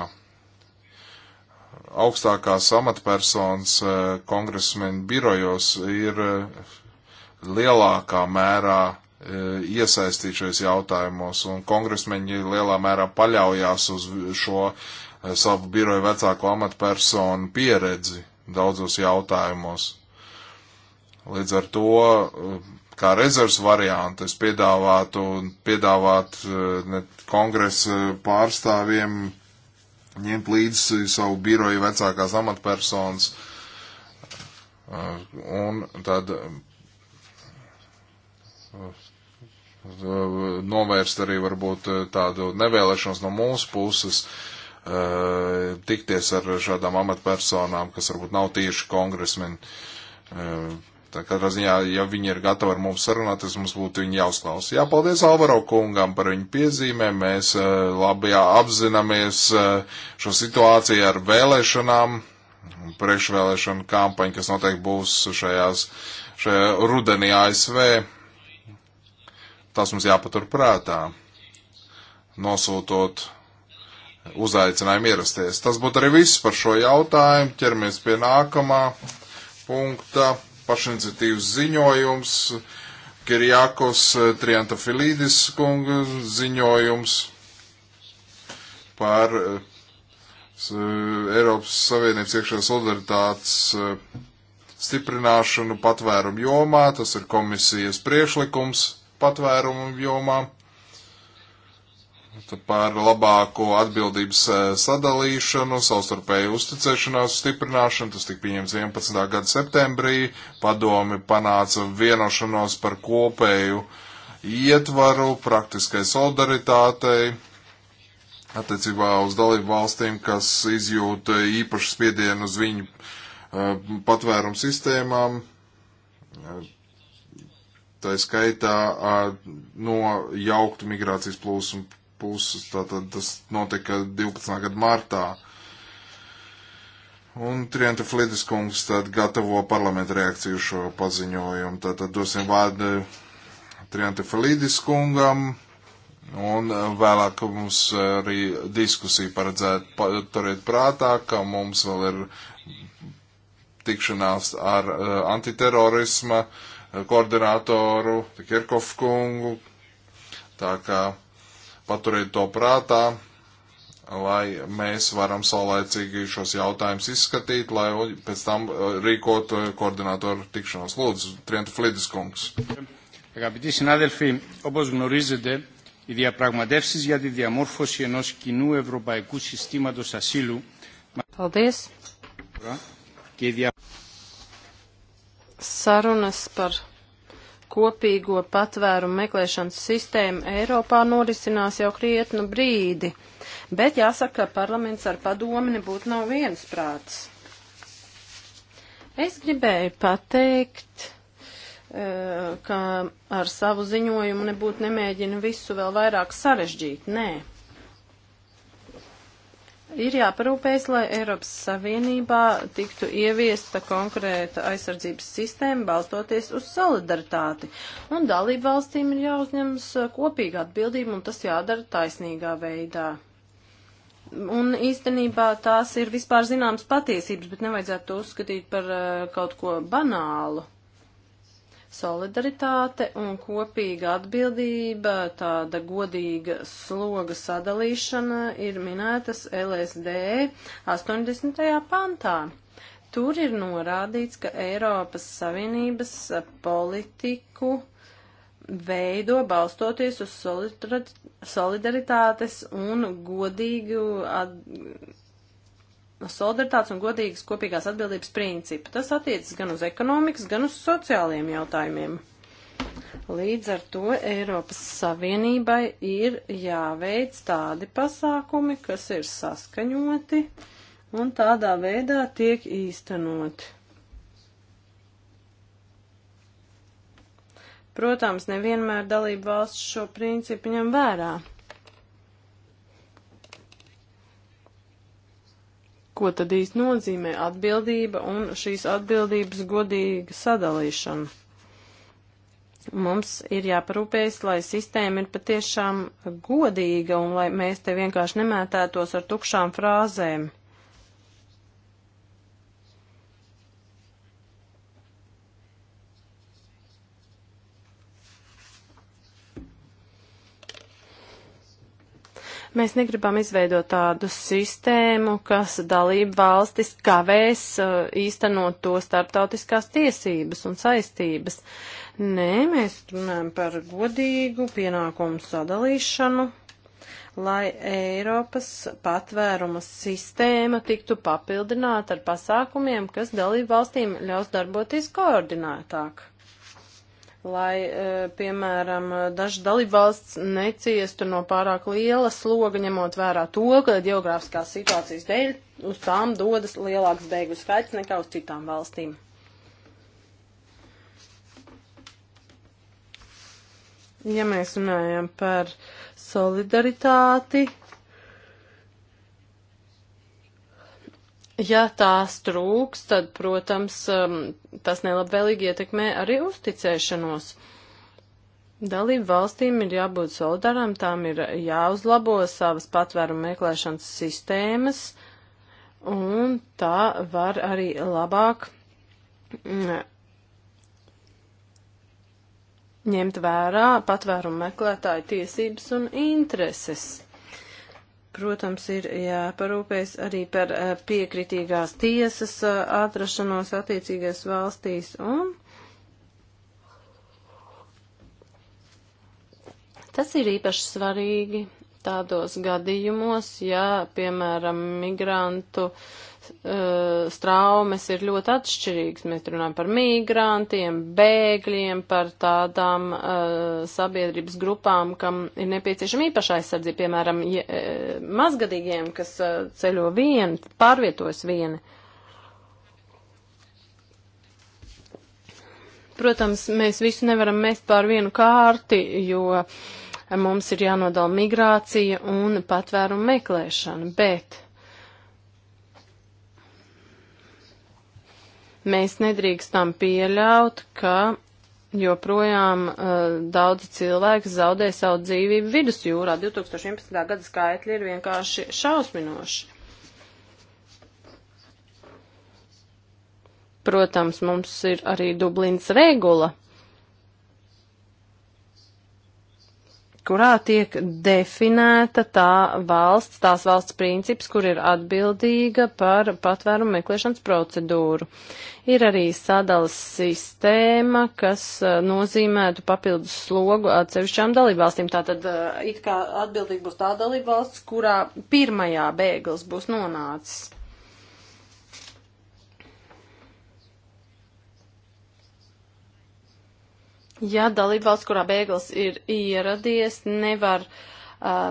Augstākās amatpersonas e, kongresmeņu birojos ir e, lielākā mērā iesaistīt šajos jautājumos, un kongresmeņi lielā mērā paļaujās uz šo savu biroju vecāko amatpersonu pieredzi daudzos jautājumos. Līdz ar to kā rezerves variantu. Es piedāvātu un piedāvāt eh, ne, kongresa eh, pārstāvjiem ņemt līdzi savu biroju vecākās amatpersonas eh, un tad novērst arī varbūt tādu nevēlešanos no mūsu puses tikties ar šādām amatpersonām, kas varbūt nav tieši kongresmeni Tā katrā ziņā, ja viņi ir gatavi ar mums sarunāt, tas mums būtu viņi jāuzklausa. Jā, paldies Alvaro kungam par viņu piezīmēm. Mēs eh, labi jā, apzināmies eh, šo situāciju ar vēlēšanām, priekšvēlēšanu kampaņu, kas noteikti būs šajās, šajā rudenī ASV. Tas mums jāpatur prātā, nosūtot uzaicinājumu ierasties. Tas būtu arī viss par šo jautājumu. Ķeramies pie nākamā punkta pašiniciatīvas ziņojums, Kirjākos eh, Triantafilīdis kunga ziņojums par eh, eh, Eiropas Savienības iekšējā solidaritātes stiprināšanu patvērumu jomā. Tas ir komisijas priekšlikums patvērumu jomā par labāko atbildības e, sadalīšanu, savstarpēju uzticēšanās stiprināšanu. Tas tika pieņemts 11. gada septembrī. Padomi panāca vienošanos par kopēju ietvaru praktiskai solidaritātei attiecībā uz dalību valstīm, kas izjūt īpašu spiedienu uz viņu e, patvērumu sistēmām. E, tā skaitā no jauktu migrācijas plūsmu puses. Tātad tas notika 12. gada martā. Un Trienta Flidis kungs tad gatavo parlamentu reakciju šo paziņojumu. Tātad dosim vārdu Trienta Flidis kungam. Un e, vēlāk mums arī diskusija paredzēta. Turiet prātā, ka mums vēl ir tikšanās ar uh, antiterorisma e, koordinātoru Kirkofu kungu. Tā kā Paturiet to prātā, lai mēs varam saulēcīgi šos jautājumus izskatīt, lai pēc tam uh, rīkot uh, koordinātoru tikšanos. Lūdzu, Trienta Flidis kungs. Αγαπητοί συνάδελφοι, όπως γνωρίζετε, οι διαπραγματεύσεις για τη διαμόρφωση ενός κοινού ευρωπαϊκού συστήματος ασύλου Paldies. και οι Sarunas par kopīgo patvērumu meklēšanas sistēma Eiropā norisinās jau krietnu brīdi, bet jāsaka, ka parlaments ar padomi nebūtu nav viensprāts. Es gribēju pateikt, e, ka ar savu ziņojumu nebūtu nemēģinu visu vēl vairāk sarežģīt, nē. Ne ir jāparūpējas, lai Eiropas Savienībā tiktu ieviesta konkrēta aizsardzības sistēma, balstoties uz solidaritāti. Un dalību valstīm ir jāuzņemas kopīga atbildība, un tas jādara taisnīgā veidā. Un īstenībā tās ir vispār zināmas patiesības, bet nevajadzētu to uzskatīt par uh, kaut ko banālu solidaritāte un kopīga atbildība, tāda godīga sloga sadalīšana ir minētas LSD 80. pantā. Tur ir norādīts, ka Eiropas Savienības politiku veido balstoties uz solidaritātes un godīgu at solidaritātes un godīgas kopīgās atbildības principu. Tas attiecas gan uz ekonomikas, gan uz sociālajiem jautājumiem. Līdz ar to Eiropas Savienībai ir jāveic tādi pasākumi, kas ir saskaņoti un tādā veidā tiek īstenoti. Protams, nevienmēr dalība valsts šo principu ņem vērā. Ko tad īsti nozīmē atbildība un šīs atbildības godīga sadalīšana? Mums ir jāparūpējas, lai sistēma ir patiešām godīga un lai mēs te vienkārši nemētētos ar tukšām frāzēm. Mēs negribam izveidot tādu sistēmu, kas dalību valstis kavēs uh, īstenot to starptautiskās tiesības un saistības. Nē, mēs runājam par godīgu pienākumu sadalīšanu lai Eiropas patvēruma sistēma tiktu papildināta ar pasākumiem, kas dalību valstīm ļaus darboties koordinētāk lai, e, piemēram, daži dalībvalsts neciestu no pārāk liela sloga, ņemot vērā to, ka geogrāfiskās situācijas dēļ uz tām dodas lielāks bēgļu skaits nekā uz citām valstīm. Ja mēs runājam par solidaritāti, Ja tās trūks, tad, protams, um, tas nelabvēlīgi ietekmē arī uzticēšanos. Dalību valstīm ir jābūt solidarām, tām ir jāuzlabo savas patvērumu meklēšanas sistēmas, un tā var arī labāk mm, ņemt vērā patvērumu meklētāju tiesības un intereses. Protams, ir jāparūpēs arī par eh, piekritīgās tiesas eh, atrašanos attiecīgās valstīs un tas ir īpaši svarīgi tādos gadījumos, ja, piemēram, migrantu uh, uh, straumes ir ļoti atšķirīgas. Mēs runājam par migrantiem, bēgļiem, par tādām uh, sabiedrības grupām, kam ir nepieciešama īpaša aizsardzība, piemēram, je, uh, mazgadīgiem, kas uh, ceļo vieni, pārvietojas vieni. Protams, mēs visu nevaram mest pār vienu kārti, jo uh, mums ir jānodala migrācija un patvērumu meklēšana, bet Mēs nedrīkstam pieļaut, ka joprojām uh, daudzi cilvēki zaudē savu dzīvību vidusjūrā. 2011. gada skaitļi ir vienkārši šausminoši. Protams, mums ir arī Dublins regula, kurā tiek definēta tā valsts, tās valsts princips, kur ir atbildīga par patvērumu meklēšanas procedūru. Ir arī sadalas sistēma, kas uh, nozīmētu papildus slogu atsevišķām dalībvalstīm. Tātad uh, it kā atbildīgi būs tā dalībvalsts, kurā pirmajā bēglis būs nonācis. ja dalībvalsts, kurā bēglis ir ieradies, nevar uh,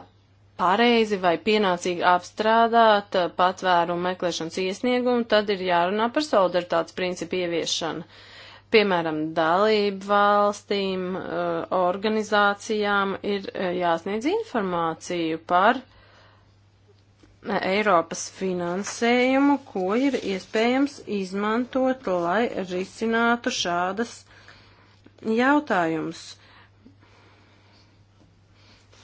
pareizi vai pienācīgi apstrādāt uh, patvērumu meklēšanas iesniegumu, tad ir jārunā par solidaritātes principu ieviešanu. Piemēram, dalību valstīm, uh, organizācijām ir jāsniedz informāciju par Eiropas finansējumu, ko ir iespējams izmantot, lai risinātu šādas jautājums.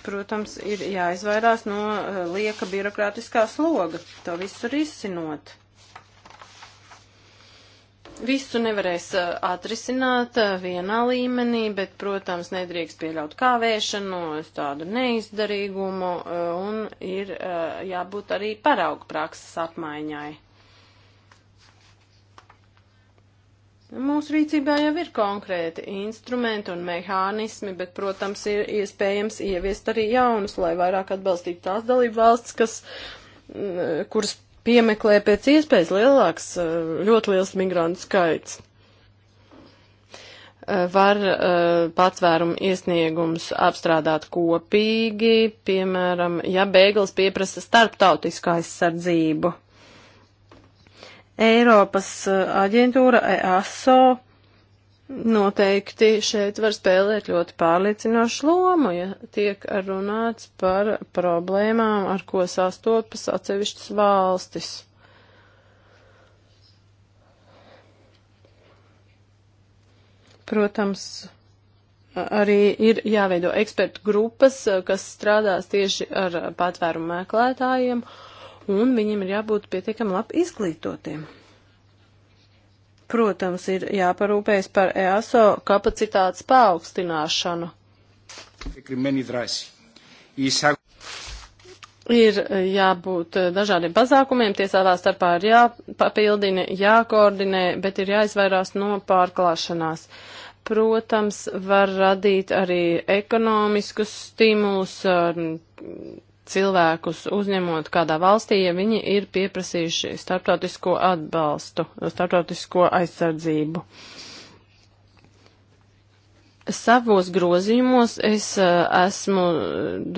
Protams, ir jāizvairās no eh, lieka birokrātiskā sloga, to visu risinot. Visu nevarēs eh, atrisināt eh, vienā līmenī, bet, protams, nedrīkst pieļaut kāvēšanos, tādu neizdarīgumu, un ir jābūt arī paraugu prakses apmaiņai. Mūsu rīcībā jau ir konkrēti instrumenti un mehānismi, bet, protams, ir iespējams ieviest arī jaunus, lai vairāk atbalstītu tās dalību valsts, kas, mm, kuras piemeklē pēc iespējas lielāks, eh, ļoti liels migrantu skaits. Eh, var eh, patvērumu iesniegums apstrādāt kopīgi, piemēram, ja bēglis pieprasa starptautisku aizsardzību. Eiropas eh, aģentūra EASO noteikti šeit var spēlēt ļoti pārliecinošu lomu, ja tiek runāts par problēmām, ar ko sastopas atsevišķas valstis. Protams, arī ir jāveido ekspertu grupas, eh, kas strādās tieši ar patvērumu meklētājiem. Uh, un viņiem ir jābūt pietiekami labi izglītotiem. Protams, ir jāparūpējas par EASO kapacitātes paaugstināšanu. Ir jābūt dažādiem pasākumiem, tie savā starpā ir jāpapildina, jākoordinē, bet ir jāizvairās no pārklāšanās protams, var radīt arī ekonomiskus stimulus, cilvēkus uzņemot kādā valstī, ja viņi ir pieprasījuši starptautisko atbalstu, starptautisko aizsardzību. Savos grozījumos es eh, esmu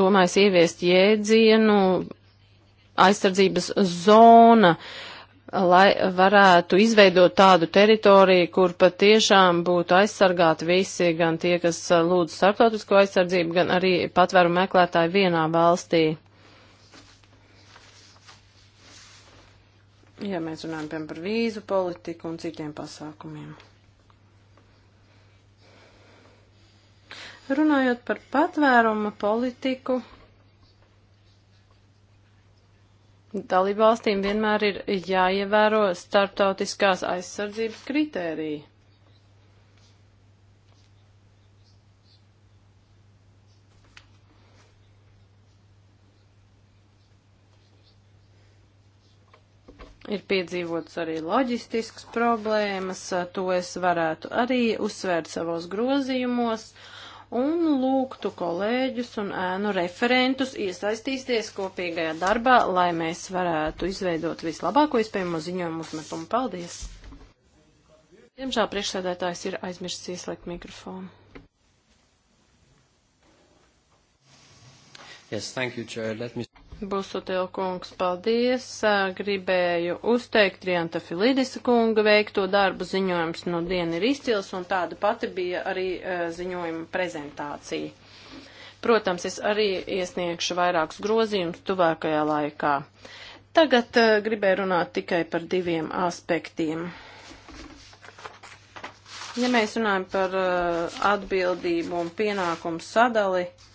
domājis ieviest jēdzienu aizsardzības zona. Uh, lai varētu izveidot tādu teritoriju, kur patiešām būtu aizsargāti visi, gan tie, kas uh, lūdz starptautisko aizsardzību, gan arī patvēru meklētāji vienā valstī. Ja mēs runājam piemēram par vīzu politiku un citiem pasākumiem. Runājot par patvērumu politiku, Dalībvalstīm vienmēr ir jāievēro starptautiskās aizsardzības kritērija. Ir piedzīvots arī loģistisks problēmas, to es varētu arī uzsvērt savos grozījumos. Uh, un lūgtu kolēģus un ēnu referentus iesaistīties kopīgajā darbā, lai mēs varētu izveidot vislabāko iespējamo ziņojumu uzmetumu. Paldies! Diemžēl priekšsēdētājs ir aizmirsis ieslēgt mikrofonu. Yes, thank you, Chair. Let me... Busotila kungs, paldies. Gribēju uzteikt Trianta Filidisa kunga veikto darbu. Ziņojums no diena ir izcils un tāda pati bija arī ziņojuma prezentācija. Protams, es arī iesniegšu vairākus grozījumus tuvākajā laikā. Tagad uh, gribēju runāt tikai par diviem aspektiem. Ja mēs runājam par uh, atbildību un pienākumu sadali, uh,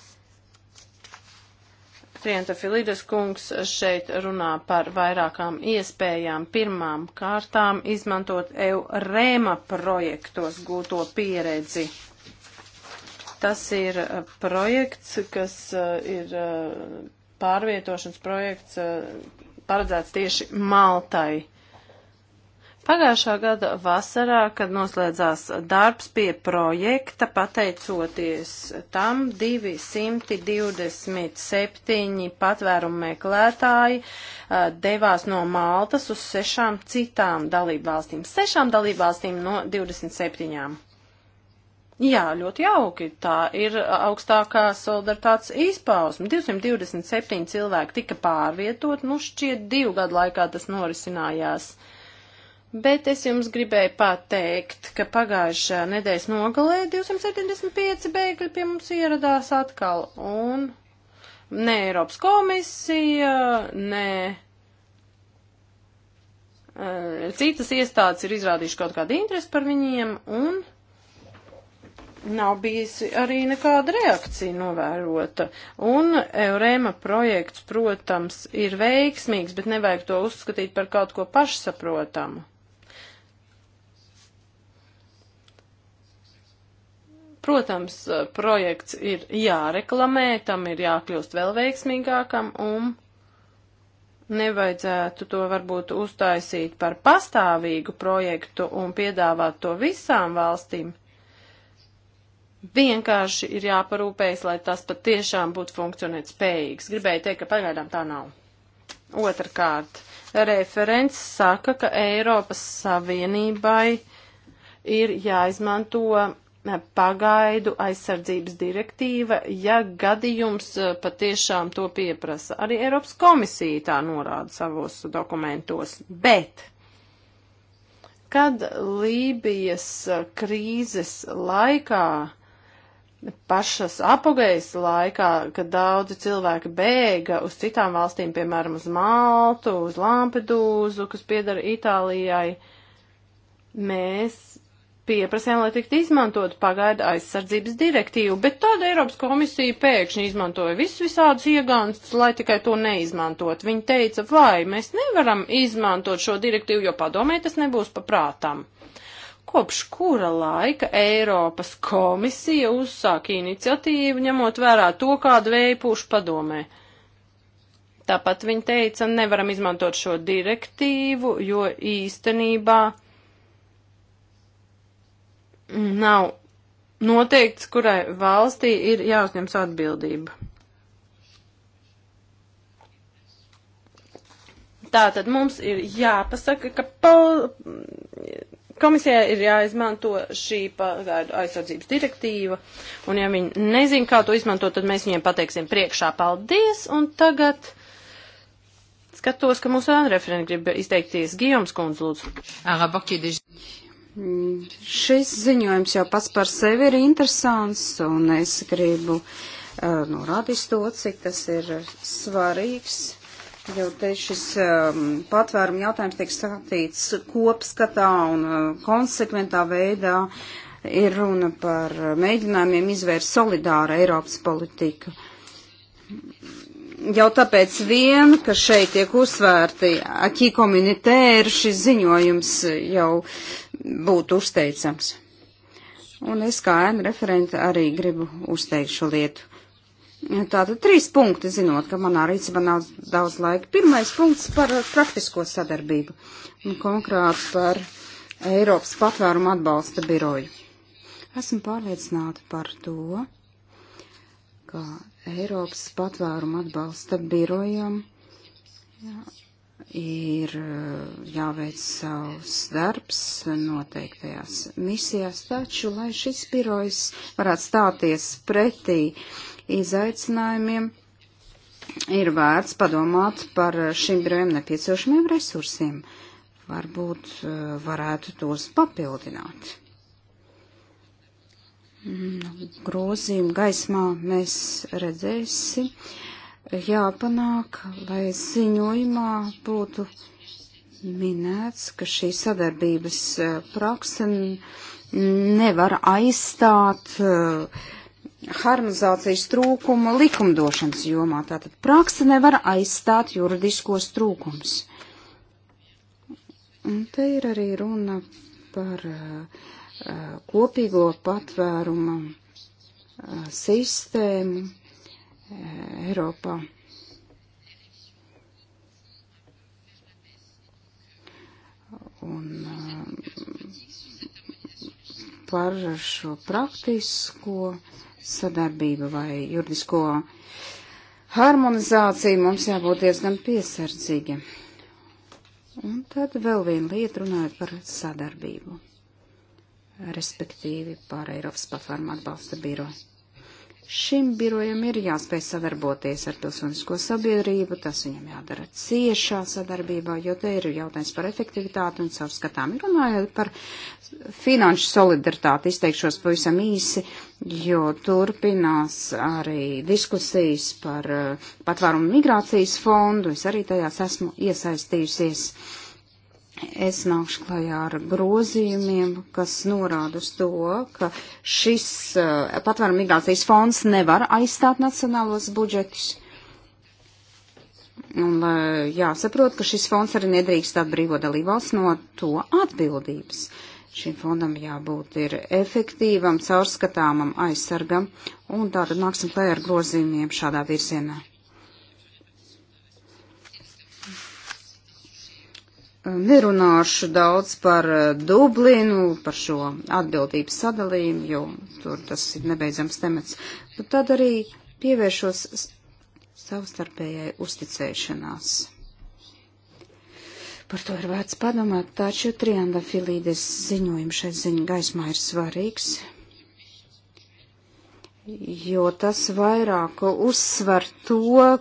Trienta Filides kungs šeit runā par vairākām iespējām. Pirmām kārtām izmantot EU rēma projektos gūto pieredzi. Tas ir uh, projekts, kas uh, ir uh, pārvietošanas projekts paredzēts tieši Maltai. Pagājušā gada vasarā, kad noslēdzās darbs pie projekta, pateicoties tam 227 patvērumu meklētāji eh, devās no Maltas uz sešām citām dalībvalstīm. Sešām dalībvalstīm no 27. Jā, ļoti jauki. Tā ir augstākā solidaritātes izpausme. 227 cilvēki tika pārvietot, nu šķiet divu gadu laikā tas norisinājās. Uh, Bet es jums gribēju pateikt, ka pagājušā nedēļas nogalē 275 bēgļi pie mums ieradās atkal, un ne Eiropas komisija, ne uh, citas iestādes ir izrādījuši kaut kādu interesi par viņiem, un nav bijusi arī nekāda reakcija novērota. Un Eurēma projekts, protams, ir veiksmīgs, bet nevajag to uzskatīt par kaut ko pašsaprotamu. Protams, eh, projekts ir jāreklamē, tam ir jākļūst vēl veiksmīgākam un nevajadzētu to varbūt uztaisīt par pastāvīgu projektu un piedāvāt to visām valstīm. Vienkārši ir jāparūpējas, lai tas pat tiešām būtu funkcionēt spējīgs. Gribēju teikt, ka pagaidām tā nav. Otrakārt, referents saka, ka Eiropas Savienībai ir jāizmanto pagaidu aizsardzības direktīva, ja gadījums eh, patiešām to pieprasa. Arī Eiropas komisija tā norāda savos dokumentos. Bet, kad Lībijas eh, krīzes laikā, pašas apogējas laikā, kad daudzi cilvēki bēga uz citām valstīm, piemēram, uz Maltu, uz Lampedūzu, kas piedara Itālijai, mēs pieprasījām, lai tiktu izmantot pagaida aizsardzības direktīvu, bet tad Eiropas komisija pēkšņi izmantoja visus visādus iegānstus, lai tikai to neizmantot. Viņa teica, vai mēs nevaram izmantot šo direktīvu, jo padomē tas nebūs paprātam. Kopš kura laika Eiropas komisija uzsāk iniciatīvu, ņemot vērā to, kādu vēju pūš padomē? Tāpat viņa teica, nevaram izmantot šo direktīvu, jo īstenībā nav noteikts, kurai valstī ir jāuzņems atbildība. Tātad mums ir jāpasaka, ka pol... komisijai ir jāizmanto šī pagaidu aizsardzības direktīva, un ja viņi nezin, kā to izmantot, tad mēs viņiem pateiksim priekšā paldies, un tagad skatos, ka mūsu vēlreferenti grib izteikties Gijoms Kundz, lūdzu. Šis ziņojums jau pats par sevi ir interesants, un es gribu uh, norādīt to, cik tas ir svarīgs. Jo te šis um, patvērumu jautājums tiek skatīts kopskatā un uh, konsekventā veidā. Ir runa par mēģinājumiem izvērst solidāru Eiropas politiku jau tāpēc vien, ka šeit tiek uzsvērti akī komunitēri, šis ziņojums jau būtu uzteicams. Un es kā ēna referenta arī gribu uzteikt šo lietu. Tātad trīs punkti, zinot, ka manā rīcībā nav daudz laika. Pirmais punkts par praktisko sadarbību un konkrēti par Eiropas patvērumu atbalsta biroju. Esmu pārliecināta par to, ka Eiropas patvērumu atbalsta birojam ir eh, jāveic savs darbs noteiktajās misijās, taču, lai šis birojs varētu stāties pretī izaicinājumiem, ir vērts padomāt par šim birojam nepieciešamiem resursiem. Varbūt eh, varētu tos papildināt grozījumu gaismā mēs redzēsim, jāpanāk, lai ziņojumā būtu minēts, ka šī sadarbības eh, praksa nevar aizstāt uh, harmonizācijas trūkumu likumdošanas jomā. Tātad praksa nevar aizstāt juridiskos trūkums. Un te ir arī runa par uh, kopīgo patvērumu sistēmu Eiropā. Un par šo praktisko sadarbību vai juridisko harmonizāciju mums jābūt diezgan piesardzīgi. Un tad vēl viena lieta runājot par sadarbību respektīvi par Eiropas platformu atbalsta biroju. Šim birojam ir jāspēj sadarboties ar pilsonisko sabiedrību, tas viņam jādara ciešā sadarbībā, jo te ir jautājums par efektivitāti un savskatām. Runājot par finanšu solidaritāti, izteikšos pavisam īsi, jo turpinās arī diskusijas par uh, patvērumu migrācijas fondu. Es arī tajās esmu iesaistījusies. Uh, es nākšu klajā ar grozījumiem, kas norāda uz to, ka šis uh, eh, patvēru migrācijas fonds nevar aizstāt nacionālos budžetus. Un uh, jāsaprot, ka šis fonds arī nedrīkst atbrīvo dalībvalsts no to atbildības. Šim fondam jābūt ir efektīvam, caurskatāmam, aizsargam, un tātad nāksim klajā ar grozījumiem šādā virzienā. Nerunāšu daudz par eh, Dublinu, par šo atbildības sadalījumu, jo tur tas ir nebeidzams temats. Bet nu, tad arī pievēršos savstarpējai uzticēšanās. Par to ir vērts padomāt, taču Trianda Filīdes ziņojums šeit ziņu gaismā ir svarīgs jo tas vairāk uzsver to,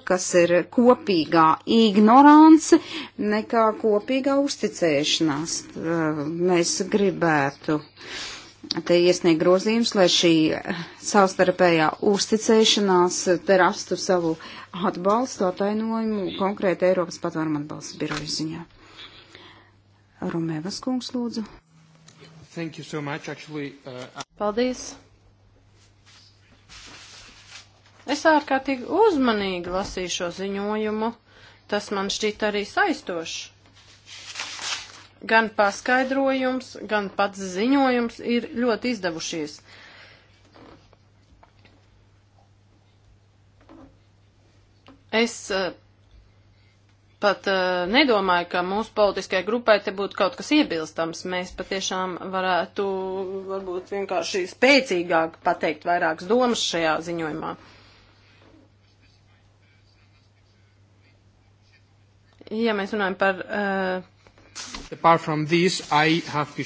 kas ir kopīgā ignorance, nekā kopīgā uzticēšanās. Eh, mēs gribētu te iesniegt grozījums, lai šī savstarpējā uzticēšanās te rastu savu atbalstu, atainojumu konkrēti Eiropas patvērumu atbalstu biroju ziņā. Romēvas kungs, lūdzu. Thank you so much, actually. Uh, Paldies. Es ārkārtīgi uzmanīgi lasīju šo ziņojumu. Tas man šķiet arī saistošs. Gan paskaidrojums, gan pats ziņojums ir ļoti izdevušies. Es eh, pat uh, nedomāju, ka mūsu politiskajai grupai te būtu kaut kas iebilstams. Mēs patiešām varētu varbūt vienkārši spēcīgāk pateikt vairākas domas šajā ziņojumā. Uh, ja mēs runājam par. Uh, this,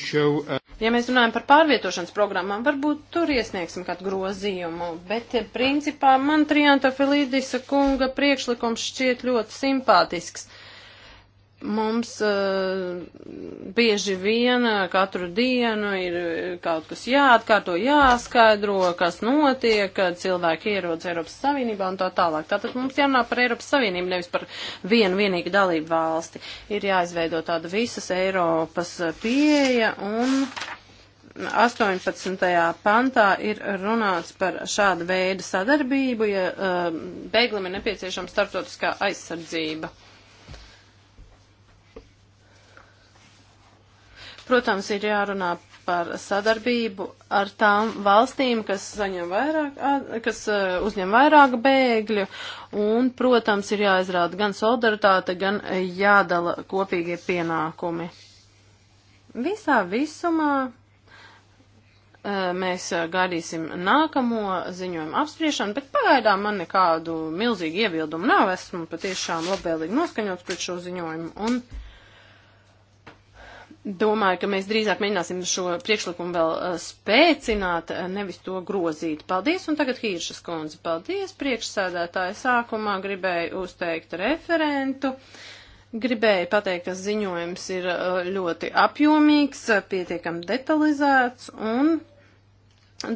show, uh... Ja mēs runājam par pārvietošanas programmām, varbūt tur iesniegsim kādu grozījumu, bet eh, principā man Trianta Felīdisa kunga priekšlikums šķiet ļoti simpātisks. Uh, mums uh, bieži vien eh, katru dienu ir eh, kaut kas jāatkārto, jāskaidro, kas notiek, kad cilvēki ierodas Eiropas Savienībā un tā tālāk. Tātad mums jārunā par Eiropas Savienību, nevis par vienu vienīgu dalību valsti. Ir jāizveido tāda visas Eiropas pieeja un 18. pantā ir runāts par šādu veidu sadarbību, ja uh, bēglim ir nepieciešama starptautiskā aizsardzība. Protams, ir jārunā par sadarbību ar tām valstīm, kas, saņem vairāk, kas uzņem vairāk bēgļu, un, protams, ir jāizrāda gan solidaritāte, gan jādala kopīgie pienākumi. Visā visumā mēs gaidīsim nākamo ziņojumu apspriešanu, bet pagaidām man nekādu milzīgu iebildumu nav. Esmu patiešām labvēlīgi noskaņots pret šo ziņojumu. Un Domāju, ka mēs drīzāk mēģināsim šo priekšlikumu vēl uh, spēcināt, eh, nevis to grozīt. Paldies, un tagad Hīršas kundze. Paldies, priekšsēdētāja sākumā gribēju uzteikt referentu. Gribēju pateikt, ka ziņojums ir uh, ļoti apjomīgs, pietiekam detalizēts, un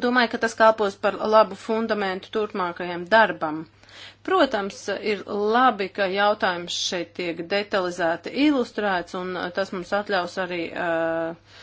domāju, ka tas kalpos par labu fundamentu turpmākajam darbam. Protams, ir labi, ka jautājums šeit tiek detalizēti ilustrēts, un uh, tas mums atļaus arī uh,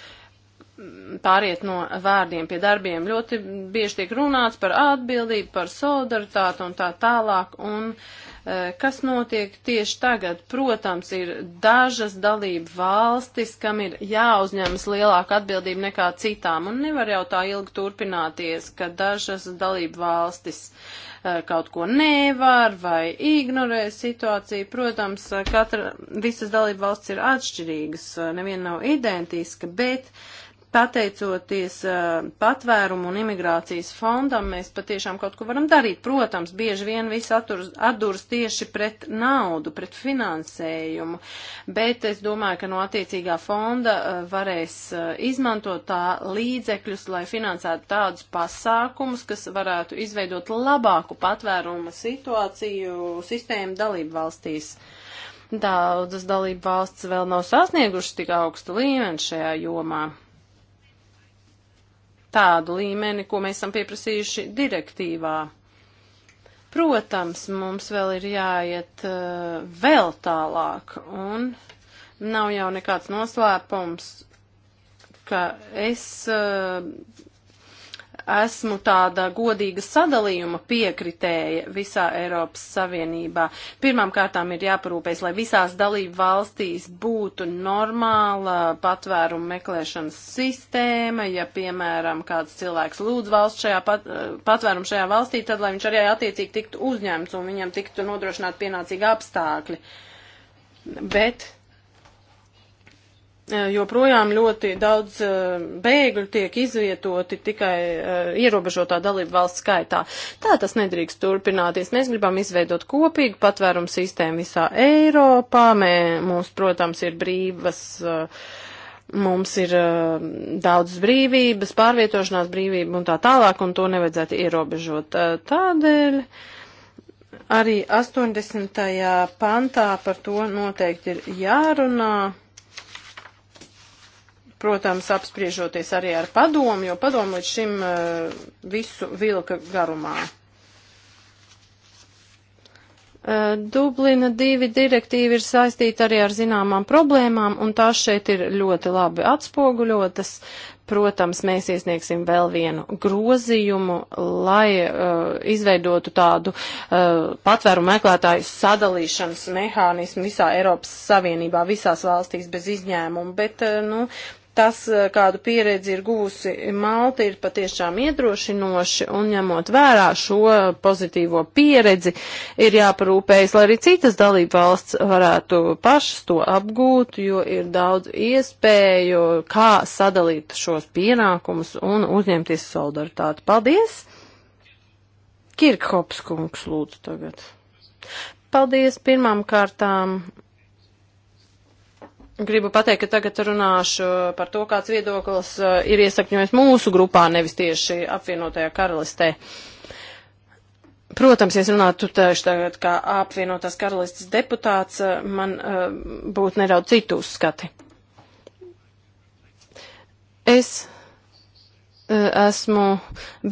pāriet no vārdiem pie darbiem. Ļoti bieži tiek runāts par atbildību, par solidaritāti un tā tālāk, un uh, Eh, kas notiek tieši tagad? Protams, ir dažas dalību valstis, kam ir jāuzņemas lielāka atbildība nekā citām, un nevar jau tā ilgi turpināties, ka dažas dalību valstis eh, kaut ko nevar vai ignorē situāciju. Protams, eh, katra, visas dalību valsts ir atšķirīgas, neviena nav identiska, bet uh, Pateicoties uh, patvērumu un imigrācijas fondam, mēs patiešām kaut ko varam darīt. Protams, bieži vien viss atdurs tieši pret naudu, pret finansējumu, bet es domāju, ka no attiecīgā fonda uh, varēs uh, izmantot tā līdzekļus, lai finansētu tādus pasākumus, kas varētu izveidot labāku patvērumu situāciju sistēmu dalību valstīs. Daudzas dalību valsts vēl nav sasniegušas tik augstu līmeni šajā jomā tādu līmeni, ko mēs esam pieprasījuši direktīvā. Protams, mums vēl ir jāiet uh, vēl tālāk, un nav jau nekāds noslēpums, ka es uh, esmu tāda godīga sadalījuma piekritēja visā Eiropas Savienībā. Pirmām kārtām ir jāparūpēs, lai visās dalību valstīs būtu normāla patvērumu meklēšanas sistēma, ja, piemēram, kāds cilvēks lūdz valsts šajā pat, patvērumu šajā valstī, tad, lai viņš arī attiecīgi tiktu uzņemts un viņam tiktu nodrošināt pienācīgi apstākļi. Bet Eh, joprojām ļoti daudz eh, bēgļu tiek izvietoti tikai eh, ierobežotā dalību valsts skaitā. Tā tas nedrīkst turpināties. Mēs gribam izveidot kopīgu patvērumu sistēmu visā Eiropā. Mē, mums, protams, ir brīvas. Mums ir uh, daudz brīvības, pārvietošanās brīvība un tā tālāk, un to nevajadzētu ierobežot. Tādēļ uh, arī 80. pantā par to noteikti ir jārunā protams, apspriežoties arī ar padomu, jo padomu līdz šim eh, visu vilka garumā. Eh, Dublina divi direktīvi ir saistīti arī ar zināmām problēmām, un tās šeit ir ļoti labi atspoguļotas. Protams, mēs iesniegsim vēl vienu grozījumu, lai uh, izveidotu tādu uh, patvēru meklētāju sadalīšanas mehānismu visā Eiropas Savienībā, visās valstīs bez izņēmuma, bet, uh, nu, Tas, eh, kādu pieredzi ir guvusi Malta, ir patiešām iedrošinoši un ņemot vērā šo pozitīvo pieredzi, ir jāparūpējas, lai arī citas dalība valsts varētu pašas to apgūt, jo ir daudz iespēju, kā sadalīt šos pienākumus un uzņemties solidaritāti. Paldies! Kirkhops kungs lūdzu tagad. Paldies pirmām kārtām Gribu pateikt, ka tagad runāšu par to, kāds viedoklis uh, ir iesakņojis mūsu grupā, nevis tieši apvienotajā karalistē. Protams, ja es runātu tieši tagad kā apvienotās karalistes deputāts, uh, man uh, būtu nedaudz citu uzskati. Es Eh, esmu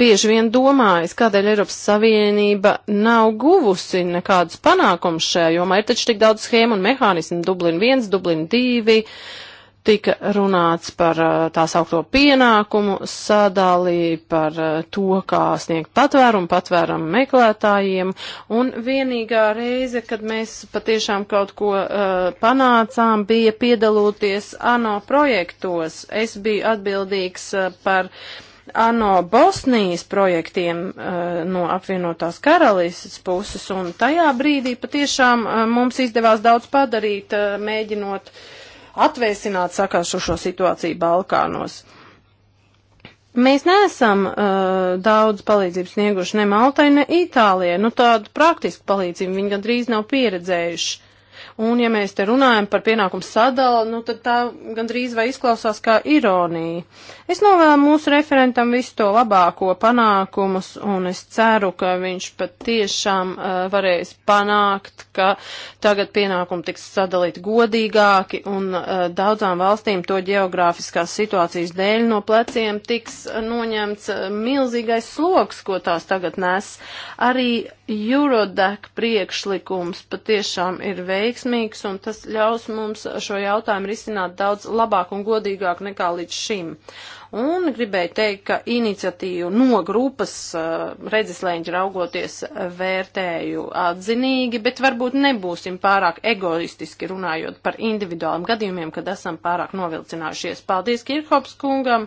bieži vien domājis, kādēļ Eiropas Savienība nav guvusi nekādus panākumus šajā jomā. Ir taču tik daudz schēmu un mehānismu, Dublin 1, Dublin 2, tika runāts par uh, tā saukto pienākumu sadalī, par uh, to, kā sniegt patvērumu patvērumu meklētājiem, un vienīgā reize, kad mēs patiešām kaut ko uh, panācām, bija piedalūties ANO projektos. Es biju atbildīgs uh, par ANO Bosnijas projektiem uh, no apvienotās karalistas puses, un tajā brīdī patiešām uh, mums izdevās daudz padarīt, uh, mēģinot uh, atvēsināt sakāršošo situāciju Balkānos. Mēs neesam uh, daudz palīdzības snieguši ne Maltai, ne Itālijai. Nu, tādu praktisku palīdzību viņi gandrīz nav pieredzējuši. Un, ja mēs te runājam par pienākumu sadalu, nu, tad tā gandrīz vai izklausās kā ironija. Es novēlu mūsu referentam visu to labāko panākumus, un es ceru, ka viņš pat tiešām uh, varēs panākt, ka tagad pienākumi tiks sadalīti godīgāki, un uh, daudzām valstīm to geogrāfiskās situācijas dēļ no pleciem tiks uh, noņemts uh, milzīgais sloks, ko tās tagad nes. Arī Eurodac priekšlikums patiešām ir veiksmīgs, un tas ļaus mums šo jautājumu risināt daudz labāk un godīgāk nekā līdz šim. Un gribēju teikt, ka iniciatīvu no grupas eh, redzeslēņķi raugoties vērtēju atzinīgi, bet varbūt nebūsim pārāk egoistiski runājot par individuāliem gadījumiem, kad esam pārāk novilcinājušies. Paldies Kirkops kungam!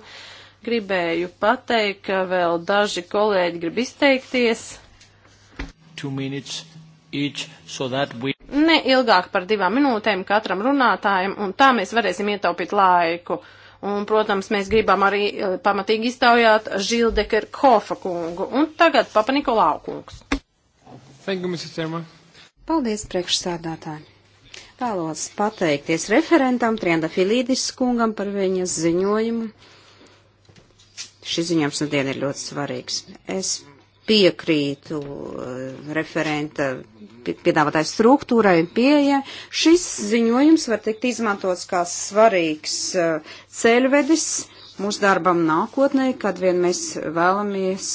Gribēju pateikt, ka vēl daži kolēģi grib izteikties. Two minutes each, so that we ne ilgāk par divām minūtēm katram runātājam, un tā mēs varēsim ietaupīt laiku. Un, protams, mēs gribam arī eh, pamatīgi iztaujāt Žildeker Kofa kungu. Un tagad Papa Nikolau kungs. Thank you, Mr. Chairman. Paldies, priekšsādātāji. Vēlos pateikties referentam Trienda Filīdis kungam par viņas ziņojumu. Šis ziņojums nedēļ nu ir ļoti svarīgs. Es piekrītu eh, referenta piedāvātai struktūrai un pieeja. Šis ziņojums var tikt izmantots kā svarīgs eh, ceļvedis mūsu darbam nākotnē, kad vien mēs vēlamies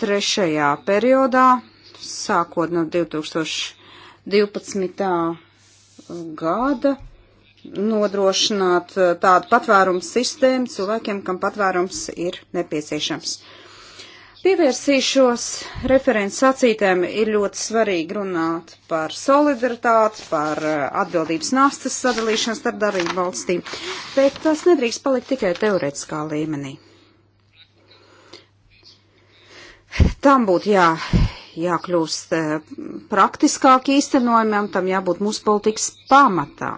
trešajā periodā, sākot no 2012. gada, nodrošināt eh, tādu patvērumu sistēmu cilvēkiem, kam patvērums ir nepieciešams. Pievērsīšos referents sacītēm ir ļoti svarīgi runāt par solidaritāti, par eh, atbildības nastas sadalīšanu starp darību valstīm, bet tas nedrīkst palikt tikai teoretiskā līmenī. Tam būtu jā, jākļūst eh, praktiskāk īstenojumam, tam jābūt mūsu politikas pamatā.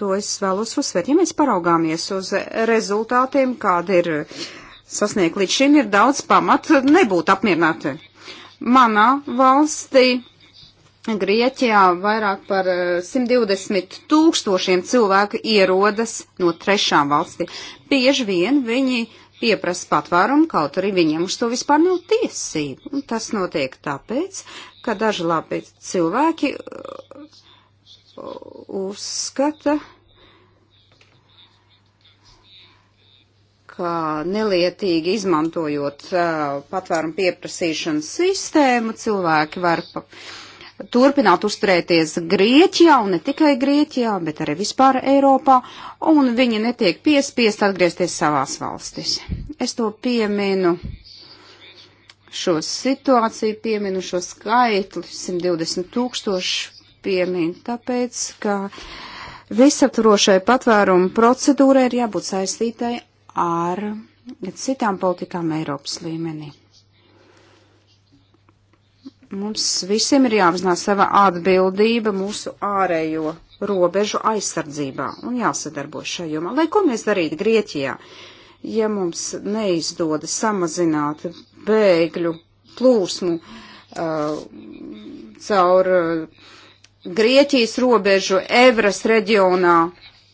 To es vēlos uzsvērt. Ja mēs paraugāmies uz rezultātiem, kāda ir uh, sasniegt līdz šim, ir daudz pamat nebūt apmierināti. Manā valstī, Grieķijā, vairāk par 120 eh, tūkstošiem cilvēku ierodas no trešām valstīm. Bieži vien viņi pieprasa patvērumu, kaut arī viņiem uz to vispār nav tiesību. Un tas notiek tāpēc, ka daži labi cilvēki eh, uzskata, uh, ka nelietīgi izmantojot uh, patvērumu pieprasīšanas sistēmu, cilvēki var pa, turpināt uzturēties Grieķijā, un ne tikai Grieķijā, bet arī vispār Eiropā, un viņi netiek piespiest atgriezties savās valstis. Es to pieminu šo situāciju, pieminu šo skaitli, 120 tūkstoši pieminu, tāpēc, ka visaptvarošai patvērumu procedūrai ir jābūt saistītai ar citām politikām Eiropas līmenī. Mums visiem ir jāapzinās sava atbildība mūsu ārējo robežu aizsardzībā un jāsadarbo šajā jomā. Lai ko mēs darītu Grieķijā, ja mums neizdodas samazināt bēgļu plūsmu uh, caur uh, Grieķijas robežu Evras reģionā,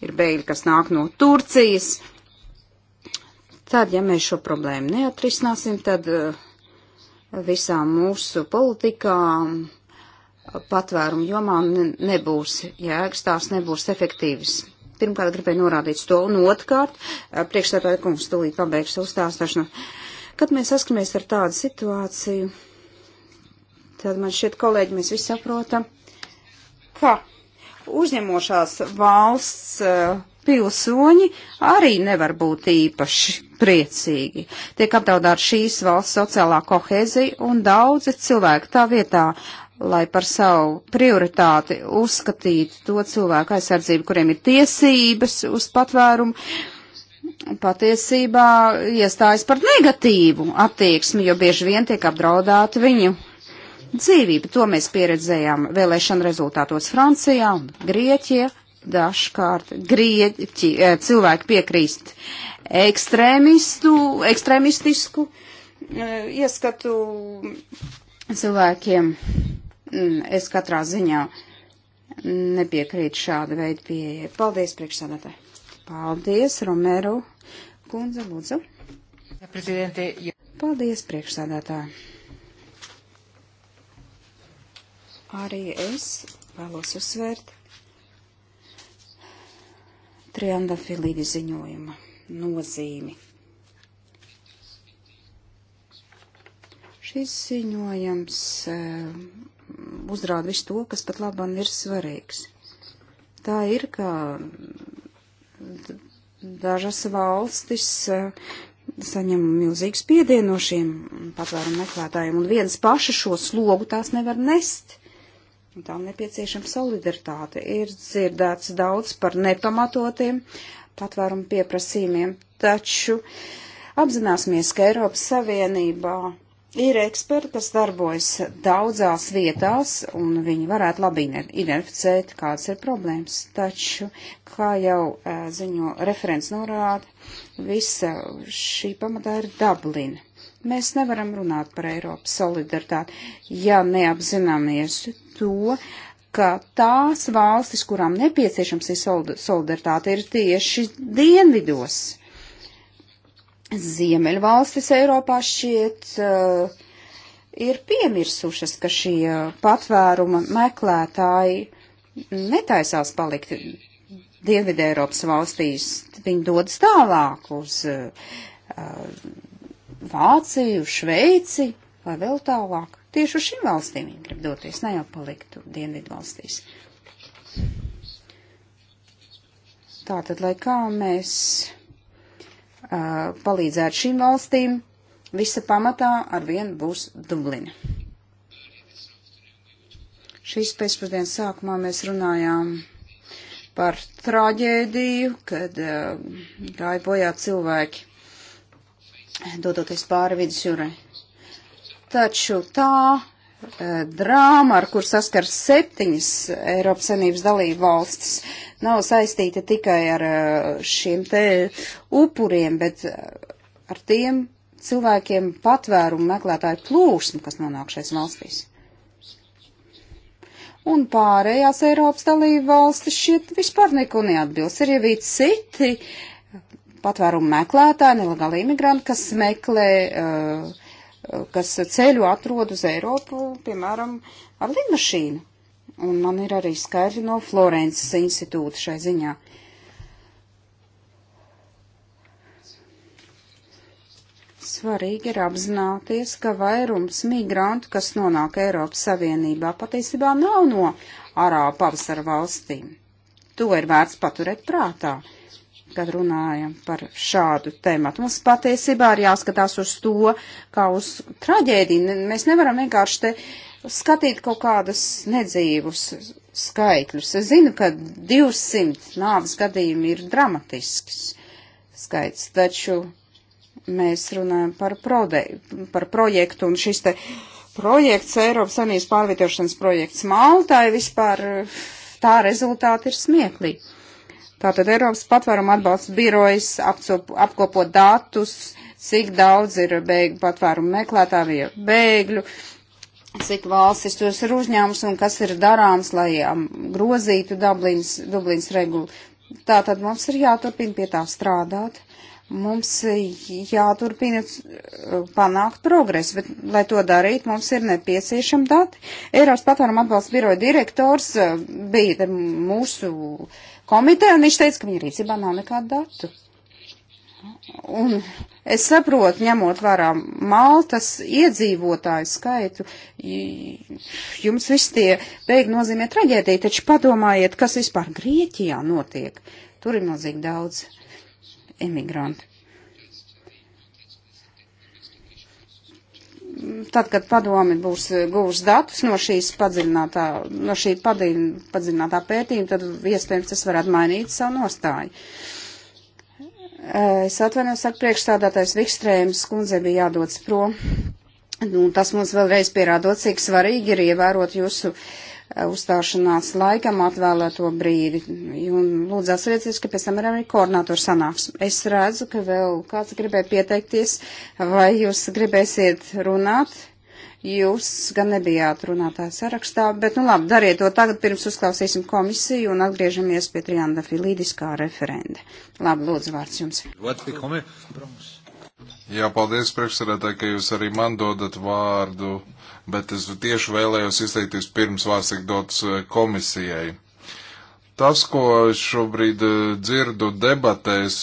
ir bēgļi, kas nāk no Turcijas, Tad, ja mēs šo problēmu neatrisināsim, tad eh, visām mūsu politikām, patvērumu jomā nebūs jēgas, tās nebūs efektīvas. Pirmkārt, gribēju norādīt to, un otrkārt, eh, priekšstādāja kungs tūlīt pabeigšu savu stāstāšanu. Kad mēs saskamies ar tādu situāciju, tad man šķiet, kolēģi, mēs visi saprotam, ka uzņemošās valsts eh, pilsoņi arī nevar būt īpaši priecīgi. Tiek apdraudāta šīs valsts sociālā kohēzija un daudzi cilvēki tā vietā, lai par savu prioritāti uzskatītu to cilvēku aizsardzību, kuriem ir tiesības uz patvērumu, patiesībā iestājas par negatīvu attieksmi, jo bieži vien tiek apdraudāti viņu dzīvība. To mēs pieredzējām vēlēšana rezultātos Francijā un Grieķijā. Dažkārt grieķi eh, cilvēki piekrīst ekstrēmistu, ekstrēmistisku e, ieskatu cilvēkiem. Mm, es katrā ziņā nepiekrītu šāda veida pieeja. Paldies, priekšsēdētāji. Paldies, Romero kundze, lūdzu. Paldies, priekšsēdētāji. Arī es vēlos uzsvērt Trianda Filīdi ziņojumu nozīmi. Šis ziņojums eh, uzrāda visu to, kas pat labam ir svarīgs. Tā ir, ka dažas valstis eh, saņem milzīgu spiedienu no šiem patvērumu meklētājiem, un vienas paši šo slogu tās nevar nest. Un tām nepieciešama solidaritāte. Ir dzirdēts daudz par nepamatotiem patvērumu pieprasījumiem, taču apzināsimies, ka Eiropas Savienībā ir eksperti, kas darbojas daudzās vietās, un viņi varētu labi identificēt, kādas ir problēmas. Taču, kā jau ziņo referents norāda, visa šī pamatā ir Dublina. Mēs nevaram runāt par Eiropas solidaritāti, ja neapzināmies to, ka tās valstis, kurām nepieciešams ir solidaritāte, ir tieši dienvidos. Ziemeļvalstis Eiropā šķiet uh, ir piemirsušas, ka šie patvēruma meklētāji netaisās palikt Dienvidē Eiropas valstīs. Viņi dodas tālāk uz uh, Vāciju, Šveici vai vēl tālāk. Tieši uz šīm valstīm viņi grib doties, ne jau palikt dienvidu valstīs. Tātad, lai kā mēs uh, palīdzētu šīm valstīm, visa pamatā ar vienu būs Dublina. Šīs pēcpusdienas sākumā mēs runājām par traģēdiju, kad uh, gāja bojā cilvēki, dodoties pāri vidusjūrai. Taču tā eh, drāma, ar kur saskars septiņas Eiropas Savienības dalību valstis, nav saistīta tikai ar eh, šiem te upuriem, bet eh, ar tiem cilvēkiem patvērumu meklētāju plūsmu, kas nonāk šais valstīs. Un pārējās Eiropas dalību valstis šķiet vispār neko neatbilst. Ir jau vīt citi patvērumu meklētāji, nelegāli imigranti, kas meklē uh, kas ceļu atrod uz Eiropu, piemēram, ar lidmašīnu. Un man ir arī skaidri no Florences institūta šai ziņā. Svarīgi ir apzināties, ka vairums migrantu, kas nonāk Eiropas Savienībā, patiesībā nav no Arābu pavasara valstīm. To ir vērts paturēt prātā. Uh, kad runājam par šādu tematu. Mums patiesībā ir jāskatās uz to, kā uz traģēdiju. Mēs nevaram vienkārši te skatīt kaut kādas nedzīvus skaitļus. Es zinu, ka 200 nāves gadījumi ir dramatisks skaits, taču mēs runājam par, prode, par projektu un šis te projekts, Eiropas Sanības pārvietošanas projekts Maltai vispār tā rezultāti ir smieklīgi. Tātad Eiropas patvēruma atbalsta birojas apkopo datus, cik daudz ir bēgļu patvērumu meklētāju bēgļu, cik valstis tos ir uzņēmums un kas ir darāms, lai um, grozītu Dublins, Dublins regulu. Tātad mums ir jāturpina pie tā strādāt. Mums jāturpina uh, panākt progresu, bet, lai to darītu, mums ir nepieciešama dati. Eiropas patvēruma atbalsta biroja direktors uh, bija mūsu uh, komiteja, un viņš teica, ka viņa rīcībā nav nekādu datu. Un es saprotu, ņemot vērā Maltas iedzīvotāju skaitu, jums viss tie beig nozīmē traģēdiju, taču padomājiet, kas vispār Grieķijā notiek. Tur ir milzīgi daudz emigrantu. tad, kad padomi būs eh, guvusi datus no šīs padziļinātā, no šī padziļinātā pētījuma, tad iespējams tas varētu mainīt savu nostāju. Eh, es atvainojos, saka priekšstādātais Vikstrēms, kundze bija jādodas prom. Nu, tas mums vēlreiz pierādot, cik svarīgi ir ievērot jūsu uh, Uh, uzstāšanās laikam atvēlēto brīdi. Un lūdzu atcerieties, ka pēc tam ir arī koordinātori sanāks. Es redzu, ka vēl kāds gribēja pieteikties, vai jūs gribēsiet runāt. Jūs gan nebijāt runātāja sarakstā, bet nu labi, dariet to tagad, pirms uzklausīsim komisiju un atgriežamies pie Trianda Filīdis kā referenda. Labi, lūdzu vārds jums. Vārds pie komisijas. Jā, paldies priekšsarētāji, ka jūs arī man dodat vārdu, bet es tieši vēlējos izteikties pirms vārds tiek dots eh, komisijai. Tas, ko šobrīd eh, dzirdu debatēs,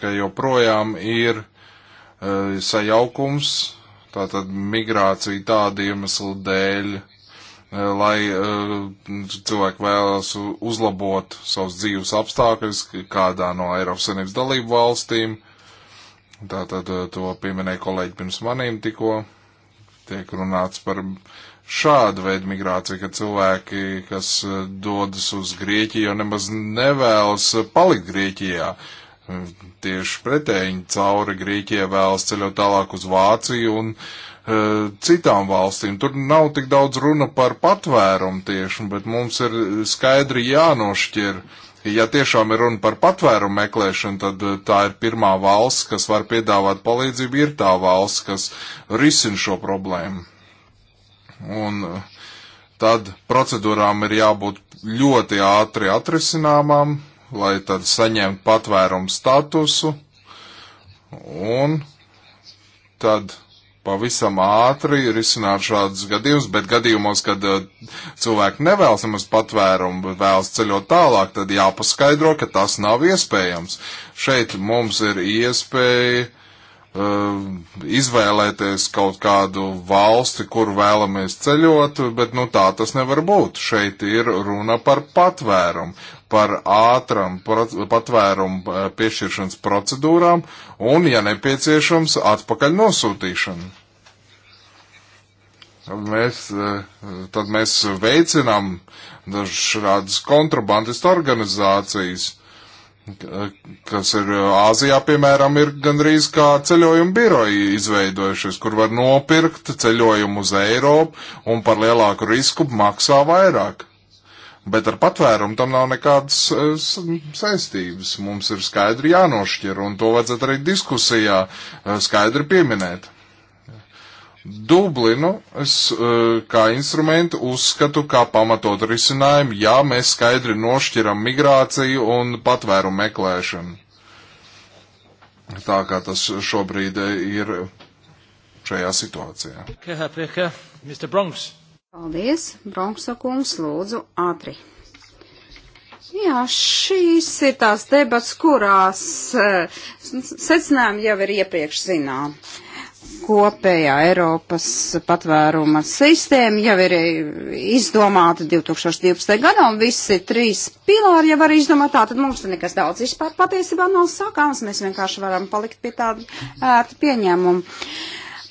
ka joprojām ir uh, sajaukums, tātad migrācija tāda iemesla dēļ, uh, lai uh, cilvēki vēlas uzlabot savus dzīves apstākļus kādā no Eiropas Savienības dalību valstīm Tātad eh, to pieminēja kolēģi pirms manīm tikko. Tiek runāts par šādu veidu migrāciju, ka cilvēki, kas eh, dodas uz Grieķiju, jau nemaz nevēlas eh, palikt Grieķijā. Tieši pretēji cauri Grieķijai vēlas ceļot tālāk uz Vāciju un uh, citām valstīm. Tur nav tik daudz runa par patvērumu tieši, bet mums ir skaidri jānošķir uh, ja tiešām ir runa par patvērumu meklēšanu, tad eh, tā ir pirmā valsts, kas var piedāvāt palīdzību, ir tā valsts, kas risina šo problēmu. Un eh, tad procedūrām ir jābūt ļoti ātri atrisināmām, lai tad saņemtu patvērumu statusu, un tad pavisam ātri risināt šādus gadījumus, bet gadījumos, kad uh, cilvēki nevēlas nemaz patvērumu, bet vēlas ceļot tālāk, tad jāpaskaidro, ka tas nav iespējams. Šeit mums ir iespēja uh, izvēlēties kaut kādu valsti, kur vēlamies ceļot, bet nu tā tas nevar būt. Šeit ir runa par patvērumu, par ātram patvērumu uh, piešķiršanas procedūrām un, ja nepieciešams, atpakaļ nosūtīšanu. Mēs, eh, tad mēs veicinām dažādas kontrabandistu organizācijas, kas ir Āzijā, piemēram, ir gandrīz kā ceļojuma biroji izveidojušies, kur var nopirkt ceļojumu uz Eiropu un par lielāku risku maksā vairāk. Bet ar patvērumu tam nav nekādas eh, saistības. Mums ir skaidri jānošķir, un to vajadzētu arī diskusijā eh, skaidri pieminēt. Dublinu es eh, kā instrumentu uzskatu kā pamatot risinājumu, ja mēs skaidri nošķiram migrāciju un patvēru meklēšanu. Tā kā tas šobrīd eh, ir šajā situācijā. Priekā, priekā, Mr. Bronx. Paldies, Bronksa kungs, lūdzu, ātri. Jā, šīs ir tās debats, kurās uh, secinājumi jau ir iepriekš zinām. Uh, kopējā Eiropas patvēruma sistēma jau ir eh, izdomāta 2012. gadā, un visi trīs pilāri jau var izdomāt tā, tad mums nekas daudz vispār patiesībā nav sakāms, mēs vienkārši varam palikt pie tāda ērta pieņēmuma.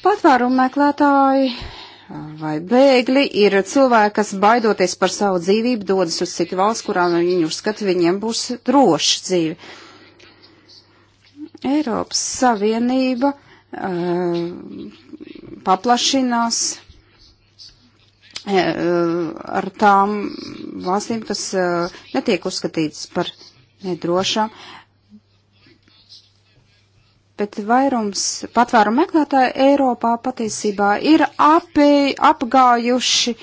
Patvērumu meklētāji vai bēgļi ir cilvēki, kas baidoties par savu dzīvību dodas uz citu valsts, kurā viņi uzskata, viņiem būs droša dzīve. Eiropas Savienība Eh, paplašinās eh, ar tām valstīm, kas eh, netiek uzskatītas par nedrošām. Bet vairums patvēru meklētāju Eiropā patiesībā ir api, apgājuši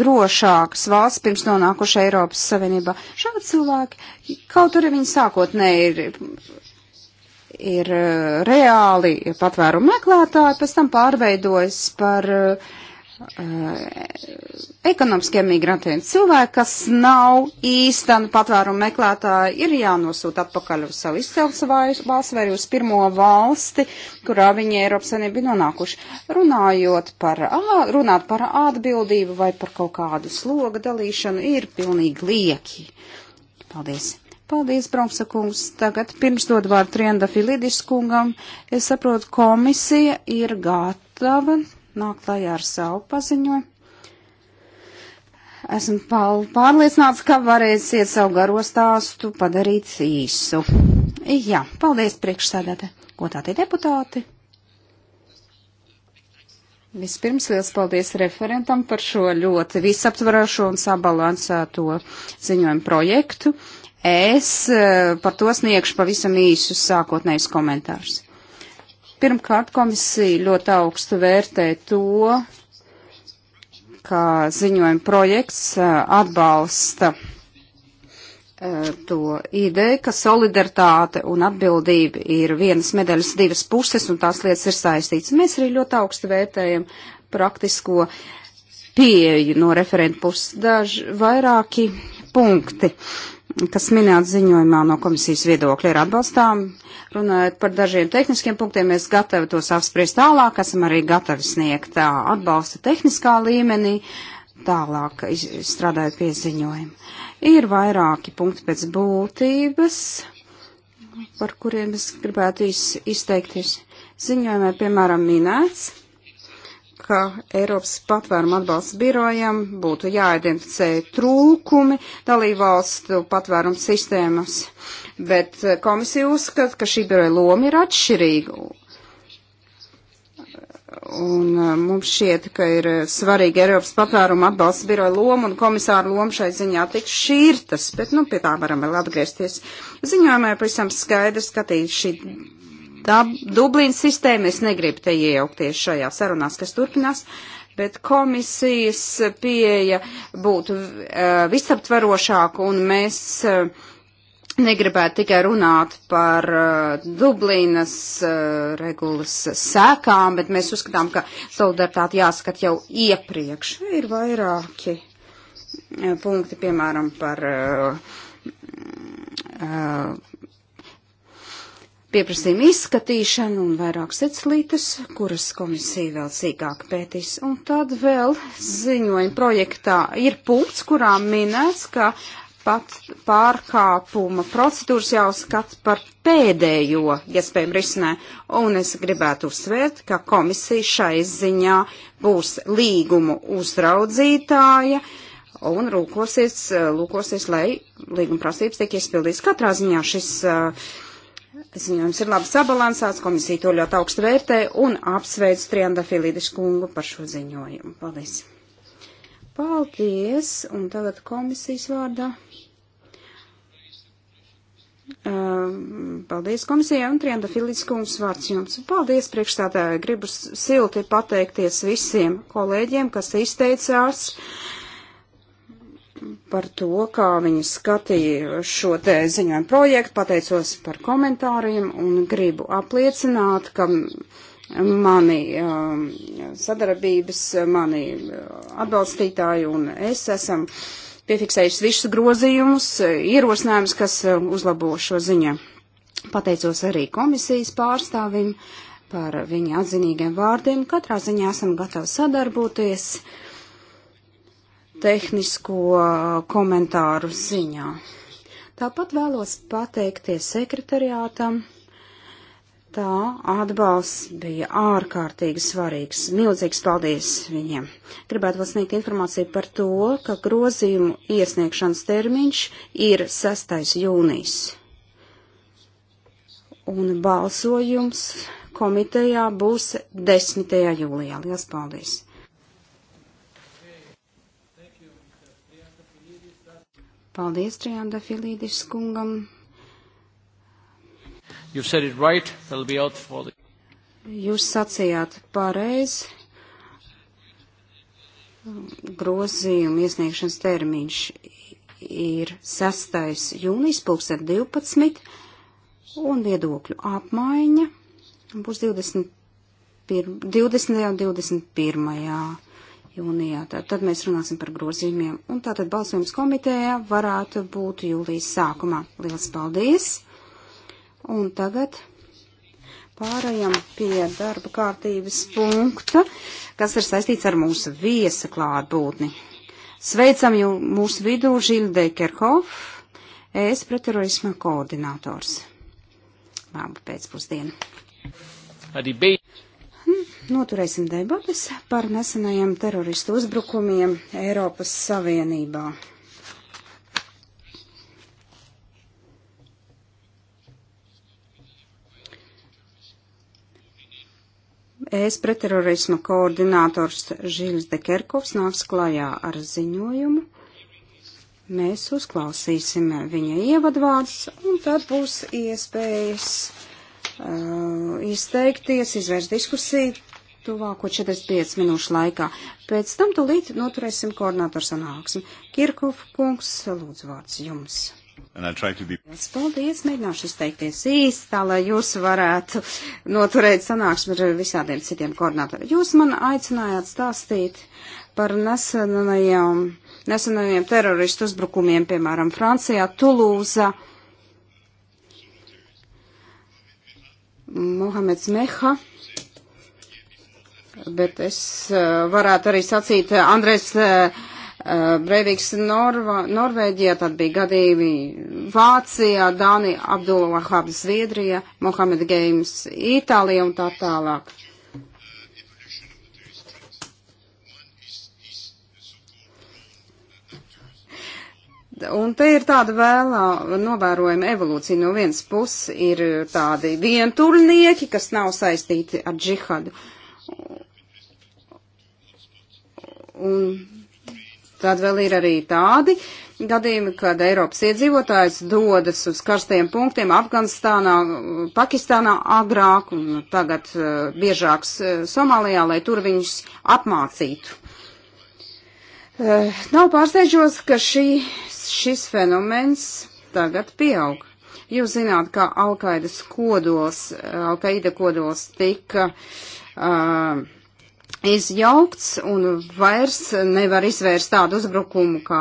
drošākas valsts pirms nonākuši Eiropas Savienībā. Šādi cilvēki, kaut arī viņi sākotnēji ir ir eh, reāli patvērumu meklētāji, pēc tam pārveidojas par uh, ekonomiskiem migrantiem. Cilvēki, kas nav īsteni patvērumu meklētāji, ir jānosūta atpakaļ uz savu izcelsmes valsti vai uz pirmo valsti, kurā viņi Eiropas Savienība ir nonākuši. Runājot par, runāt par atbildību vai par kaut kādu sloga dalīšanu ir pilnīgi lieki. Paldies! Paldies, Bromsa kungs. Tagad pirms dod vārdu Trienda Filidis kungam, es saprotu, komisija ir gatava nākt klajā ar savu paziņojumu. Esmu pārliecināts, ka varēsiet savu garo stāstu padarīt īsu. Jā, paldies priekšsēdētē. Ko tā tie deputāti? Vispirms liels paldies referentam par šo ļoti visaptvarošo un sabalansēto ziņojumu projektu. Uh, Es eh, par to sniegšu pavisam īsus sākotnējus komentārus. Pirmkārt, komisija ļoti augstu vērtē to, ka ziņojuma projekts eh, atbalsta eh, to ideju, ka solidaritāte un atbildība ir vienas medaļas divas puses un tās lietas ir saistītas. Mēs arī ļoti augstu vērtējam praktisko pieeju no referentu puses daži vairāki punkti. Uh, kas minēts ziņojumā no komisijas viedokļa, ir atbalstām. Runājot par dažiem tehniskiem punktiem, mēs gatavi tos apspriest tālāk, esam arī gatavi sniegt tā atbalsta tehniskā līmenī, tālāk strādājot pie ziņojuma. Ir vairāki punkti pēc būtības, par kuriem es gribētu izteikties. Ziņojumā, piemēram, minēts ka Eiropas patvērumu atbalsts birojam būtu jāidentificē trūkumi dalībvalstu patvērumu sistēmas, bet komisija uzskata, ka šī biroja loma ir atšķirīga. Un uh, mums šķiet, ka ir uh, svarīgi Eiropas patvērumu atbalsta biroja loma un komisāra loma šai ziņā tiks šķirtas, bet nu pie tā varam vēl atgriezties. Ziņojumā pavisam skaidrs skatīt šī Dublīnas sistēma, es negribu te iejaukties šajā sarunās, kas turpinās, bet komisijas pieeja būtu uh, visaptvarošāka un mēs uh, negribētu tikai runāt par uh, Dublīnas uh, regulas sēkām, bet mēs uzskatām, ka solidaritāte jāskat jau iepriekš. Ir vairāki uh, punkti, piemēram, par. Uh, uh, pieprasījumu izskatīšanu un vairāk seclītes, kuras komisija vēl sīkāk pētīs. Un tad vēl ziņojuma projektā ir punkts, kurā minēts, ka pat pārkāpuma procedūras jāuzskata par pēdējo iespējumu ja risinē. Un es gribētu uzsvērt, ka komisija šai ziņā būs līgumu uzraudzītāja un rūkosies, lūkosies, lai līguma prasības tiek izpildīts. Katrā ziņā šis uh, ziņojums ir labi sabalansēts, komisija to ļoti augstu vērtē un apsveic Trianda Filīdešu kungu par šo ziņojumu. Paldies! Paldies! Un tagad komisijas vārdā. Um, paldies komisijai un Trienda Filiskums vārds jums. Paldies priekšstādāju. Gribu silti pateikties visiem kolēģiem, kas izteicās. Uh, par to, kā viņi skatīja šo te ziņojumu projektu, pateicos par komentāriem un gribu apliecināt, ka mani um, sadarbības, mani uh, atbalstītāji un es esam piefiksējuši visus grozījumus, ierosinājumus, kas uh, uzlabo šo ziņu. Pateicos arī komisijas pārstāvim par viņa atzinīgiem vārdiem. Katrā ziņā esam gatavi sadarboties. Uh, tehnisko uh, komentāru ziņā. Tāpat vēlos pateikties sekretariātam. Tā atbalsts bija ārkārtīgi svarīgs. Milzīgs paldies viņiem. Gribētu vēl sniegt informāciju par to, ka grozījumu iesniegšanas termiņš ir 6. jūnijas. Un balsojums komitejā būs 10. jūlijā. Lielas paldies! Paldies Trijanda Filīdis kungam. Right. The... Jūs sacījāt pareizi. Grozījuma iesniegšanas termiņš ir 6. jūnijas 2012 un viedokļu apmaiņa būs 21. 20. un 21 jūnijā. Tad, tad mēs runāsim par grozījumiem. Un tātad balsojums komitējā varētu būt jūlijas sākumā. Lielas paldies! Un tagad pārējām pie darba kārtības punkta, kas ir saistīts ar mūsu viesa klātbūtni. Sveicam jau mūsu vidū Žilde Kerhoff, es pretterorisma koordinators. Labu pēcpusdienu! noturēsim debatas par nesenajiem teroristu uzbrukumiem Eiropas Savienībā. Es pretterorisma koordinators Žils de Kerkovs nāks klajā ar ziņojumu. Mēs uzklausīsim viņa ievadvārds un tad būs iespējas uh, izteikties, izvērst diskusiju tuvāko 45 minūšu laikā. Pēc tam tūlīt noturēsim koordinātoru sanāksmi. Kirkov kungs, lūdzu vārds jums. Be... Es paldies, mēģināšu izteikties īsti, tā lai jūs varētu noturēt sanāksmi ar visādiem citiem koordinātoriem. Jūs man aicinājāt stāstīt par nesenajām, nesenajiem teroristu uzbrukumiem, piemēram, Francijā, Tulūza. Mohameds Meha bet es eh, varētu arī sacīt, eh, Andrēs eh, Breivīgs Norva, Norvēģijā, tad bija gadījumi Vācijā, Dāni Abdullah Wahab Zviedrija, Mohamed Geims Itālija un tā tālāk. Un te ir tāda vēlā novērojama evolūcija. No vienas puses ir tādi vientuļnieki, kas nav saistīti ar džihadu. Uh, Un Tad vēl ir arī tādi gadījumi, kad Eiropas iedzīvotājs dodas uz karstiem punktiem Afganistānā, Pakistānā agrāk un tagad uh, eh, biežāks uh, Somālijā, lai tur viņus apmācītu. Uh, nav pārsteidžos, ka šī, šis fenomens tagad pieaug. Jūs zināt, ka Alkaidas kodols, Alkaida kodols tika uh, izjaukts un vairs nevar izvērst tādu uzbrukumu kā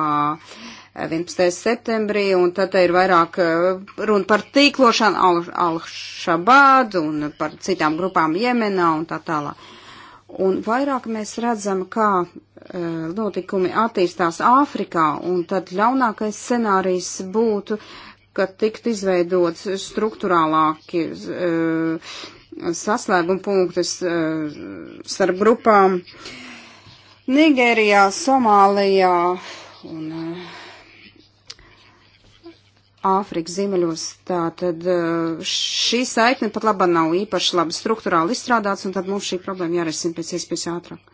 11. septembrī, un tad ir vairāk eh, runa par tīklošanu, Al-Shabādu al un par citām grupām Jemenā un tā tālāk. Un vairāk mēs redzam, kā eh, notikumi attīstās Āfrikā, un tad ļaunākais scenārijs būtu, ka tiktu izveidots struktūrālāki. Uh, saslēguma punktus eh, starp grupām Nigērijā, Somālijā un eh, Āfrikas ziemeļos. Tātad eh, šī saikne pat laba nav īpaši labi struktūrāli izstrādāts, un tad mums šī problēma jārisina pēc iespējas ātrāk.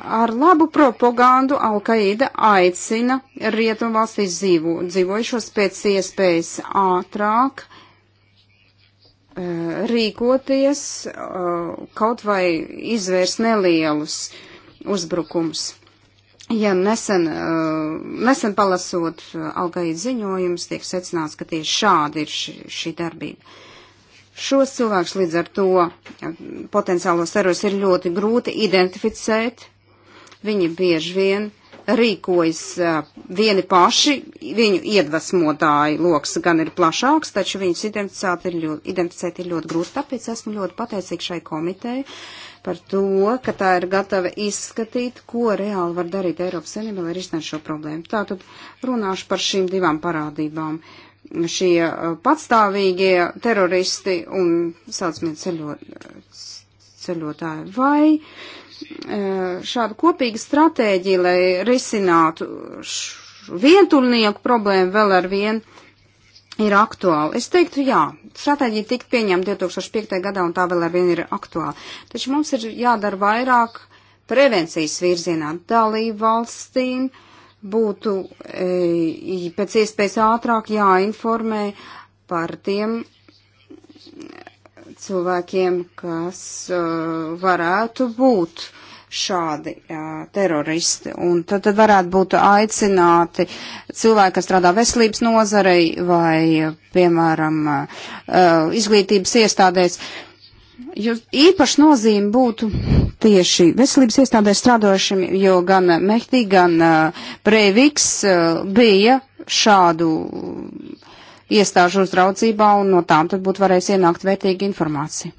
Ar labu propagandu Alkaida aicina rietumvalstīs dzīvo, dzīvojušos pēc iespējas ātrāk eh, rīkoties, eh, kaut vai izvērst nelielus uzbrukums. Ja nesen, eh, nesen palasot Alkaida ziņojumus, tiek secināts, ka tieši šādi ir šī, šī darbība. Šos cilvēkus līdz ar to potenciālos terorus ir ļoti grūti identificēt, Viņi bieži vien rīkojas uh, vieni paši, viņu iedvesmotāji loks gan ir plašāks, taču viņus identificēt ir ļoti, identificēt ir ļoti grūti, tāpēc esmu ļoti pateicīga šai komitei par to, ka tā ir gatava izskatīt, ko reāli var darīt Eiropas Savienība, lai risinātu šo problēmu. Tātad runāšu par šīm divām parādībām. Šie uh, patstāvīgie teroristi un saucamie ceļot, ceļotāji vai E, šādu kopīgu stratēģiju, lai risinātu vientulnieku problēmu vēl ar vienu ir aktuāli. Es teiktu, jā, stratēģija tika pieņemta 2005. gadā un tā vēl ar vienu ir aktuāla. Taču mums ir jādara vairāk prevencijas virzienā dalību valstīm, būtu e, pēc iespējas ātrāk jāinformē par tiem cilvēkiem, kas uh, varētu būt šādi uh, teroristi. Un tad, tad varētu būt aicināti cilvēki, kas strādā veselības nozarei vai, piemēram, uh, izglītības iestādēs. Jo īpaši nozīme būtu tieši veselības iestādēs strādošiem, jo gan Mehti, gan uh, Breiviks uh, bija šādu iestāžu uzraudzībā, un no tām tad būtu varējis ienākt vērtīga informācija.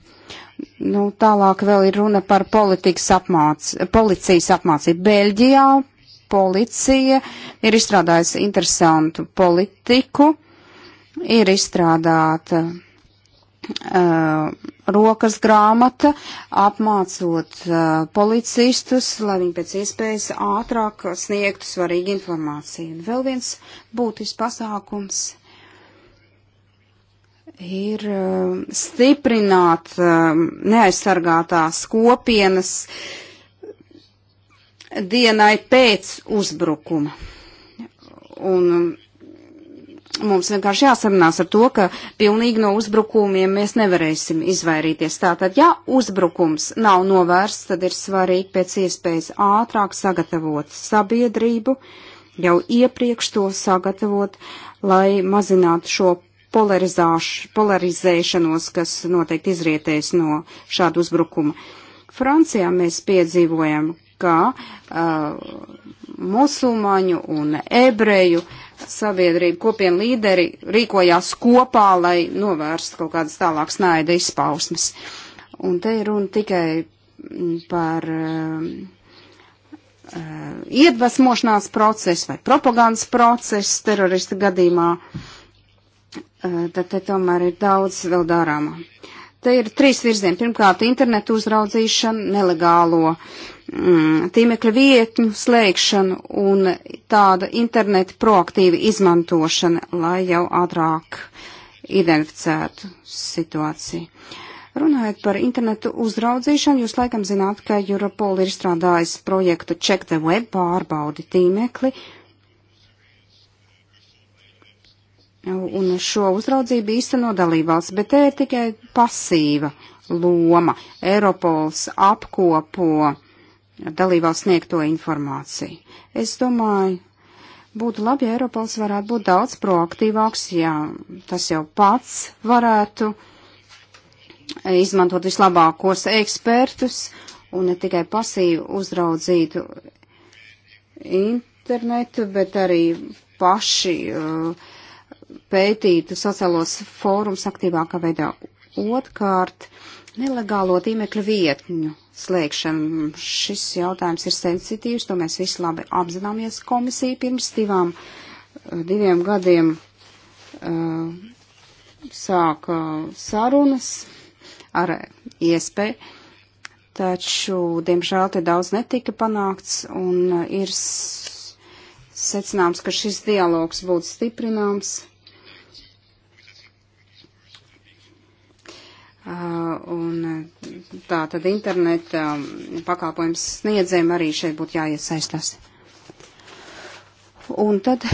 Nu, tālāk vēl ir runa par apmāc, policijas apmācību. Beļģijā policija ir izstrādājusi interesantu politiku, ir izstrādāta uh, rokas grāmata, apmācot uh, policistus, lai viņi pēc iespējas ātrāk sniegtu svarīgu informāciju. Vēl viens būtisks pasākums ir um, stiprināt um, neaizsargātās kopienas dienai pēc uzbrukuma. Un um, mums vienkārši jāsaminās ar to, ka pilnīgi no uzbrukumiem mēs nevarēsim izvairīties. Tātad, ja uzbrukums nav novērsts, tad ir svarīgi pēc iespējas ātrāk sagatavot sabiedrību, jau iepriekš to sagatavot, lai mazinātu šo polarizēšanos, kas noteikti izrietēs no šāda uzbrukuma. Francijā mēs piedzīvojam, ka uh, musulmaņu un ebreju sabiedrība kopienu līderi rīkojās kopā, lai novērstu kaut kādas tālākas naida izpausmes. Un te ir runa tikai mm, par uh, uh, iedvesmošanās procesu vai propagandas procesu terorista gadījumā. Uh, Eh, tad te tomēr ir daudz vēl darāmā. Te ir trīs virzieni. Pirmkārt, internetu uzraudzīšana, nelegālo mm, tīmekļa vietņu slēgšana un tāda interneta proaktīva izmantošana, lai jau ātrāk identificētu situāciju. Runājot par internetu uzraudzīšanu, jūs laikam zināt, ka Europol ir strādājis projektu Check the Web pārbaudi tīmekli, uh, Un šo uzraudzību īsteno dalībvalsts, bet te ir tikai pasīva loma. Eiropols apkopo dalībvalsts sniegto informāciju. Es domāju, būtu labi, ja Eiropols varētu būt daudz proaktīvāks, ja tas jau pats varētu izmantot vislabākos ekspertus un ne tikai pasīvi uzraudzītu internetu, bet arī paši uh, pētītu sociālos fórums aktīvākā veidā. Otkārt, nelegālo tīmekļu vietņu slēgšana. Šis jautājums ir sensitīvs, to mēs visi labi apzināmies. Komisija pirms divām, diviem gadiem uh, sāka sarunas ar iespēju, taču, diemžēl, te daudz netika panākts un ir secināms, ka šis dialogs būtu stiprināms Uh, un uh, tā tad interneta um, pakalpojums sniedzējiem arī šeit būtu jāiesaistās. Un tad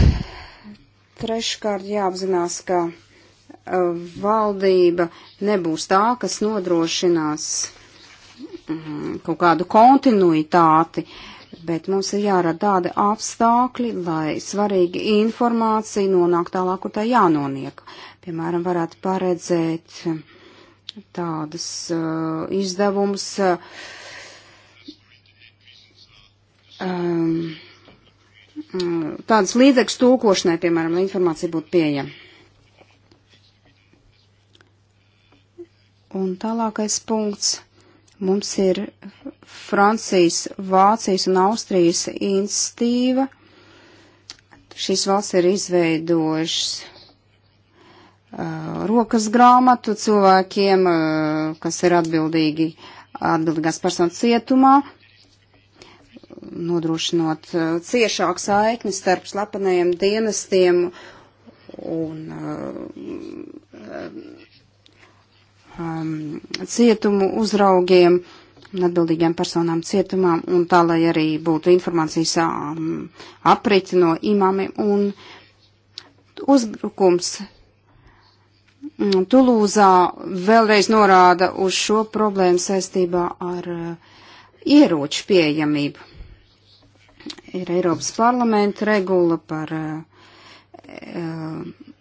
treškārt jāapzinās, ka uh, valdība nebūs tā, kas nodrošinās mm, kaut kādu kontinuitāti, bet mums ir jārada tādi apstākļi, lai svarīga informācija nonāk tālāk, kur tā jānoniek. Piemēram, varētu paredzēt tādas uh, izdevumus. Uh, um, mm, tādas līdzekļas tūkošanai, piemēram, lai informācija būtu pieejama. Un tālākais punkts. Mums ir Francijas, Vācijas un Austrijas institīva. Šīs valsts ir izveidojušas Uh, rokas grāmatu cilvēkiem, uh, kas ir atbildīgi, atbildīgās personas cietumā, nodrošinot uh, ciešāku saikni starp slepenajiem dienestiem un um, cietumu uzraugiem un atbildīgām personām cietumā, un tā, lai arī būtu informācijas um, apriti no imami un uzbrukums Mm, Tulūzā vēlreiz norāda uz šo problēmu saistībā ar uh, ieroču pieejamību. Ir Eiropas parlamenta regula par uh, uh,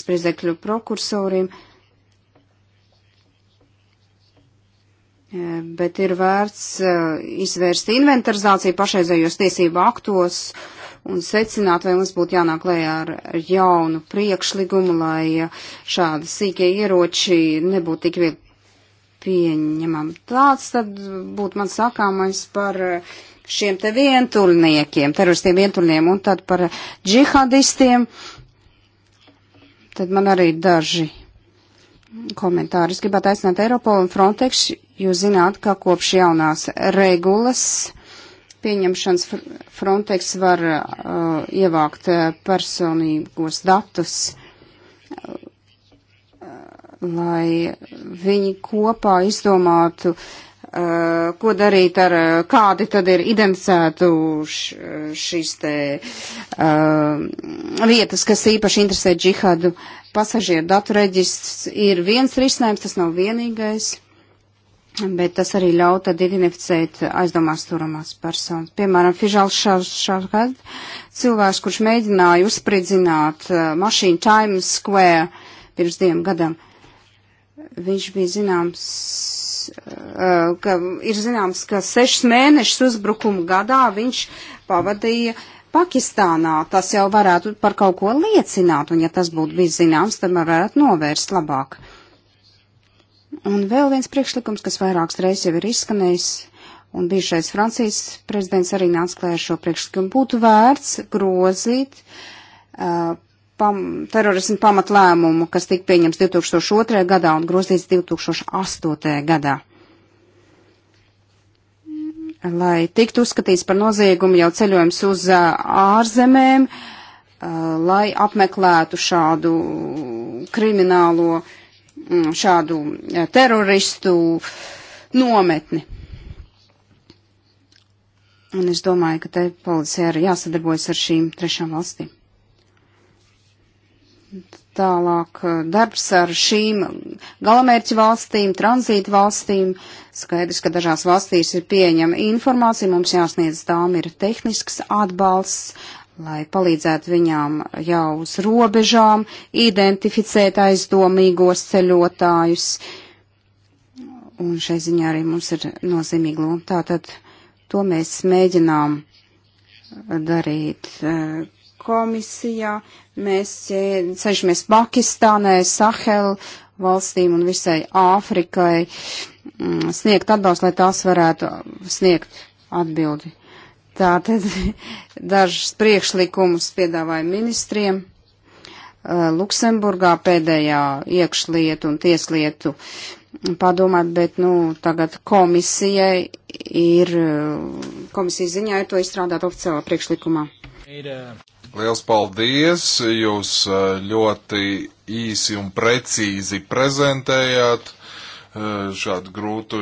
spriedzekļu prokursoriem, bet ir vērts izvērst inventarizāciju pašreizējos tiesību aktos un secināt, vai mums būtu jānāk lējā ar jaunu priekšligumu, lai šādi sīkie ieroči nebūtu tik viegli pieņemam. Tāds tad būtu man sakāmais par šiem te vienturniekiem, teroristiem vienturniekiem un tad par džihadistiem. Tad man arī daži komentāri. Es gribētu aicināt Eiropolu un Frontex, jūs zināt, ka kopš jaunās regulas pieņemšanas Frontex var uh, ievākt uh, personīgos datus, uh, lai viņi kopā izdomātu, uh, ko darīt ar, uh, kādi tad ir identificētu šīs te uh, vietas, kas īpaši interesē džihadu. Pasažieru datu reģists ir viens risinājums, tas nav vienīgais bet tas arī ļauj tad identificēt aizdomās turamās personas. Piemēram, Fižāls Šarkad, cilvēks, kurš mēģināja uzspridzināt uh, mašīnu Times Square pirms diviem gadam. Viņš bija zināms, uh, ka ir zināms, ka sešas mēnešus uzbrukumu gadā viņš pavadīja Pakistānā. Tas jau varētu par kaut ko liecināt, un ja tas būtu bijis zināms, tad varētu novērst labāk. Uh, Un vēl viens priekšlikums, kas vairākas reizes jau ir izskanējis, un bijušais Francijas prezidents arī nāca klēr šo priekšlikumu, būtu vērts grozīt uh, pam, terorismu pamatlēmumu, kas tika pieņems 2002. gadā un grozīts 2008. gadā. Lai tiktu uzskatīts par noziegumu jau ceļojums uz uh, ārzemēm, uh, lai apmeklētu šādu kriminālo uh, Mm, šādu eh, teroristu nometni. Un es domāju, ka te policija ir jāsadarbojas ar šīm trešām valstīm. Tālāk eh, darbs ar šīm galamērķu valstīm, tranzītu valstīm. Skaidrs, ka dažās valstīs ir pieejama informācija, mums jāsniedz tām ir tehnisks atbalsts, lai palīdzētu viņām jau uz robežām, identificēt aizdomīgos ceļotājus. Un šai ziņā arī mums ir nozīmīga loma. Tātad to mēs mēģinām darīt eh, komisijā. Mēs ceļamies Pakistānai, Sahel valstīm un visai Āfrikai mm, sniegt atbalstu, lai tās varētu sniegt atbildi Tātad dažas priekšlikumus piedāvāja ministriem. Luksemburgā pēdējā iekšlietu un tieslietu padomāt, bet, nu, tagad komisijai ir, komisijas ziņā ir to izstrādāt oficiālā priekšlikumā. Liels paldies! Jūs ļoti īsi un precīzi prezentējāt šādu grūtu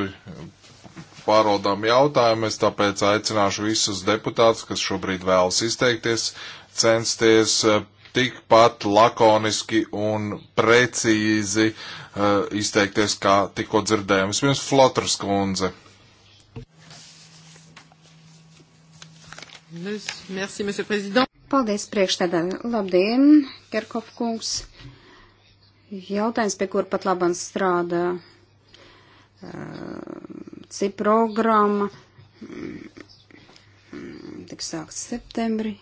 pārvaldām jautājumus, tāpēc aicināšu visus deputātus, kas šobrīd vēlas izteikties, censties eh, tikpat lakoniski un precīzi uh, izteikties, kā tikko dzirdējām. Vispirms Flotras kundze. Merci, monsieur président. Paldies, priekšstādā. Labdien, Kerkov kungs. Jautājums, pie kura pat labam strādā uh, šī programma tiks sākts septembrī.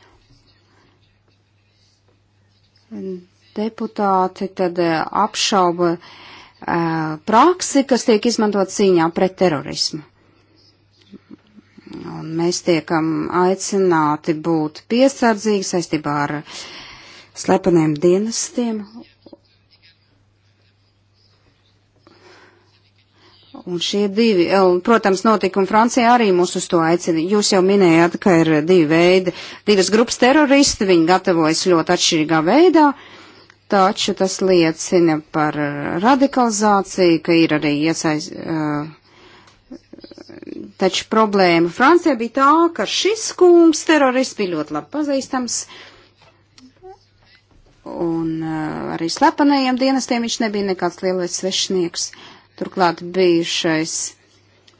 Deputāti tad eh, apšauba eh, praksi, kas tiek izmantot cīņā pret terorismu. Un mēs tiekam aicināti būt piesardzīgi saistībā ar slepeniem dienestiem Un šie divi, eh, un, protams, notikumi Francijā arī mūs uz to aicina. Jūs jau minējāt, ka ir divi veidi, divas grupas teroristi, viņi gatavojas ļoti atšķirīgā veidā, taču tas liecina par eh, radikalizāciju, ka ir arī iesaist. Uh, eh, taču problēma Francijā bija tā, ka šis kungs terorists bija ļoti labi pazīstams. Un uh, arī slepenajiem dienestiem viņš nebija nekāds lielais svešnieks. Uh, Turklāt bijušais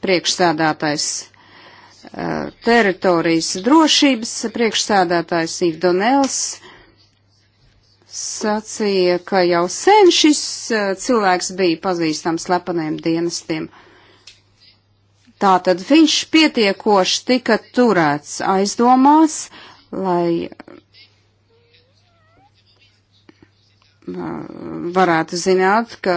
priekšsādātais uh, teritorijas drošības priekšsādātājs Ivdonēls sacīja, ka jau sen šis uh, cilvēks bija pazīstams slepeniem dienestiem. Tātad viņš pietiekoši tika turēts aizdomās, lai varētu zināt, ka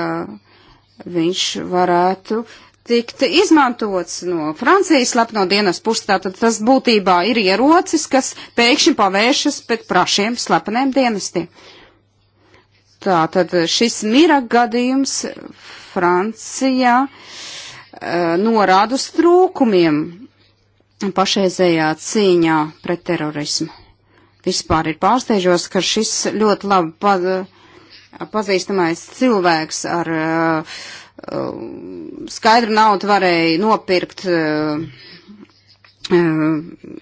viņš varētu tikt izmantots no Francijas slepno dienas puses. Tātad tas būtībā ir ierocis, kas pēkšņi pavēršas pret prašiem slepeniem dienestiem. Tātad šis mira gadījums Francijā uh, norāda uz trūkumiem pašreizējā cīņā pret terorismu. Vispār ir pārsteidžos, ka šis ļoti labi. Pad, uh, pazīstamais cilvēks ar uh, uh, skaidru naudu varēja nopirkt uh, uh,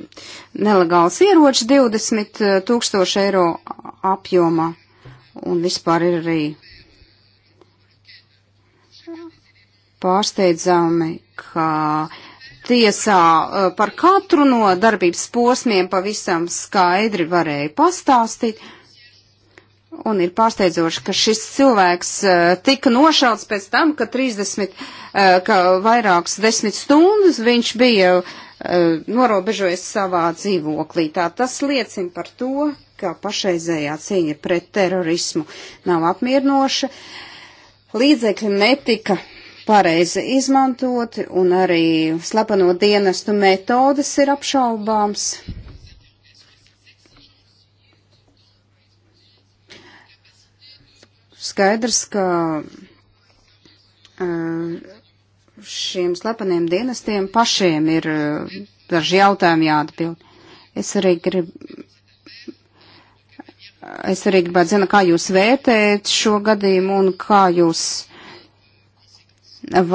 nelegāls ieroči 20 uh, tūkstoši eiro apjomā. Un vispār ir arī pārsteidzami, ka tiesā uh, par katru no darbības posmiem pavisam skaidri varēja pastāstīt. Uh, Un ir pārsteidzoši, ka šis cilvēks uh, tika nošauts pēc tam, ka 30, uh, eh, ka vairākas desmit stundas viņš bija uh, norobežojis savā dzīvoklī. Tā tas liecina par to, ka pašreizējā cīņa pret terorismu nav apmierinoša. Līdzekļi netika pareizi izmantoti un arī slepeno dienestu metodas ir apšaubāms Skaidrs, ka eh, šiem slepeniem dienestiem pašiem ir eh, daži jautājumi jāatbild. Es arī gribu. Es arī gribētu zināt, kā jūs vērtējat šo gadījumu un kā jūs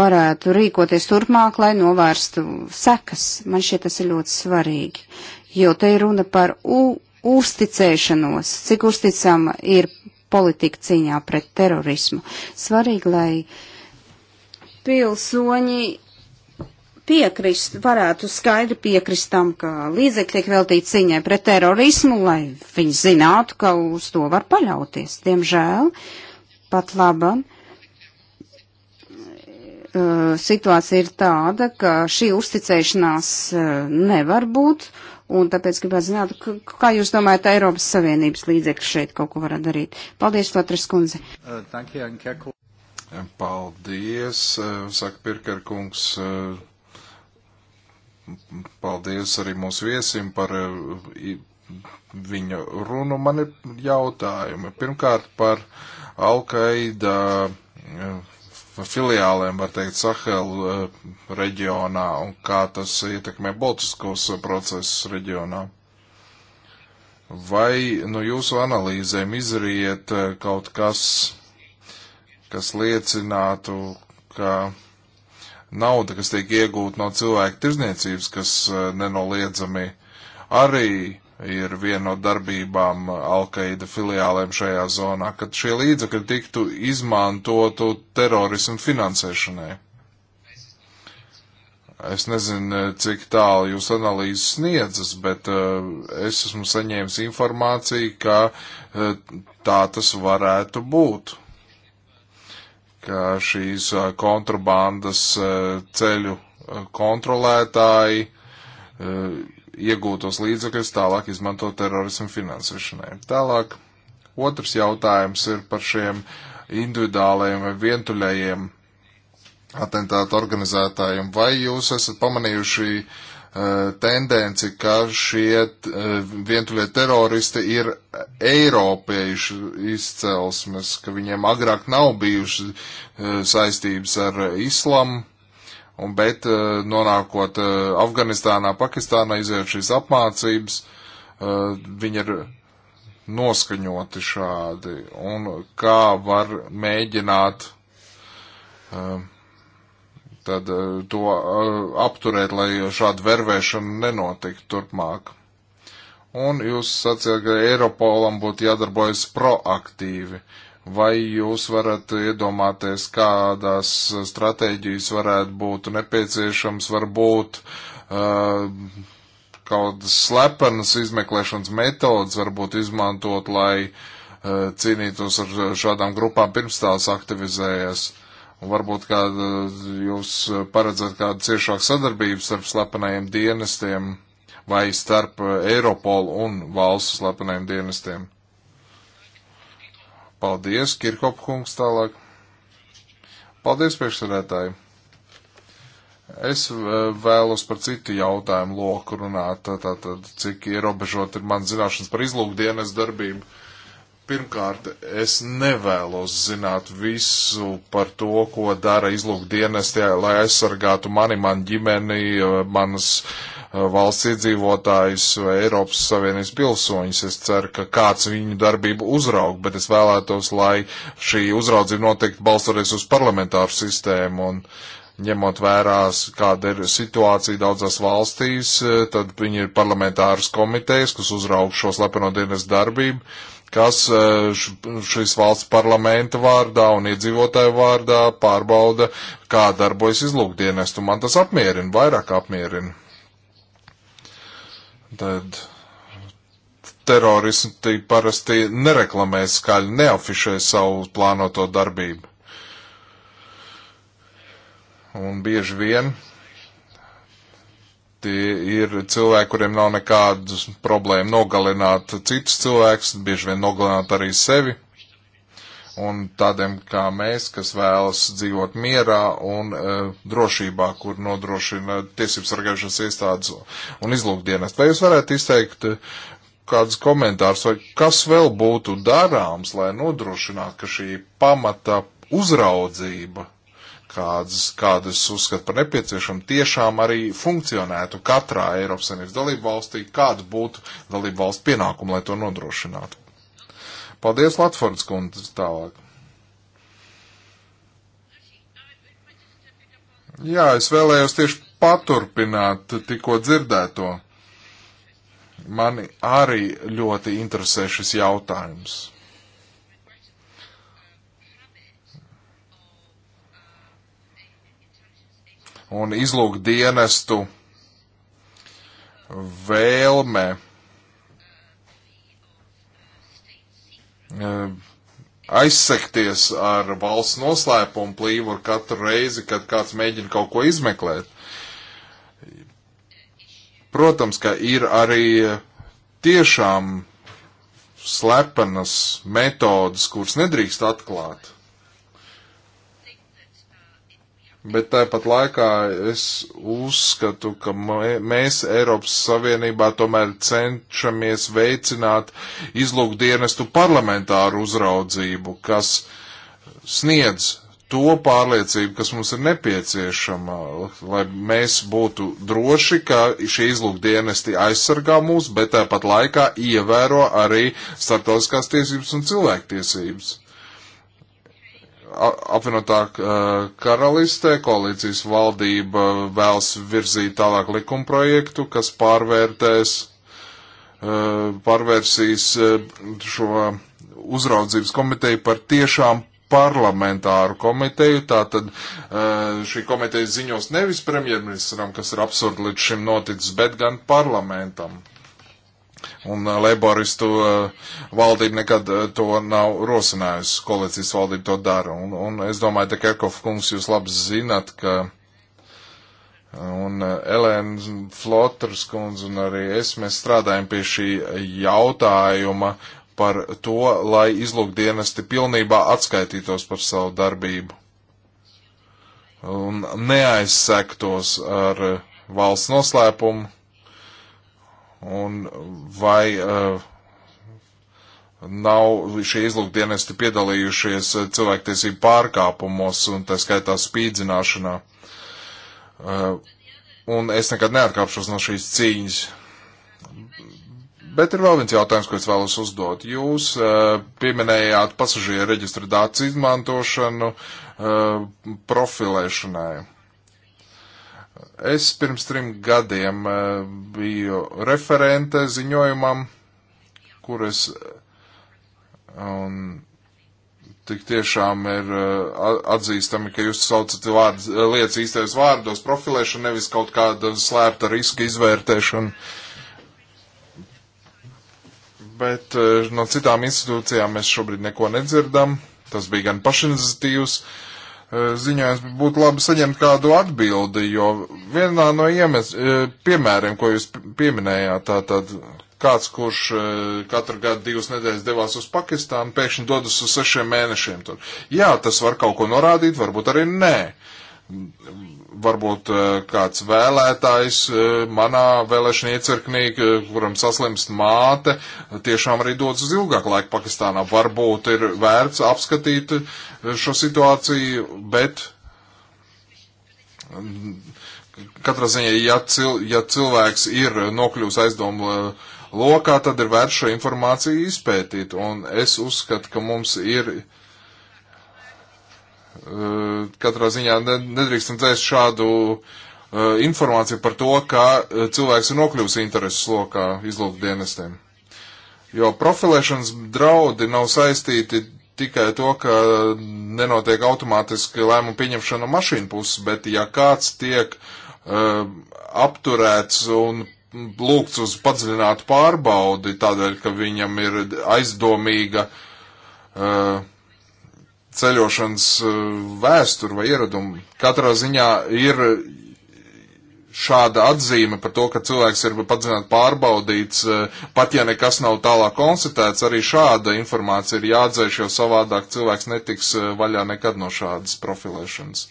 varētu rīkoties turpmāk, lai novērstu sekas. Man šķiet, tas ir ļoti svarīgi, jo te ir runa par uzticēšanos, cik uzticama ir politika cīņā pret terorismu. Svarīgi, lai pilsoņi piekrist, varētu skaidri piekrist tam, ka līdzekļi tiek veltīti cīņai pret terorismu, lai viņi zinātu, ka uz to var paļauties. Diemžēl, pat labam, eh, situācija ir tāda, ka šī uzticēšanās eh, nevar būt uh, Un tāpēc gribētu zināt, kā jūs domājat, Eiropas Savienības līdzekļi šeit kaut ko varat darīt. Paldies, Lotras kundze. Uh, paldies, uh, saka Pirker kungs. Uh, paldies arī mūsu viesim par viņa runu. Man ir jautājumi. Pirmkārt par Alkaida Nu, filiālēm, var teikt, Sahel eh, reģionā un kā tas ietekmē Baltiskos eh, procesus reģionā. Vai no nu, jūsu analīzēm izriet eh, kaut kas, kas liecinātu, ka nauda, kas tiek iegūta no cilvēku tirzniecības, kas nenoliedzami arī ir viena no darbībām Alkaida filiālēm šajā zonā, kad šie līdzekļi tiktu izmantotu terorismu finansēšanai. Es nezinu, cik tālu jūs analīzes sniedzas, bet uh, es esmu saņēmis informāciju, ka uh, tā tas varētu būt, ka šīs uh, kontrabandas uh, ceļu uh, kontrolētāji uh, iegūtos līdzekļus tālāk izmanto terorismu finansēšanai. Tālāk otrs jautājums ir par šiem individuālajiem vai vientuļajiem atentātu organizētājiem. Vai jūs esat pamanījuši uh, tendenci, ka šie uh, vientuļie teroristi ir eiropiešu izcelsmes, ka viņiem agrāk nav bijušas uh, saistības ar islamu? Un, bet eh, nonākot eh, Afganistānā, Pakistānā, iziet šīs apmācības, eh, viņi ir noskaņoti šādi. Un kā var mēģināt tad to apturēt, lai šāda vervēšana nenotiktu turpmāk. Un jūs sacījāt, ka Eiropolam būtu jādarbojas proaktīvi. Uh, Vai jūs varat iedomāties, kādas stratēģijas varētu būt nepieciešams, varbūt uh, kādas slepenas izmeklēšanas metodas varbūt izmantot, lai uh, cīnītos ar šādām grupām pirms tās aktivizējas? Un varbūt kāda, jūs paredzat kādu ciešāku sadarbību starp slepenajiem dienestiem vai starp Eiropolu un valsts slepenajiem dienestiem? Paldies, Kirkop kungs tālāk. Paldies, priekšsarētāji. Es eh, vēlos par citu jautājumu loku runāt, tātad cik ierobežot ir man zināšanas par izlūkdienas darbību. Pirmkārt, es nevēlos zināt visu par to, ko dara izlūkdienesti, lai aizsargātu mani, man ģimeni, manas eh, valsts iedzīvotājus vai Eiropas Savienības pilsoņus. Es ceru, ka kāds viņu darbību uzraug, bet es vēlētos, lai šī uzraudzība noteikti balstoties uz parlamentāru sistēmu un ņemot vērās, kāda ir situācija daudzās valstīs, eh, tad viņi ir parlamentāras komitejas, kas uzraug šo slepeno dienas darbību kas e, šīs valsts parlamenta vārdā un iedzīvotāju vārdā pārbauda, kā darbojas izlūkdienestu. Man tas apmierina, vairāk apmierina. Tad teroristi parasti nereklamē skaļi, neafišē savu plānoto darbību. Un bieži vien Tie ir cilvēki, kuriem nav nekādas problēma nogalināt citus cilvēkus, bieži vien nogalināt arī sevi. Un tādiem kā mēs, kas vēlas dzīvot mierā un e, drošībā, kur nodrošina tiesības sargājušās iestādes un izlūkdienas. Vai jūs varētu izteikt kāds komentārs, vai kas vēl būtu darāms, lai nodrošinātu, ka šī pamata uzraudzība kādas, kādas uzskata par nepieciešamu, tiešām arī funkcionētu katrā Eiropas Savienības dalību valstī, kāda būtu dalību valsts pienākuma, lai to nodrošinātu. Paldies, Latfords kundze, tālāk. Jā, es vēlējos tieši paturpināt tikko dzirdēto. Mani arī ļoti interesē šis jautājums. un izlūk dienestu vēlme ehm, aizsekties ar valsts noslēpumu plīvuru katru reizi, kad kāds mēģina kaut ko izmeklēt. Protams, ka ir arī tiešām slepenas metodas, kuras nedrīkst atklāt. Bet tāpat laikā es uzskatu, ka mēs Eiropas Savienībā tomēr cenšamies veicināt izlūkdienestu parlamentāru uzraudzību, kas sniedz to pārliecību, kas mums ir nepieciešama, lai mēs būtu droši, ka šie izlūkdienesti aizsargā mūs, bet tāpat laikā ievēro arī starptautiskās tiesības un cilvēktiesības apvienotā uh, karalistē koalīcijas valdība vēlas virzīt tālāk likumprojektu, kas pārvērtēs, uh, pārvērsīs uh, šo uzraudzības komiteju par tiešām parlamentāru komiteju. Tātad šī komiteja ziņos nevis premjerministram, kas ir absurdi līdz šim noticis, bet gan parlamentam un uh, laboristu uh, valdība nekad uh, to nav rosinājusi, koalīcijas valdība to dara. Un, un es domāju, ka Kerkov kungs jūs labi zinat, ka un Elēna Flotras kundze un arī es, mēs strādājam pie šī jautājuma par to, lai izlūkdienesti pilnībā atskaitītos par savu darbību un neaizsektos ar valsts noslēpumu un vai uh, nav šie izlūkdienesti piedalījušies cilvēktiesību pārkāpumos un tā skaitā spīdzināšanā. Uh, un es nekad neatkāpšos no šīs cīņas. Bet ir vēl viens jautājums, ko es vēlos uzdot. Jūs uh, pieminējāt pasažieru reģistra dāts izmantošanu uh, profilēšanai. Es pirms trim gadiem eh, biju referente ziņojumam, kur es eh, un tik tiešām ir eh, atzīstami, ka jūs saucat vārds, lietas īstajos vārdos, profilēšana, nevis kaut kāda slēpta riska izvērtēšana. Bet no citām institūcijām mēs šobrīd neko nedzirdam. Tas bija gan pašiniciatīvs. Uh, Eh, ziņojums būtu labi saņemt kādu atbildi, jo vienā no iemes, eh, piemēriem, ko jūs pieminējāt, tātad kāds, kurš eh, katru gadu divas nedēļas devās uz Pakistānu, pēkšņi dodas uz sešiem mēnešiem tur. Jā, tas var kaut ko norādīt, varbūt arī nē varbūt eh, kāds vēlētājs eh, manā vēlēšana iecirknī, eh, kuram saslimst māte, tiešām arī dodas uz ilgāku laiku Pakistānā. Varbūt ir vērts apskatīt šo situāciju, bet mm, katrā ziņā, ja, cil, ja cilvēks ir nokļūs aizdomu lokā, tad ir vērts šo informāciju izpētīt. Un es uzskatu, ka mums ir Eh, katrā ziņā nedrīkstam dzēst šādu eh, informāciju par to, ka eh, cilvēks ir nokļuvis interesu lokā izlūkdienestiem. Jo profilēšanas draudi nav saistīti tikai to, ka nenotiek automātiski lēmumu pieņemšana no mašīnu puses, bet ja kāds tiek uh, apturēts un lūgts uz padziļinātu pārbaudi tādēļ, ka viņam ir aizdomīga uh, ceļošanas e, vēsturi vai ieradumu. Katrā ziņā ir šāda atzīme par to, ka cilvēks ir padziļināti pārbaudīts, e, pat ja nekas nav tālāk konstatēts, arī šāda informācija ir jāatdzēš, jo savādāk cilvēks netiks e, vaļā nekad no šādas profilēšanas.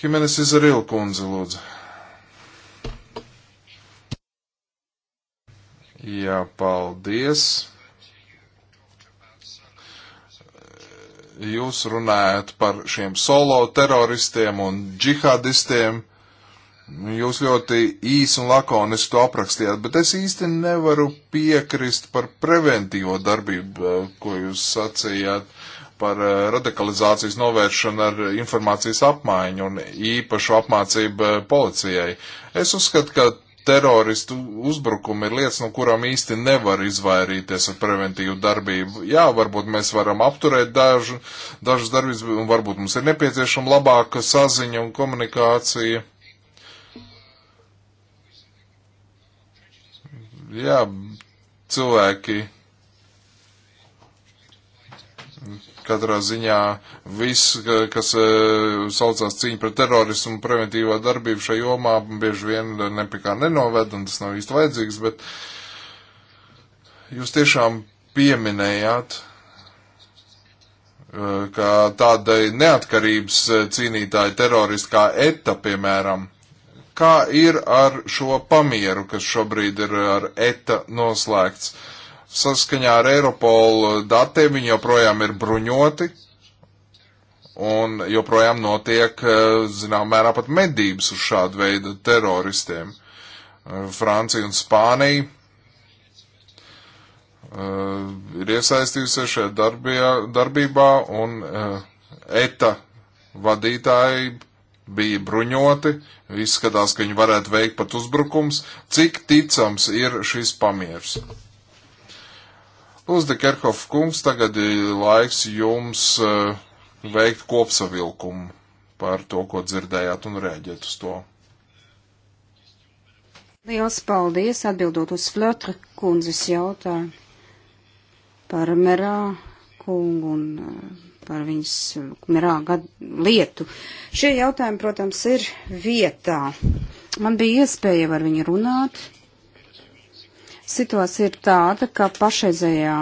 Himenes Izarila kundze, lūdzu. Jā, paldies. jūs runājat par šiem solo teroristiem un džihadistiem. Jūs ļoti īsi un lakoniski to aprakstījāt, bet es īsti nevaru piekrist par preventīvo darbību, eh, ko jūs sacījāt par eh, radikalizācijas novēršanu ar informācijas apmaiņu un īpašu apmācību eh, policijai. Es uzskatu, ka teroristu uzbrukumi ir lietas, no kurām īsti nevar izvairīties ar preventīvu darbību. Jā, varbūt mēs varam apturēt dažu, dažas darbības, un varbūt mums ir nepieciešama labāka saziņa un komunikācija. Jā, cilvēki katrā ziņā viss, kas eh, saucās cīņa pret terorismu, preventīvā darbība šajā jomā bieži vien nepikā nenoved, un tas nav īsti vajadzīgs, bet jūs tiešām pieminējāt, eh, ka tādai neatkarības eh, cīnītāji teroristi kā ETA, piemēram, kā ir ar šo pamieru, kas šobrīd ir ar ETA noslēgts. Uh, Saskaņā ar Eiropolu datiem viņi joprojām ir bruņoti un joprojām notiek, eh, zinām, mērā pat medības uz šādu veidu teroristiem. Eh, Francija un Spānija uh, ir iesaistījusies šajā darbijā, darbībā, un uh, ETA vadītāji bija bruņoti, izskatās, ka viņi varētu veikt pat uzbrukums. Cik ticams ir šis pamiers? Lūdzu, Kerhoff kungs, tagad ir laiks jums eh, veikt kopsavilkumu par to, ko dzirdējāt un rēģēt uz to. Liels paldies atbildot uz Flotra kundzes jautājumu par Merā kungu un eh, par viņas eh, Merā gad, lietu. Šie jautājumi, protams, ir vietā. Man bija iespēja ar viņu runāt Situācija ir tāda, ka pašreizējā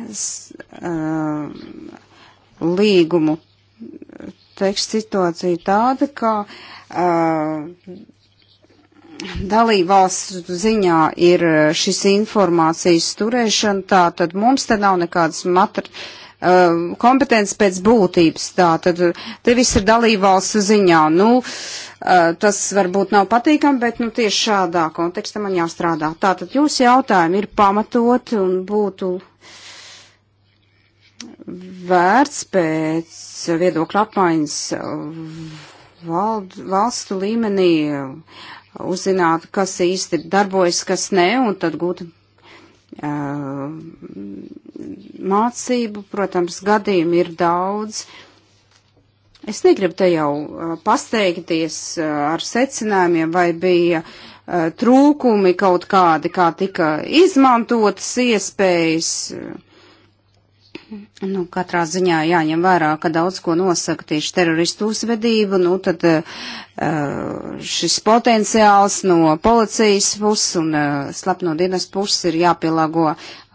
uh, līgumu teikšu situācija tāda, ka uh, dalībvalsts ziņā ir šis informācijas turēšana, tā tad mums te nav nekādas materiālas Um, kompetences pēc būtības. Tā tad te viss ir dalībvalsts ziņā. Nu, uh, tas varbūt nav patīkami, bet nu, tieši šādā kontekstā man jāstrādā. Tātad jūsu jautājumi ir pamatot un būtu vērts pēc viedokļa apmaiņas vald, valstu līmenī uzzināt, kas īsti darbojas, kas nē, un tad gūt mācību. Protams, gadījumi ir daudz. Es negribu te jau pasteikties ar secinājumiem, vai bija trūkumi kaut kādi, kā tika izmantotas iespējas Nu, katrā ziņā jāņem vērā, ka daudz ko nosaka tieši teroristu uzvedību, nu tad eh, šis potenciāls no policijas puses un eh, slepno dienas puses ir jāpielāgo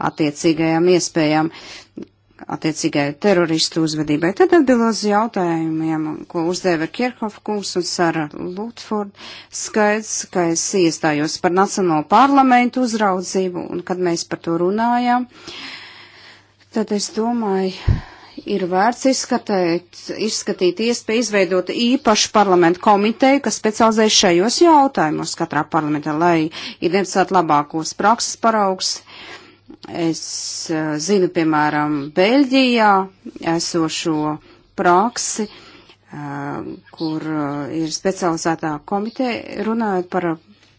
attiecīgajām iespējām, attiecīgai teroristu uzvedībai. Tad atbildos jautājumiem, ko uzdeva Kirchhoff kungs un Sara Lutford. Skaidrs, ka es iestājos par Nacionālo parlamentu uzraudzību un kad mēs par to runājām. Uh, tad es domāju, ir vērts izskatēt, izskatīt iespēju izveidot īpašu parlamentu komiteju, kas specializēs šajos jautājumos katrā parlamentā, lai identificētu labākos prakses paraugs. Es eh, zinu, piemēram, Beļģijā esošo praksi, eh, kur eh, ir specializētā komiteja runājot par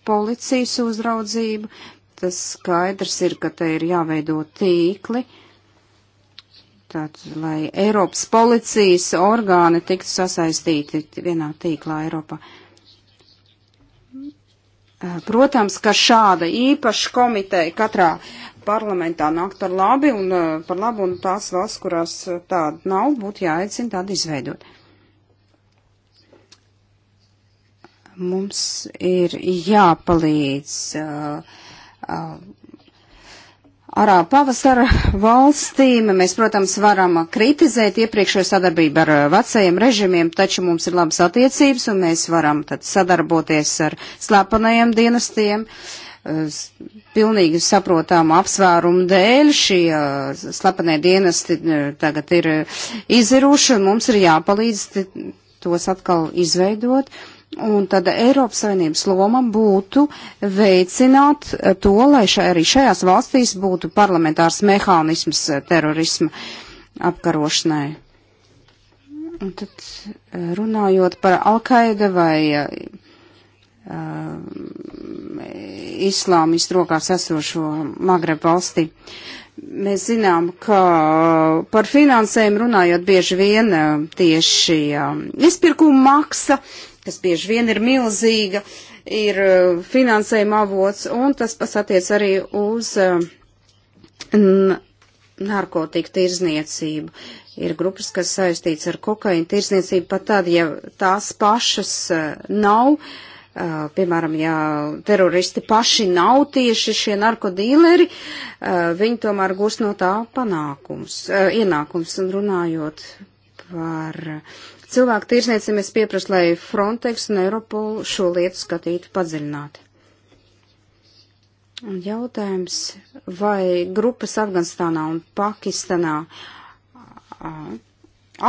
policijas uzraudzību. Tas skaidrs ir, ka te ir jāveido tīkli, uh, Tātad, lai Eiropas policijas orgāni tiktu sasaistīti vienā tīklā Eiropā. Eh, protams, ka šāda īpaša komiteja katrā parlamentā nāk par labi un eh, par labu un tās valsts, kurās eh, tāda nav, būtu jāaicina tādu izveidot. Mums ir jāpalīdz uh, uh, Arā pavasara valstīm mēs, protams, varam kritizēt iepriekšējo sadarbību ar vecajiem režimiem, taču mums ir labas attiecības un mēs varam tad sadarboties ar slēpanajiem dienestiem. Pilnīgi saprotāmu apsvērumu dēļ šie slepenie dienesti tagad ir iziruši un mums ir jāpalīdz tos atkal izveidot. Uh, Un tad Eiropas Savienības loma būtu veicināt eh, to, lai šai, arī šajās valstīs būtu parlamentārs mehānisms eh, terorisma apkarošanai. Un tad eh, runājot par Alkaida vai uh, islāmistu rokās esošo Magreb valsti. Mēs zinām, ka par finansējumu runājot bieži vien tieši uh, izpirkuma maksa uh, kas bieži vien ir milzīga, ir eh, finansējuma avots, un tas pats attiec arī uz eh, narkotiku tirzniecību. Ir grupas, kas saistīts ar kokainu tirzniecību, pat tad, ja tās pašas eh, nav, piemēram, ja teroristi paši nav tieši šie narkodīleri, viņi tomēr gūs no tā panākums, ienākums un runājot par cilvēku tirsniecības pieprasa, lai Frontex un Europol šo lietu skatītu padziļināti. Un jautājums, vai grupas Afganistānā un Pakistanā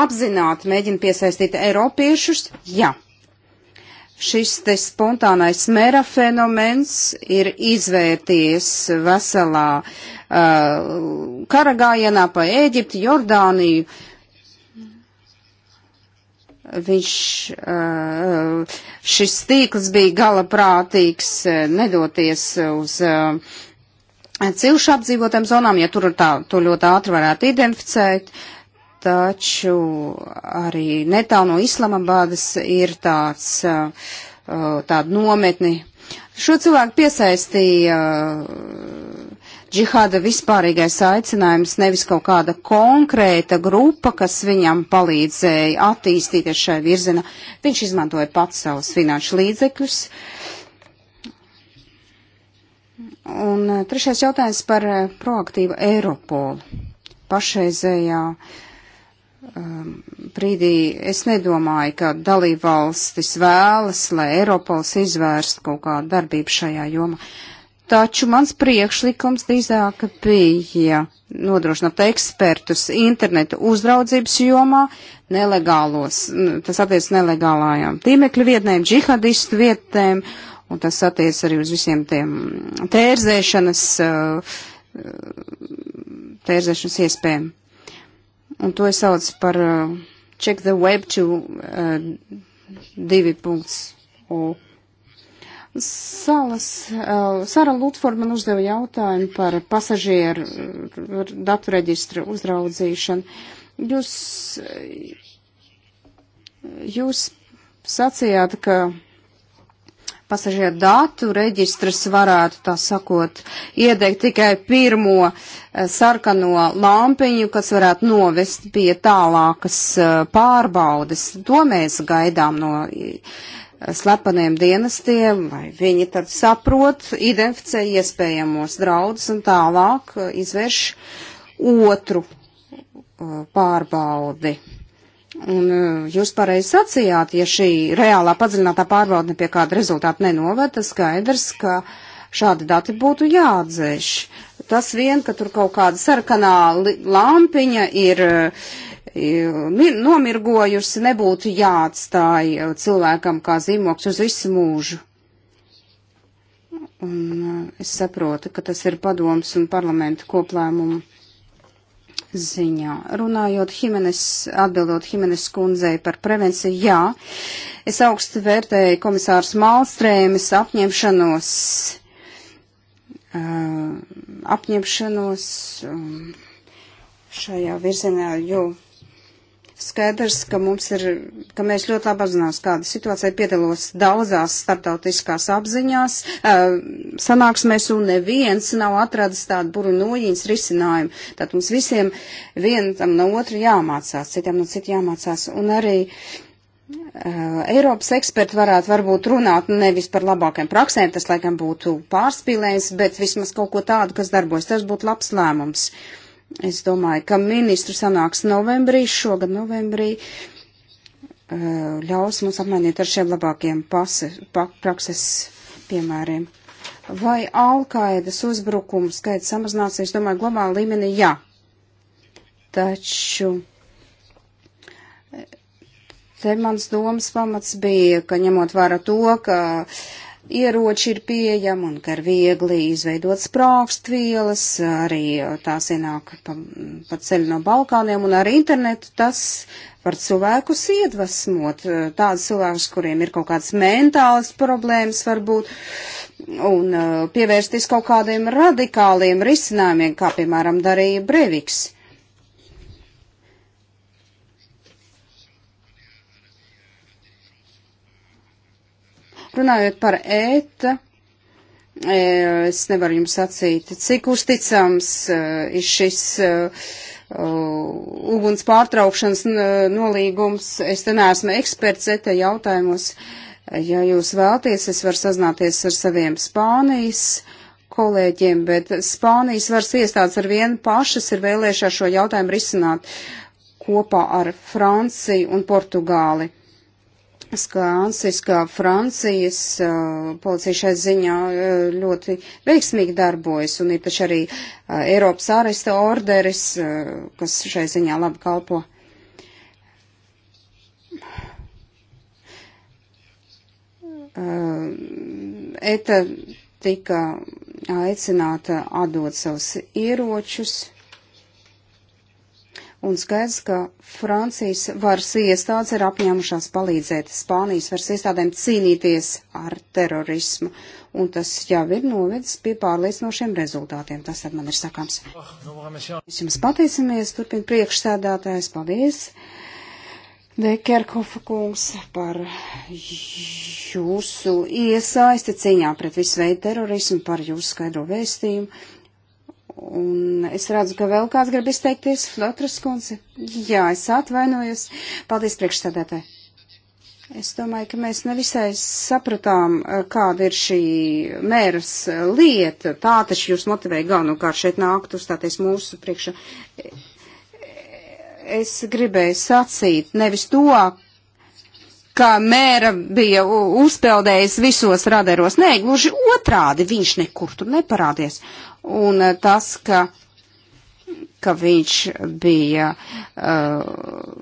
apzināti mēģina piesaistīt eiropiešus? Jā. Šis te spontānais mēra fenomens ir izvērties veselā uh, karagājienā pa Ēģipti, Jordāniju, uh, viņš, šis tīkls bija gala prātīgs nedoties uz cilšu apdzīvotām zonām, ja tur tā, to ļoti ātri varētu identificēt, taču arī netālu no Islamabādas ir tāds, tāda nometni. Šo cilvēku piesaistīja džihāda vispārīgais aicinājums, nevis kaut kāda konkrēta grupa, kas viņam palīdzēja attīstīties šai virzienā. Viņš izmantoja pats savus finanšu līdzekļus. Un eh, trešais jautājums par eh, proaktīvu Eiropolu. Pašreizējā ehm, brīdī es nedomāju, ka dalībvalstis vēlas, lai Eiropols izvērst kaut kādu darbību šajā jomā. Taču mans priekšlikums drīzāk bija nodrošināt ekspertus interneta uzraudzības jomā, nelegālos, tas attiec nelegālājām tīmekļu vietnēm, džihadistu vietnēm, un tas attiec arī uz visiem tiem tērzēšanas, uh, tērzēšanas iespējām. Un to es sauc par uh, check the web to 2.0. Uh, Salas, uh, Sara Lutford man uzdeva jautājumu par pasažieru uh, datu reģistra uzraudzīšanu. Jūs, uh, jūs sacījāt, ka pasažieru datu reģistrs varētu, tā sakot, iedegt tikai pirmo sarkano lampiņu, kas varētu novest pie tālākas pārbaudes. To mēs gaidām no slepeniem dienestiem, vai viņi tad saprot, identificē iespējamos draudus un tālāk uh, izvērš otru uh, pārbaudi. Un uh, jūs pareizi sacījāt, ja šī reālā padziļinātā pārbauda pie kāda rezultāta nenovada, skaidrs, ka šādi dati būtu jāatdzēš. Tas vien, ka tur kaut kāda sarkanā lampiņa ir nomirgojusi, nebūtu jāatstāj uh, cilvēkam kā zīmoks uz visu mūžu. Un uh, es saprotu, ka tas ir padoms un parlamenta koplēmumu ziņā. Runājot Himenes, atbildot Himenes kundzei par prevenciju, jā, es augstu vērtēju komisārs Malstrēmes apņemšanos, uh, apņemšanos um, šajā virzienā, jo. Jū skaidrs, ka mums ir, ka mēs ļoti labi apzinās, kāda situācija piedalos daudzās starptautiskās apziņās, eh, sanāksmēs un neviens nav atradis tādu buru nojiņas risinājumu. Tad mums visiem vienam no otra jāmācās, citam no cita jāmācās. Un arī uh, Eiropas eksperti varētu varbūt runāt nevis par labākajām praksēm, tas laikam būtu pārspīlējums, bet vismaz kaut ko tādu, kas darbojas, tas būtu labs lēmums. Uh, Es domāju, ka ministru sanāks novembrī, šogad novembrī, eh, ļaus mums apmainīt ar šiem labākiem pase, pa, prakses piemēriem. Vai Alkaidas uzbrukumu skaits samazināsies, es domāju, globāla līmenī jā. Taču eh, te mans domas pamats bija, ka ņemot vērā to, ka uh, ieroči ir pieejami un ka ir viegli izveidot sprākstvielas, arī tās ienāk pa, pa ceļu no Balkāniem un ar internetu tas var cilvēkus iedvesmot. Tādus cilvēkus, kuriem ir kaut kādas mentālas problēmas varbūt un uh, pievērsties kaut kādiem radikāliem risinājumiem, kā piemēram darīja Breviks. Runājot par ēta, e, es nevaru jums sacīt, cik uzticams e, ir šis e, uguns pārtraukšanas nolīgums. Es te neesmu eksperts ēta jautājumos. Ja jūs vēlties, es varu sazināties ar saviem Spānijas kolēģiem, bet Spānijas varas iestādes ar vienu pašas ir vēlējušās šo jautājumu risināt kopā ar Franciju un Portugāli. Skānsis, kā Francijas uh, policija šai ziņā uh, ļoti veiksmīgi darbojas, un īpaši arī uh, Eiropas āresta orderis, kas šai ziņā labi kalpo. Eta tika aicināta atdot savus ieročus Un skaidrs, ka Francijas varas iestādes ir apņēmušās palīdzēt Spānijas varas iestādēm cīnīties ar terorismu. Un tas jau ir novedis pie pārliecinošiem rezultātiem. Tas tad man ir sakāms. Mēs jums pateicamies, turpin priekšsēdātājs. Paldies! Dekerhofa kungs par jūsu iesaisti cīņā pret visu veidu terorismu, par jūsu skaidro vēstījumu. Un es redzu, ka vēl kāds grib izteikties, Flotras kundze. Jā, es atvainojos. Paldies priekšstādātāji. Es domāju, ka mēs nevisai sapratām, eh, kāda ir šī mēras eh, lieta. Tā taču jūs motivēja galvenokārt šeit nākt uzstāties mūsu priekšā. Es gribēju sacīt nevis to, ka mēra bija uzpeldējis visos radaros. Nē, gluži otrādi viņš nekur tur neparādies un eh, tas, ka ka viņš bija uh,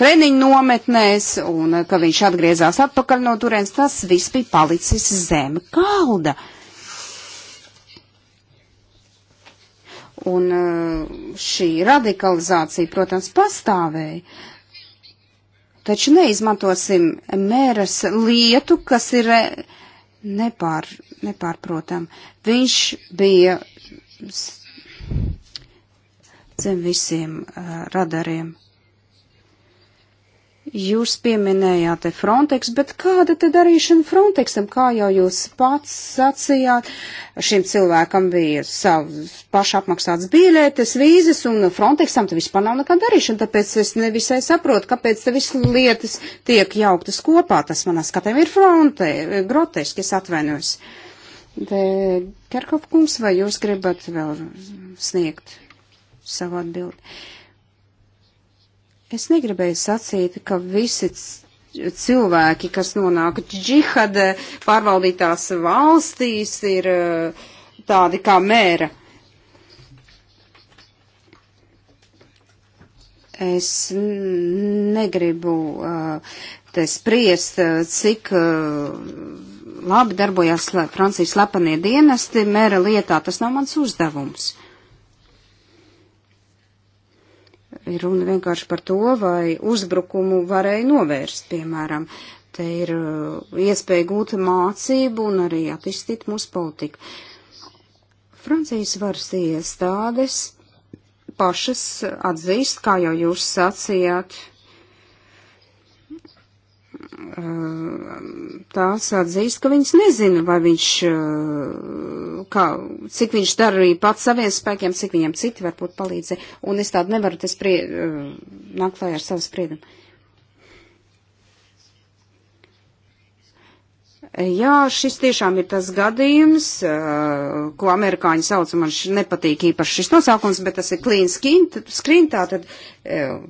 treniņu nometnēs un eh, ka viņš atgriezās atpakaļ no turienes, tas viss bija palicis zem kalda. Un uh, šī radikalizācija, protams, pastāvēja. Taču neizmantosim mēras lietu, kas ir. Uh, nepār, nepārprotam. Viņš bija zem visiem uh, radariem. Jūs pieminējāt te Frontex, bet kāda te darīšana Frontexam, kā jau jūs pats sacījāt? Šim cilvēkam bija savs paša apmaksāts biļetes, vīzes, un Frontexam te vispār nav nekā darīšana, tāpēc es nevisai saprotu, kāpēc te visas lietas tiek jauktas kopā. Tas manā skatēm ir fronte, groteski, es atvainojos. Kerkop kungs, vai jūs gribat vēl sniegt savu atbildi? Es negribēju sacīt, ka visi cilvēki, kas nonāk džihada pārvaldītās valstīs, ir uh, tādi kā mēra. Es negribu uh, te spriest, uh, cik labi darbojās Francijas slepenie dienesti mēra lietā. Tas nav mans uzdevums. Ir runa vienkārši par to, vai uzbrukumu varēja novērst, piemēram. Te ir uh, iespēja gūt mācību un arī attīstīt mūsu politiku. Francijas varas iestādes pašas atzīst, kā jau jūs sacījāt, tās atzīst, ka viņas nezina, vai viņš, kā, cik viņš darīja pats saviem spēkiem, cik viņam citi varbūt palīdzēja. Un es tādu nevaru, tas prie, nāk klājā ar savu spriedumu. Jā, šis tiešām ir tas gadījums, ko amerikāņi sauc, man nepatīk īpaši šis nosaukums, bet tas ir clean skin, screen, tātad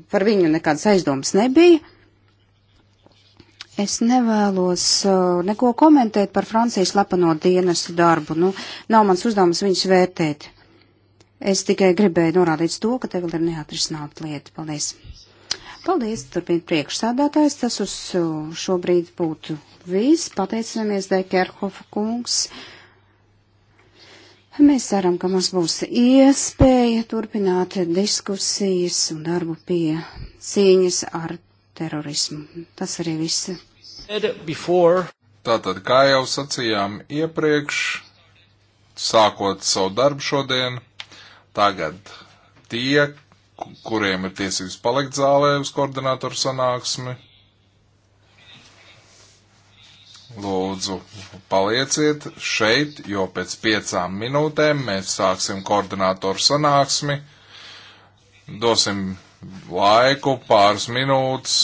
par viņu nekādas aizdomas nebija Es nevēlos uh, neko komentēt par Francijas lapano dienestu darbu. Nu, nav mans uzdevums viņus vērtēt. Es tikai gribēju norādīt to, ka te vēl ir neatrisināta lieta. Paldies. Paldies, turpina priekšsādātājs. Tas uz uh, šobrīd būtu viss. Pateicamies, Dekerhofa kungs. Mēs ceram, ka mums būs iespēja turpināt diskusijas un darbu pie cīņas ar terorismu. Tas arī viss Tātad, kā jau sacījām iepriekš, sākot savu darbu šodien, tagad tie, kuriem ir tiesības palikt zālē uz koordinātoru sanāksmi, lūdzu palieciet šeit, jo pēc piecām minūtēm mēs sāksim koordinātoru sanāksmi, dosim laiku pāris minūtes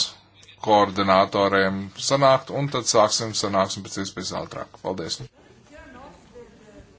koordinatoriem sanākt, un tad sāksim sanāksim pēc iespējas ātrāk. Paldies!